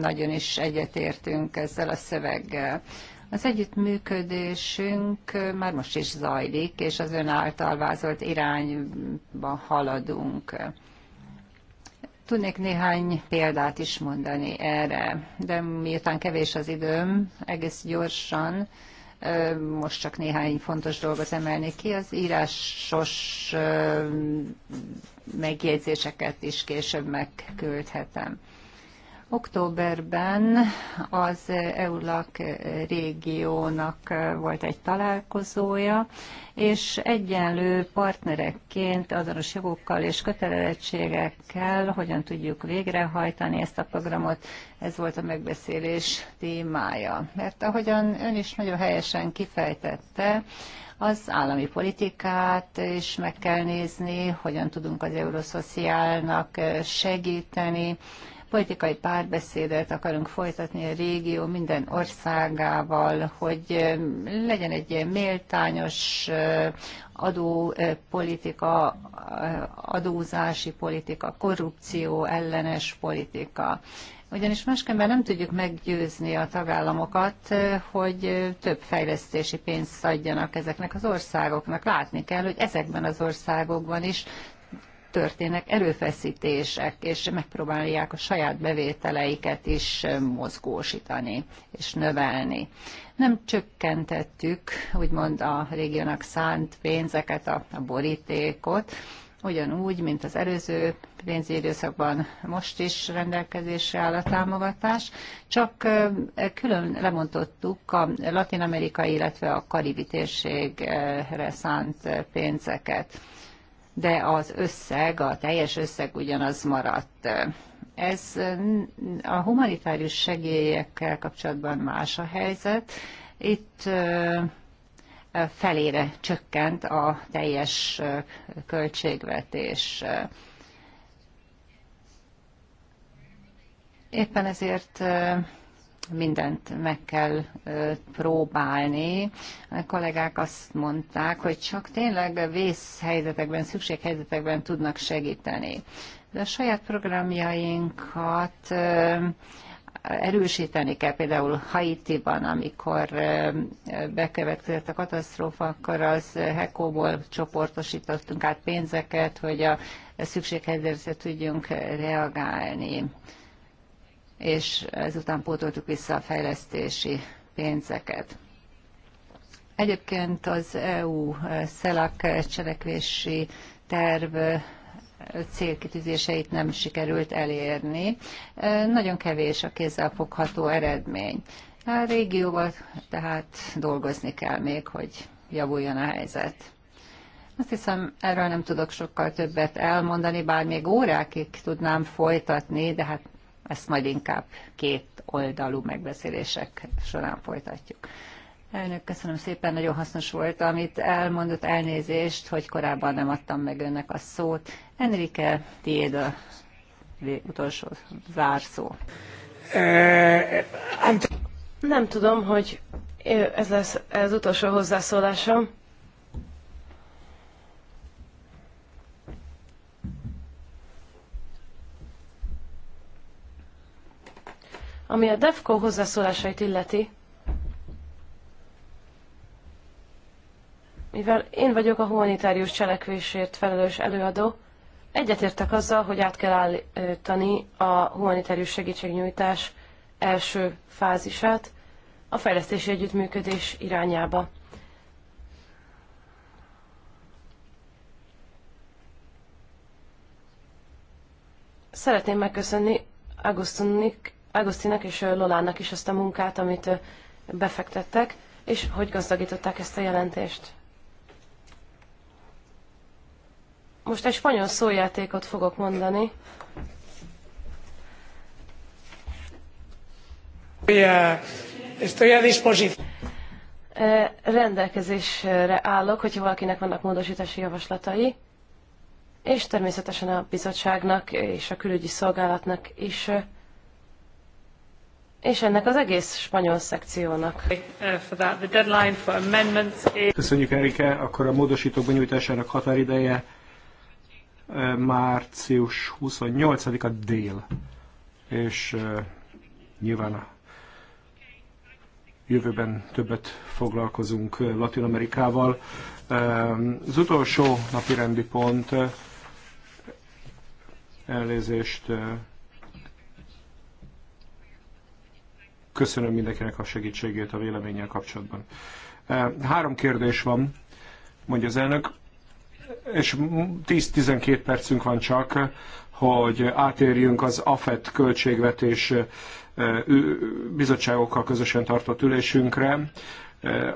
nagyon is egyetértünk ezzel a szöveggel. Az együttműködésünk már most is zajlik, és az ön által vázolt irányba haladunk. Tudnék néhány példát is mondani erre, de miután kevés az időm, egész gyorsan, most csak néhány fontos dolgot emelnék ki, az írásos megjegyzéseket is később megküldhetem. Októberben az EULAK régiónak volt egy találkozója, és egyenlő partnerekként azonos jogokkal és kötelezettségekkel hogyan tudjuk végrehajtani ezt a programot, ez volt a megbeszélés témája. Mert ahogyan ön is nagyon helyesen kifejtette, az állami politikát is meg kell nézni, hogyan tudunk az euroszociálnak segíteni, Politikai párbeszédet akarunk folytatni a régió minden országával, hogy legyen egy méltányos adópolitika, adózási politika, korrupció ellenes politika ugyanis másképpen nem tudjuk meggyőzni a tagállamokat, hogy több fejlesztési pénzt adjanak ezeknek az országoknak. Látni kell, hogy ezekben az országokban is történnek erőfeszítések, és megpróbálják a saját bevételeiket is mozgósítani és növelni. Nem csökkentettük, úgymond a régiónak szánt pénzeket, a, a borítékot, ugyanúgy, mint az előző pénzügyi időszakban most is rendelkezésre áll a támogatás, csak külön lemondottuk a latin-amerikai, illetve a karibi térségre szánt pénzeket de az összeg, a teljes összeg ugyanaz maradt. Ez a humanitárius segélyekkel kapcsolatban más a helyzet. Itt felére csökkent a teljes költségvetés. Éppen ezért mindent meg kell próbálni. A kollégák azt mondták, hogy csak tényleg vészhelyzetekben, szükséghelyzetekben tudnak segíteni. De a saját programjainkat erősíteni kell, például Haiti-ban, amikor bekövetkezett a katasztrófa, akkor az HECO-ból csoportosítottunk át pénzeket, hogy a szükséghelyzetre tudjunk reagálni és ezután pótoltuk vissza a fejlesztési pénzeket. Egyébként az EU eh, szelak eh, cselekvési terv eh, célkitűzéseit nem sikerült elérni. Nagyon kevés a fogható eredmény. A régióval tehát dolgozni kell még, hogy javuljon a helyzet. Azt hiszem, erről nem tudok sokkal többet elmondani, bár még órákig tudnám folytatni, de hát ezt majd inkább két oldalú megbeszélések során folytatjuk. Elnök, köszönöm szépen, nagyon hasznos volt, amit elmondott, elnézést, hogy korábban nem adtam meg önnek a szót. Enrique, tiéd a utolsó zárszó. Nem tudom, hogy ez lesz az utolsó hozzászólásom. Ami a DEFCO hozzászólásait illeti, mivel én vagyok a humanitárius cselekvésért felelős előadó, egyetértek azzal, hogy át kell állítani a humanitárius segítségnyújtás első fázisát a fejlesztési együttműködés irányába. Szeretném megköszönni Augustonnik Ágosztinak és Lolának is azt a munkát, amit befektettek, és hogy gazdagították ezt a jelentést. Most egy spanyol szójátékot fogok mondani. Estoy a disposición. Rendelkezésre állok, hogyha valakinek vannak módosítási javaslatai, és természetesen a bizottságnak és a külügyi szolgálatnak is és ennek az egész spanyol szekciónak. Köszönjük, Erike. Akkor a módosítók benyújtásának határideje eh, március 28-a dél. És uh, nyilván a jövőben többet foglalkozunk eh, Latin Amerikával. Az utolsó napi rendi pont elnézést Köszönöm mindenkinek a segítségét a véleménnyel kapcsolatban. Három kérdés van, mondja az elnök, és 10-12 percünk van csak, hogy átérjünk az AFET költségvetés bizottságokkal közösen tartott ülésünkre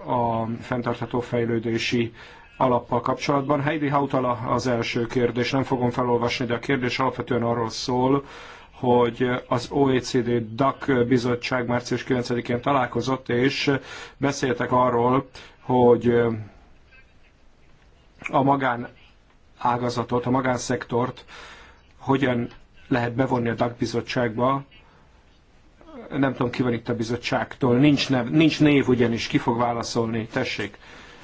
a fenntartható fejlődési alappal kapcsolatban. Heidi Hautala az első kérdés, nem fogom felolvasni, de a kérdés alapvetően arról szól, hogy az OECD DAC bizottság március 9-én találkozott, és beszéltek arról, hogy a magán ágazatot, a magánszektort hogyan lehet bevonni a DAC bizottságba, nem tudom, ki van itt a bizottságtól, nincs, nev, nincs név ugyanis, ki fog válaszolni, tessék.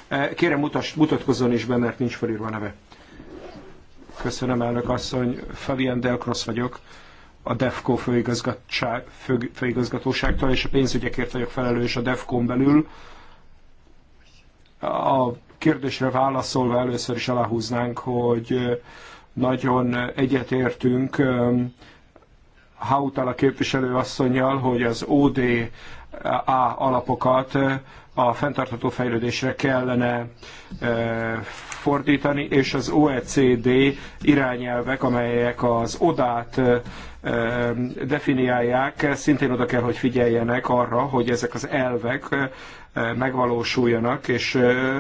E, kérem, mutas, mutatkozzon is be, mert nincs felírva a neve. Köszönöm, elnök asszony. Fabian Delcross vagyok, a DEFCO főigazgatóságtól, és a pénzügyekért vagyok felelős a DEFCON belül. A kérdésre válaszolva először is aláhúznánk, hogy nagyon egyetértünk Hautala képviselő asszonyjal, hogy az ODA alapokat a fenntartható fejlődésre kellene fordítani, és az OECD irányelvek, amelyek az odát definiálják, szintén oda kell, hogy figyeljenek arra, hogy ezek az elvek megvalósuljanak, és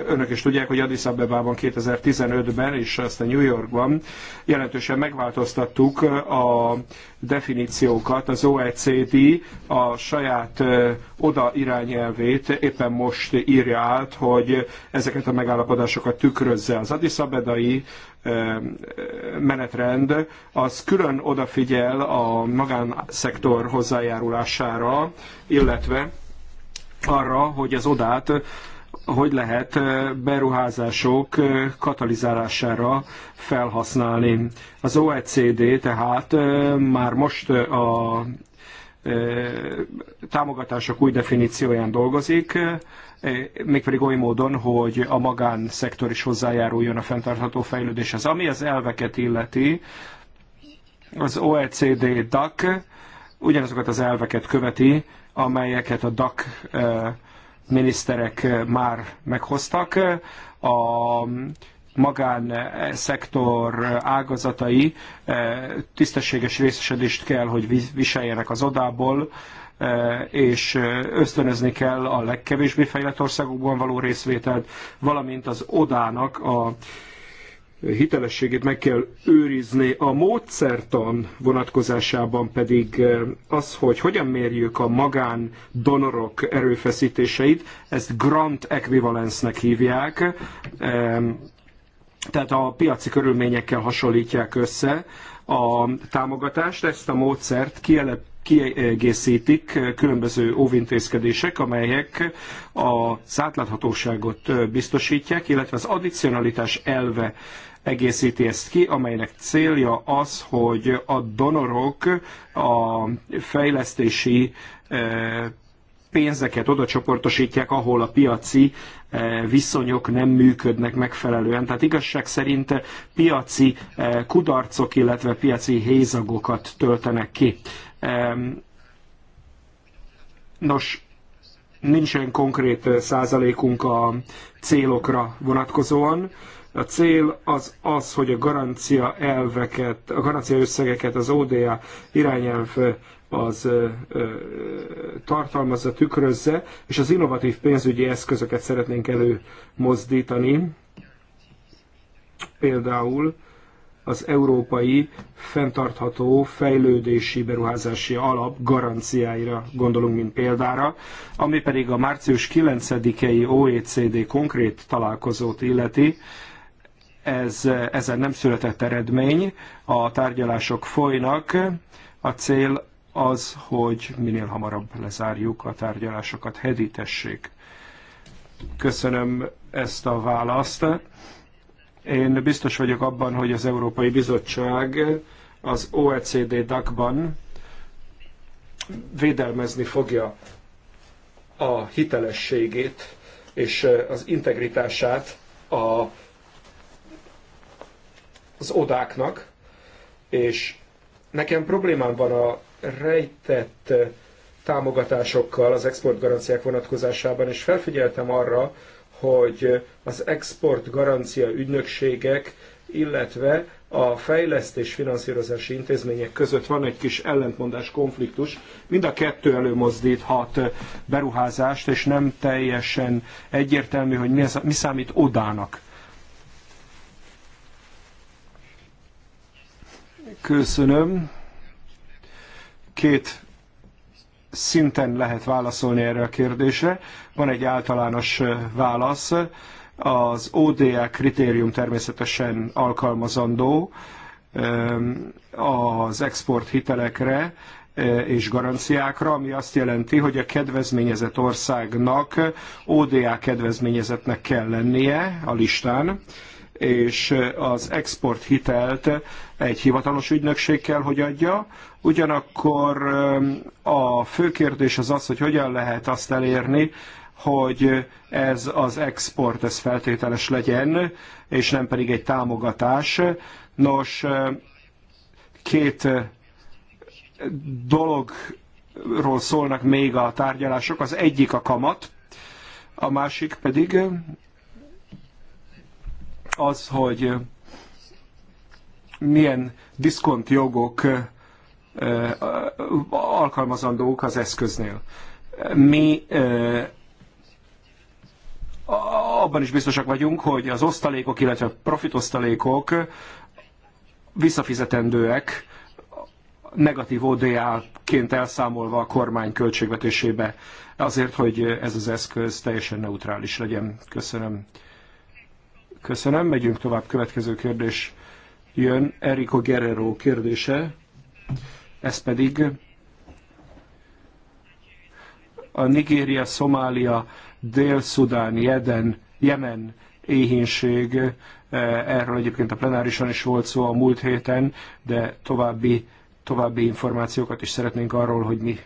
önök is tudják, hogy Addis Abebában 2015-ben és a New Yorkban jelentősen megváltoztattuk a definíciókat, az OECD a saját oda irányelvét éppen most írja át, hogy ezeket a megállapodásokat tükrözze. Az Addis Abedai menetrend, az külön odafigyel a magánszektor hozzájárulására, illetve arra, hogy az odát hogy lehet beruházások katalizálására felhasználni. Az OECD tehát már most a támogatások új definícióján dolgozik, mégpedig oly módon, hogy a magánszektor is hozzájáruljon a fenntartható fejlődéshez. Ami az elveket illeti, az OECD DAC ugyanazokat az elveket követi, amelyeket a DAC eh, miniszterek eh, már meghoztak. A magánszektor eh, ágazatai tisztességes részesedést kell, hogy viseljenek az odából, és ösztönözni kell a legkevésbé fejlett országokban való részvételt, valamint az odának a hitelességét meg kell őrizni. A módszertan vonatkozásában pedig eh, az, hogy hogyan mérjük a magán donorok erőfeszítéseit, ezt grant equivalence-nek hívják, eh, tehát a piaci körülményekkel hasonlítják össze a támogatást, ezt a módszert kielep kiegészítik eh, különböző óvintézkedések, amelyek az átláthatóságot biztosítják, illetve az addicionalitás elve egészíti ezt ki, amelynek célja az, hogy a donorok a fejlesztési e, pénzeket oda csoportosítják, ahol a piaci e, viszonyok nem működnek megfelelően. Tehát igazság szerint piaci e, kudarcok, illetve piaci hézagokat töltenek ki. Nos, nincsen konkrét százalékunk a célokra vonatkozóan. A cél az az, hogy a garancia elveket, a garancia összegeket az ODA irányelv az ö, ö, tartalmazza, tükrözze, és az innovatív pénzügyi eszközöket szeretnénk előmozdítani, például az Európai Fentartható Fejlődési Beruházási Alap garanciáira gondolunk, mint példára, ami pedig a március 9-i OECD konkrét találkozót illeti, ez, ezen nem született eredmény, a tárgyalások folynak, a cél az, hogy minél hamarabb lezárjuk a tárgyalásokat, hedítessék. Köszönöm ezt a választ. Én biztos vagyok abban, hogy az Európai Bizottság az OECD DAC-ban védelmezni fogja a hitelességét és az integritását a az odáknak, és nekem problémám van a rejtett támogatásokkal az exportgaranciák vonatkozásában, és felfigyeltem arra, hogy az exportgarancia ügynökségek, illetve a fejlesztés finanszírozási intézmények között van egy kis ellentmondás, konfliktus. Mind a kettő előmozdíthat beruházást, és nem teljesen egyértelmű, hogy mi, az, mi számít odának. Köszönöm. Két szinten lehet válaszolni erre a kérdésre. Van egy általános válasz. Az ODA kritérium természetesen alkalmazandó az export hitelekre és garanciákra, ami azt jelenti, hogy a kedvezményezett országnak ODA kedvezményezetnek kell lennie a listán és az exporthitelt egy hivatalos ügynökség kell, hogy adja. Ugyanakkor a fő kérdés az az, hogy hogyan lehet azt elérni, hogy ez az export, ez feltételes legyen, és nem pedig egy támogatás. Nos, két dologról szólnak még a tárgyalások. Az egyik a kamat, a másik pedig az, hogy milyen diszkont jogok alkalmazandók az eszköznél. Mi abban is biztosak vagyunk, hogy az osztalékok, illetve a profitosztalékok visszafizetendőek negatív ODA-ként elszámolva a kormány költségvetésébe, azért, hogy ez az eszköz teljesen neutrális legyen. Köszönöm. Köszönöm, megyünk tovább, következő kérdés jön. Eriko Guerrero kérdése, ez pedig a Nigéria, Szomália, Dél-Szudán, Jeden, Jemen éhénység. Erről egyébként a plenárison is volt szó a múlt héten, de további, további információkat is szeretnénk arról, hogy mi,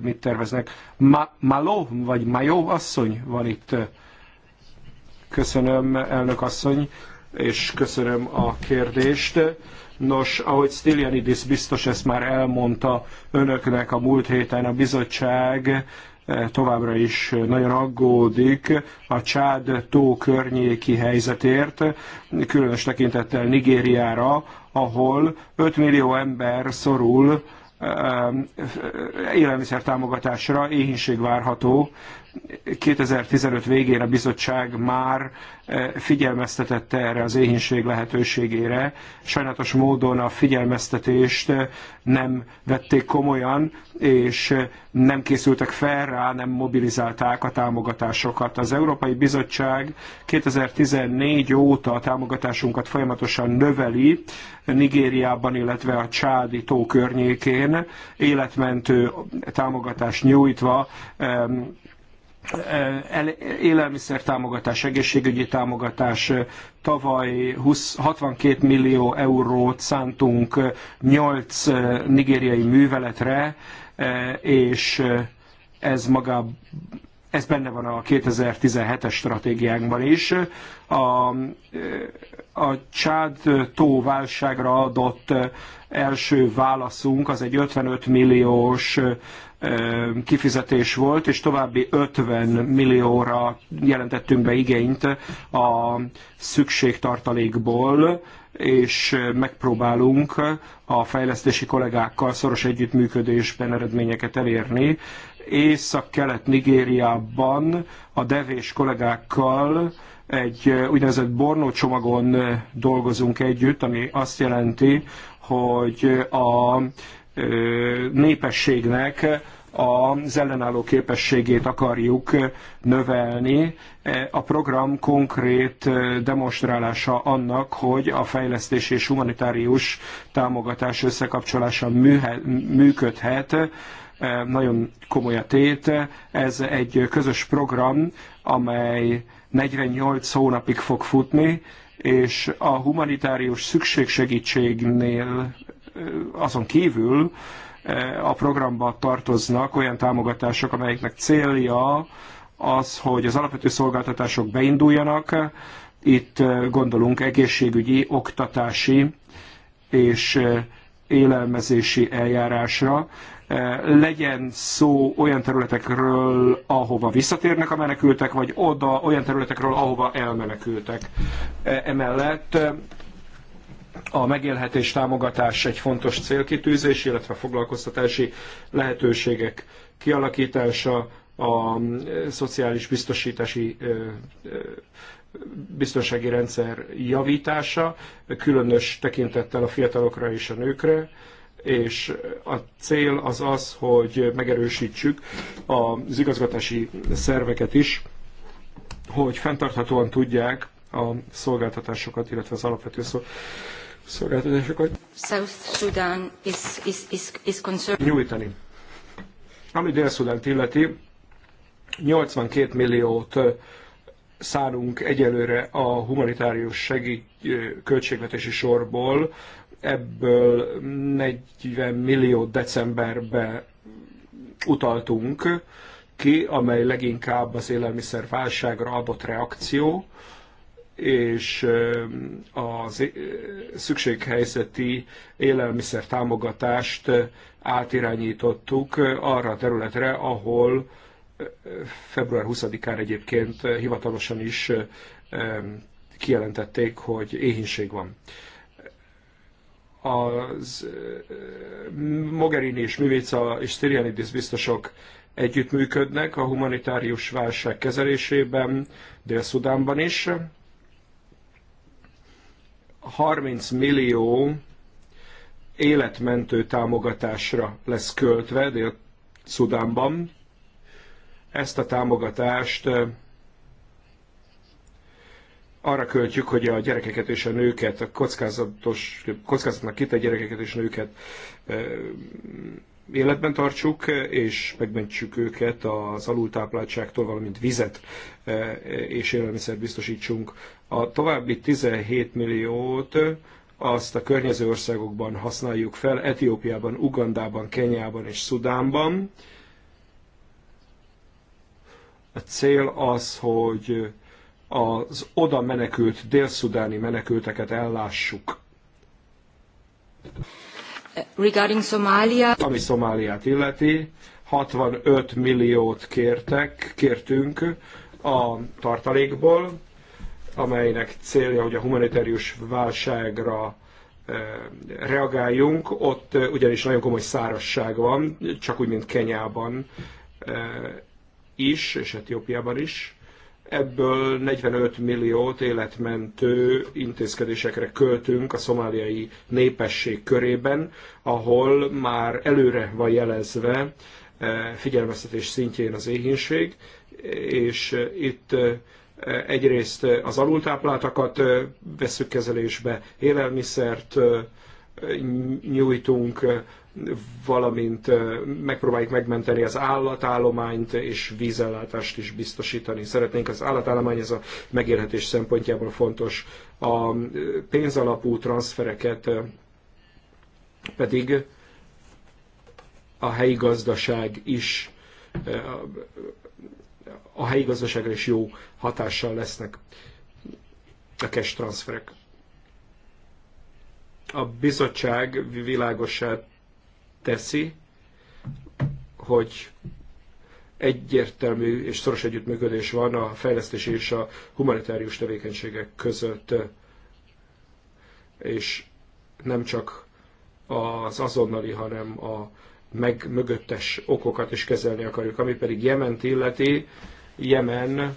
mit terveznek. Ma, Maló vagy Majó asszony van itt Köszönöm, elnök asszony, és köszönöm a kérdést. Nos, ahogy Stylianidis biztos ezt már elmondta önöknek a múlt héten, a bizottság eh, továbbra is nagyon aggódik a Csád tó környéki helyzetért, különös tekintettel Nigériára, ahol 5 millió ember szorul eh, eh, élelmiszer támogatásra, éhínség várható, 2015 végén a bizottság már eh, figyelmeztetett erre az éhínség lehetőségére. Sajnálatos módon a figyelmeztetést eh, nem vették komolyan, és eh, nem készültek fel rá, nem mobilizálták a támogatásokat. Az Európai Bizottság 2014 óta a támogatásunkat folyamatosan növeli Nigériában, illetve a Csádi tó környékén, életmentő támogatást nyújtva Eh, élelmiszer támogatás, egészségügyi támogatás. Tavaly 20, 62 millió eurót szántunk 8 eh, nigériai műveletre, eh, és ez maga ez benne van a 2017-es stratégiánkban is. A, a Csád tó válságra adott első válaszunk az egy 55 milliós kifizetés volt, és további 50 millióra jelentettünk be igényt a szükségtartalékból, és megpróbálunk a fejlesztési kollégákkal szoros együttműködésben eredményeket elérni. Észak-Kelet-Nigériában a devés kollégákkal egy úgynevezett bornó csomagon dolgozunk együtt, ami azt jelenti, hogy a népességnek az ellenálló képességét akarjuk növelni. A program konkrét demonstrálása annak, hogy a fejlesztés és humanitárius támogatás összekapcsolása működhet nagyon komoly a tét. Ez egy közös program, amely 48 hónapig fog futni, és a humanitárius szükségsegítségnél azon kívül a programba tartoznak olyan támogatások, amelyeknek célja az, hogy az alapvető szolgáltatások beinduljanak. Itt gondolunk egészségügyi, oktatási és élelmezési eljárásra, Eh, legyen szó olyan területekről, ahova visszatérnek a menekültek, vagy oda olyan területekről, ahova elmenekültek. Eh, emellett eh, a megélhetés támogatás egy fontos célkitűzés, illetve foglalkoztatási lehetőségek kialakítása, a szociális biztosítási biztonsági rendszer javítása, különös tekintettel a fiatalokra és a nőkre, és a cél az az, hogy megerősítsük az igazgatási szerveket is, hogy fenntarthatóan tudják a szolgáltatásokat, illetve az alapvető szó szolgáltatásokat South Sudan is, is, is, is concerned. nyújtani. Ami Dél-Szudánt illeti, 82 milliót szállunk egyelőre a humanitárius segít költségvetési sorból ebből 40 millió decemberbe utaltunk ki, amely leginkább az élelmiszerválságra adott reakció, és az szükséghelyzeti élelmiszer támogatást átirányítottuk arra a területre, ahol február 20-án egyébként hivatalosan is kijelentették, hogy éhínség van az Mogherini és Mivica és Stylianidis biztosok együttműködnek a humanitárius válság kezelésében, Dél-Szudánban is. 30 millió életmentő támogatásra lesz költve Dél-Szudánban. Ezt a támogatást arra költjük, hogy a gyerekeket és a nőket, a kockázatos, kockázatnak kitett gyerekeket és nőket életben tartsuk, és megmentsük őket az alultápláltságtól, valamint vizet és élelmiszer biztosítsunk. A további 17 milliót azt a környező országokban használjuk fel, Etiópiában, Ugandában, Kenyában és Szudánban. A cél az, hogy az oda menekült, délszudáni menekülteket ellássuk. Regarding Somalia. Ami Szomáliát illeti, 65 milliót kértek, kértünk a tartalékból, amelynek célja, hogy a humanitárius válságra eh, reagáljunk. Ott eh, ugyanis nagyon komoly szárazság van, csak úgy, mint Kenyában eh, is, és Etiópiában is. Ebből 45 milliót életmentő intézkedésekre költünk a szomáliai népesség körében, ahol már előre van jelezve eh, figyelmeztetés szintjén az éhínség, és eh, itt eh, egyrészt az alultápláltakat veszük kezelésbe, élelmiszert, nyújtunk, eh, valamint eh, megpróbáljuk megmenteni az állatállományt, és vízellátást is biztosítani szeretnénk. Az állatállomány ez a megélhetés szempontjából fontos. A eh, pénzalapú transfereket pedig a helyi gazdaság is a helyi gazdaságra is jó hatással lesznek a cash transferek a bizottság világosá teszi, hogy egyértelmű és szoros együttműködés van a fejlesztési és a humanitárius tevékenységek között, és nem csak az azonnali, hanem a meg mögöttes okokat is kezelni akarjuk. Ami pedig Jement illeti, Jemenben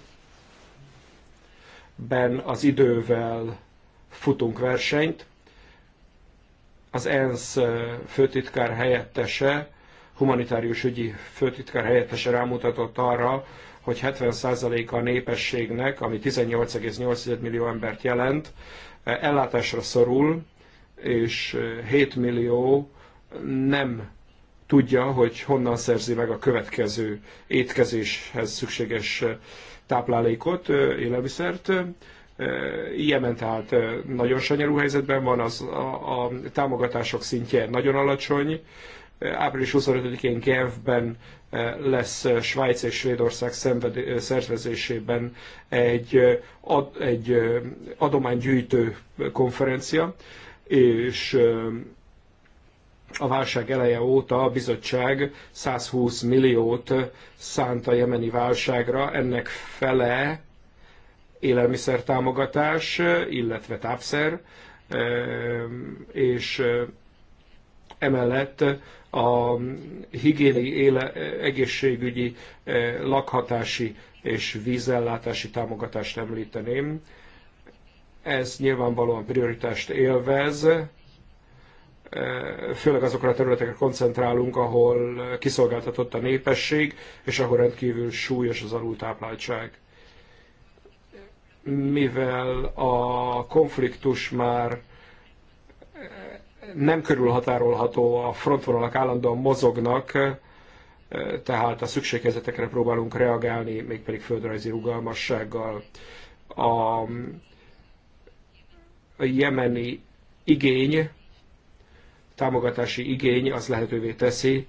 az idővel futunk versenyt, az ENSZ főtitkár helyettese, humanitárius ügyi főtitkár helyettese rámutatott arra, hogy 70%-a a népességnek, ami 18,8 millió embert jelent, ellátásra szorul, és 7 millió nem tudja, hogy honnan szerzi meg a következő étkezéshez szükséges táplálékot, élelmiszert. Jemen tehát nagyon sanyarú helyzetben van, az, a, a támogatások szintje nagyon alacsony. Április 25-én Genfben lesz Svájc és Svédország szervezésében egy, ad, egy adománygyűjtő konferencia, és a válság eleje óta a bizottság 120 milliót szánt a jemeni válságra, ennek fele élelmiszer támogatás, illetve tápszer, eh, és eh, emellett a higiéni éle, egészségügyi eh, lakhatási és vízellátási támogatást említeném. Ez nyilvánvalóan prioritást élvez, főleg azokra a területekre koncentrálunk, ahol kiszolgáltatott a népesség, és ahol rendkívül súlyos az alultápláltság mivel a konfliktus már nem körülhatárolható, a frontvonalak állandóan mozognak, eh, tehát a szükséghezetekre próbálunk reagálni, mégpedig földrajzi rugalmassággal. A, a jemeni igény, támogatási igény az lehetővé teszi,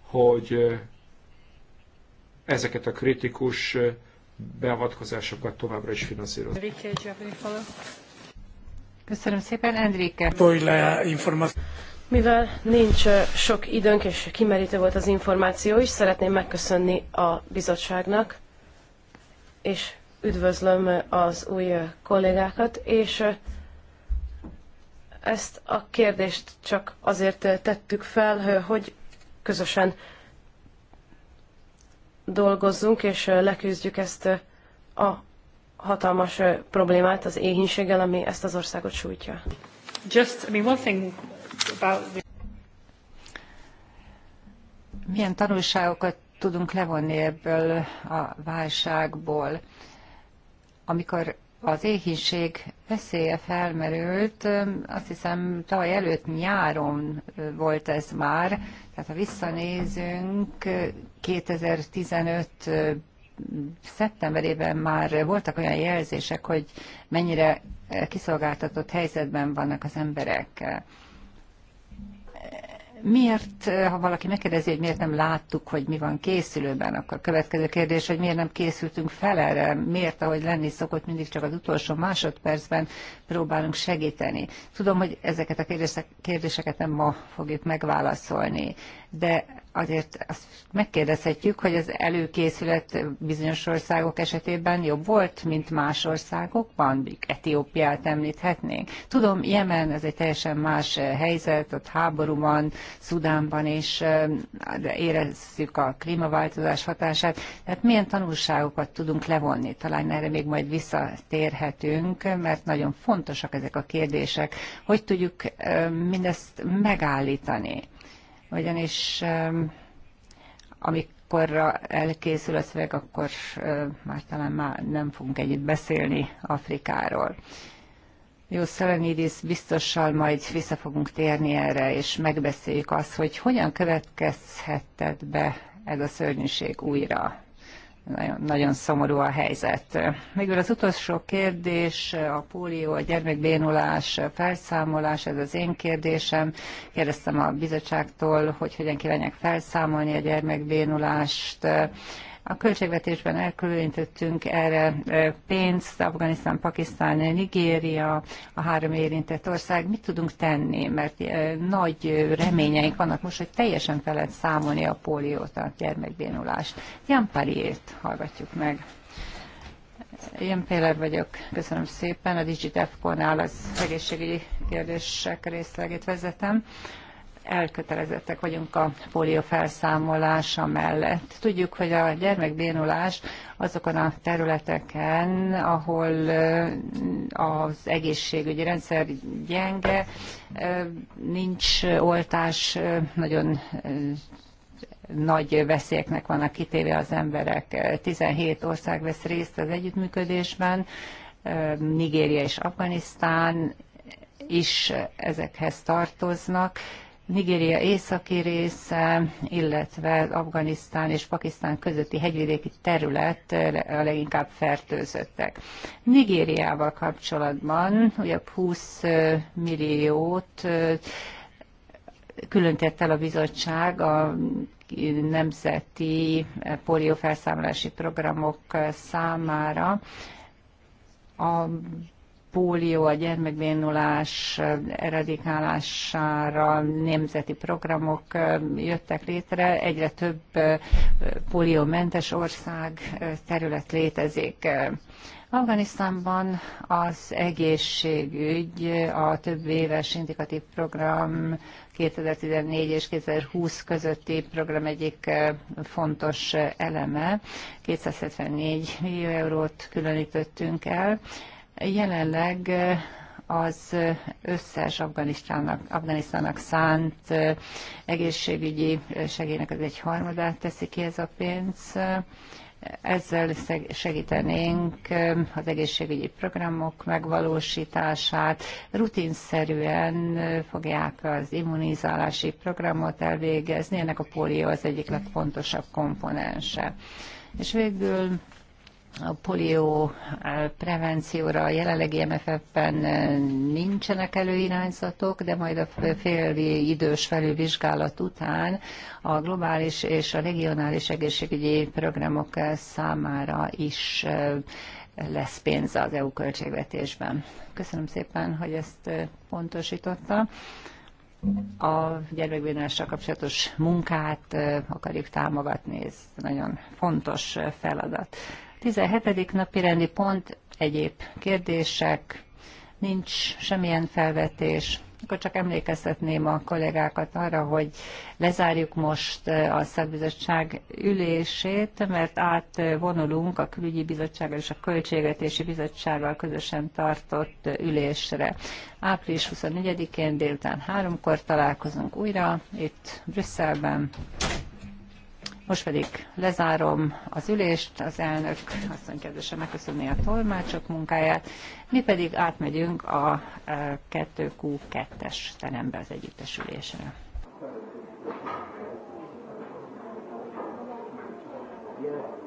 hogy eh, ezeket a kritikus eh, beavatkozásokat továbbra is finanszírozni. Köszönöm szépen, Enrique. Mivel nincs sok időnk és kimerítő volt az információ is, szeretném megköszönni a bizottságnak, és üdvözlöm az új kollégákat, és ezt a kérdést csak azért tettük fel, hogy közösen dolgozzunk, és leküzdjük ezt a hatalmas problémát, az éhínséggel, ami ezt az országot sújtja. Just, I mean, one thing about the... Milyen tanulságokat tudunk levonni ebből a válságból? Amikor az éhínség veszélye felmerült, azt hiszem tavaly előtt nyáron volt ez már, tehát ha visszanézünk, 2015 szeptemberében már voltak olyan jelzések, hogy mennyire kiszolgáltatott helyzetben vannak az emberek miért, ha valaki megkérdezi, hogy miért nem láttuk, hogy mi van készülőben, akkor a következő kérdés, hogy miért nem készültünk fel erre, miért, ahogy lenni szokott, mindig csak az utolsó másodpercben próbálunk segíteni. Tudom, hogy ezeket a kérdéseket nem ma fogjuk megválaszolni, de azért azt megkérdezhetjük, hogy az előkészület bizonyos országok esetében jobb volt, mint más országokban, Etiópiát említhetnénk. Tudom, Jemen, ez egy teljesen más eh, helyzet, ott háború van, Szudánban is, eh, de érezzük a klímaváltozás hatását. Tehát milyen tanulságokat tudunk levonni? Talán erre még majd visszatérhetünk, mert nagyon fontosak ezek a kérdések. Hogy tudjuk eh, mindezt megállítani? ugyanis amikor elkészül a szöveg, akkor már talán már nem fogunk együtt beszélni Afrikáról. Jó, Szelenidis biztossal majd vissza fogunk térni erre, és megbeszéljük azt, hogy hogyan következhetett be ez a szörnyűség újra nagyon, nagyon szomorú a helyzet. Végül az utolsó kérdés, a pólió, a gyermekbénulás felszámolás, ez az én kérdésem. Kérdeztem a bizottságtól, hogy hogyan kívánják felszámolni a gyermekbénulást, a költségvetésben elkülönítettünk erre pénzt, Afganisztán, Pakisztán, Nigéria, a három érintett ország. Mit tudunk tenni? Mert nagy reményeink vannak most, hogy teljesen fel lehet számolni a póliót, a gyermekbénulást. Jan Pariét hallgatjuk meg. Ilyen Péler vagyok, köszönöm szépen. A digidefco az egészségügyi kérdések részlegét vezetem elkötelezettek vagyunk a polio felszámolása mellett. Tudjuk, hogy a gyermekbénulás azokon a területeken, ahol az egészségügyi rendszer gyenge, nincs oltás, nagyon nagy veszélyeknek vannak kitéve az emberek. 17 ország vesz részt az együttműködésben, Nigéria és Afganisztán is ezekhez tartoznak, Nigéria északi része, illetve Afganisztán és Pakisztán közötti hegyvidéki terület eh, a leginkább fertőzöttek. Nigériával kapcsolatban ugye 20 eh, milliót eh, külön el a bizottság a nemzeti poliófelszámolási programok számára. A pólió, a gyermekbénulás eredikálására nemzeti programok jöttek létre, egyre több póliómentes ország terület létezik. Afganisztánban az egészségügy a több éves indikatív program 2014 és 2020 közötti program egyik fontos eleme. 274 millió eurót különítettünk el. Jelenleg eh, az összes Afganisztának, Afganisztának szánt eh, egészségügyi eh, segélynek az egy harmadát teszi ki ez a pénz. Ezzel segítenénk az egészségügyi programok megvalósítását. Rutinszerűen fogják az immunizálási programot elvégezni, ennek a pólió az egyik legfontosabb komponense. És végül a polió prevencióra a jelenlegi MFF-ben nincsenek előirányzatok, de majd a fél idős felülvizsgálat után a globális és a regionális egészségügyi programok számára is lesz pénz az EU költségvetésben. Köszönöm szépen, hogy ezt pontosította. A gyermekbűnással kapcsolatos munkát akarjuk támogatni, ez nagyon fontos feladat. 17. napi rendi pont, egyéb kérdések, nincs semmilyen felvetés. Akkor csak emlékeztetném a kollégákat arra, hogy lezárjuk most eh, a szakbizottság ülését, mert átvonulunk a külügyi bizottsággal és a költségvetési bizottsággal közösen tartott ülésre. Április 24-én délután háromkor találkozunk újra itt Brüsszelben. Most pedig lezárom az ülést, az elnök asszony kedvesen megköszönni a tolmácsok munkáját, mi pedig átmegyünk a 2Q2-es e, terembe az együttesülésre. Yeah.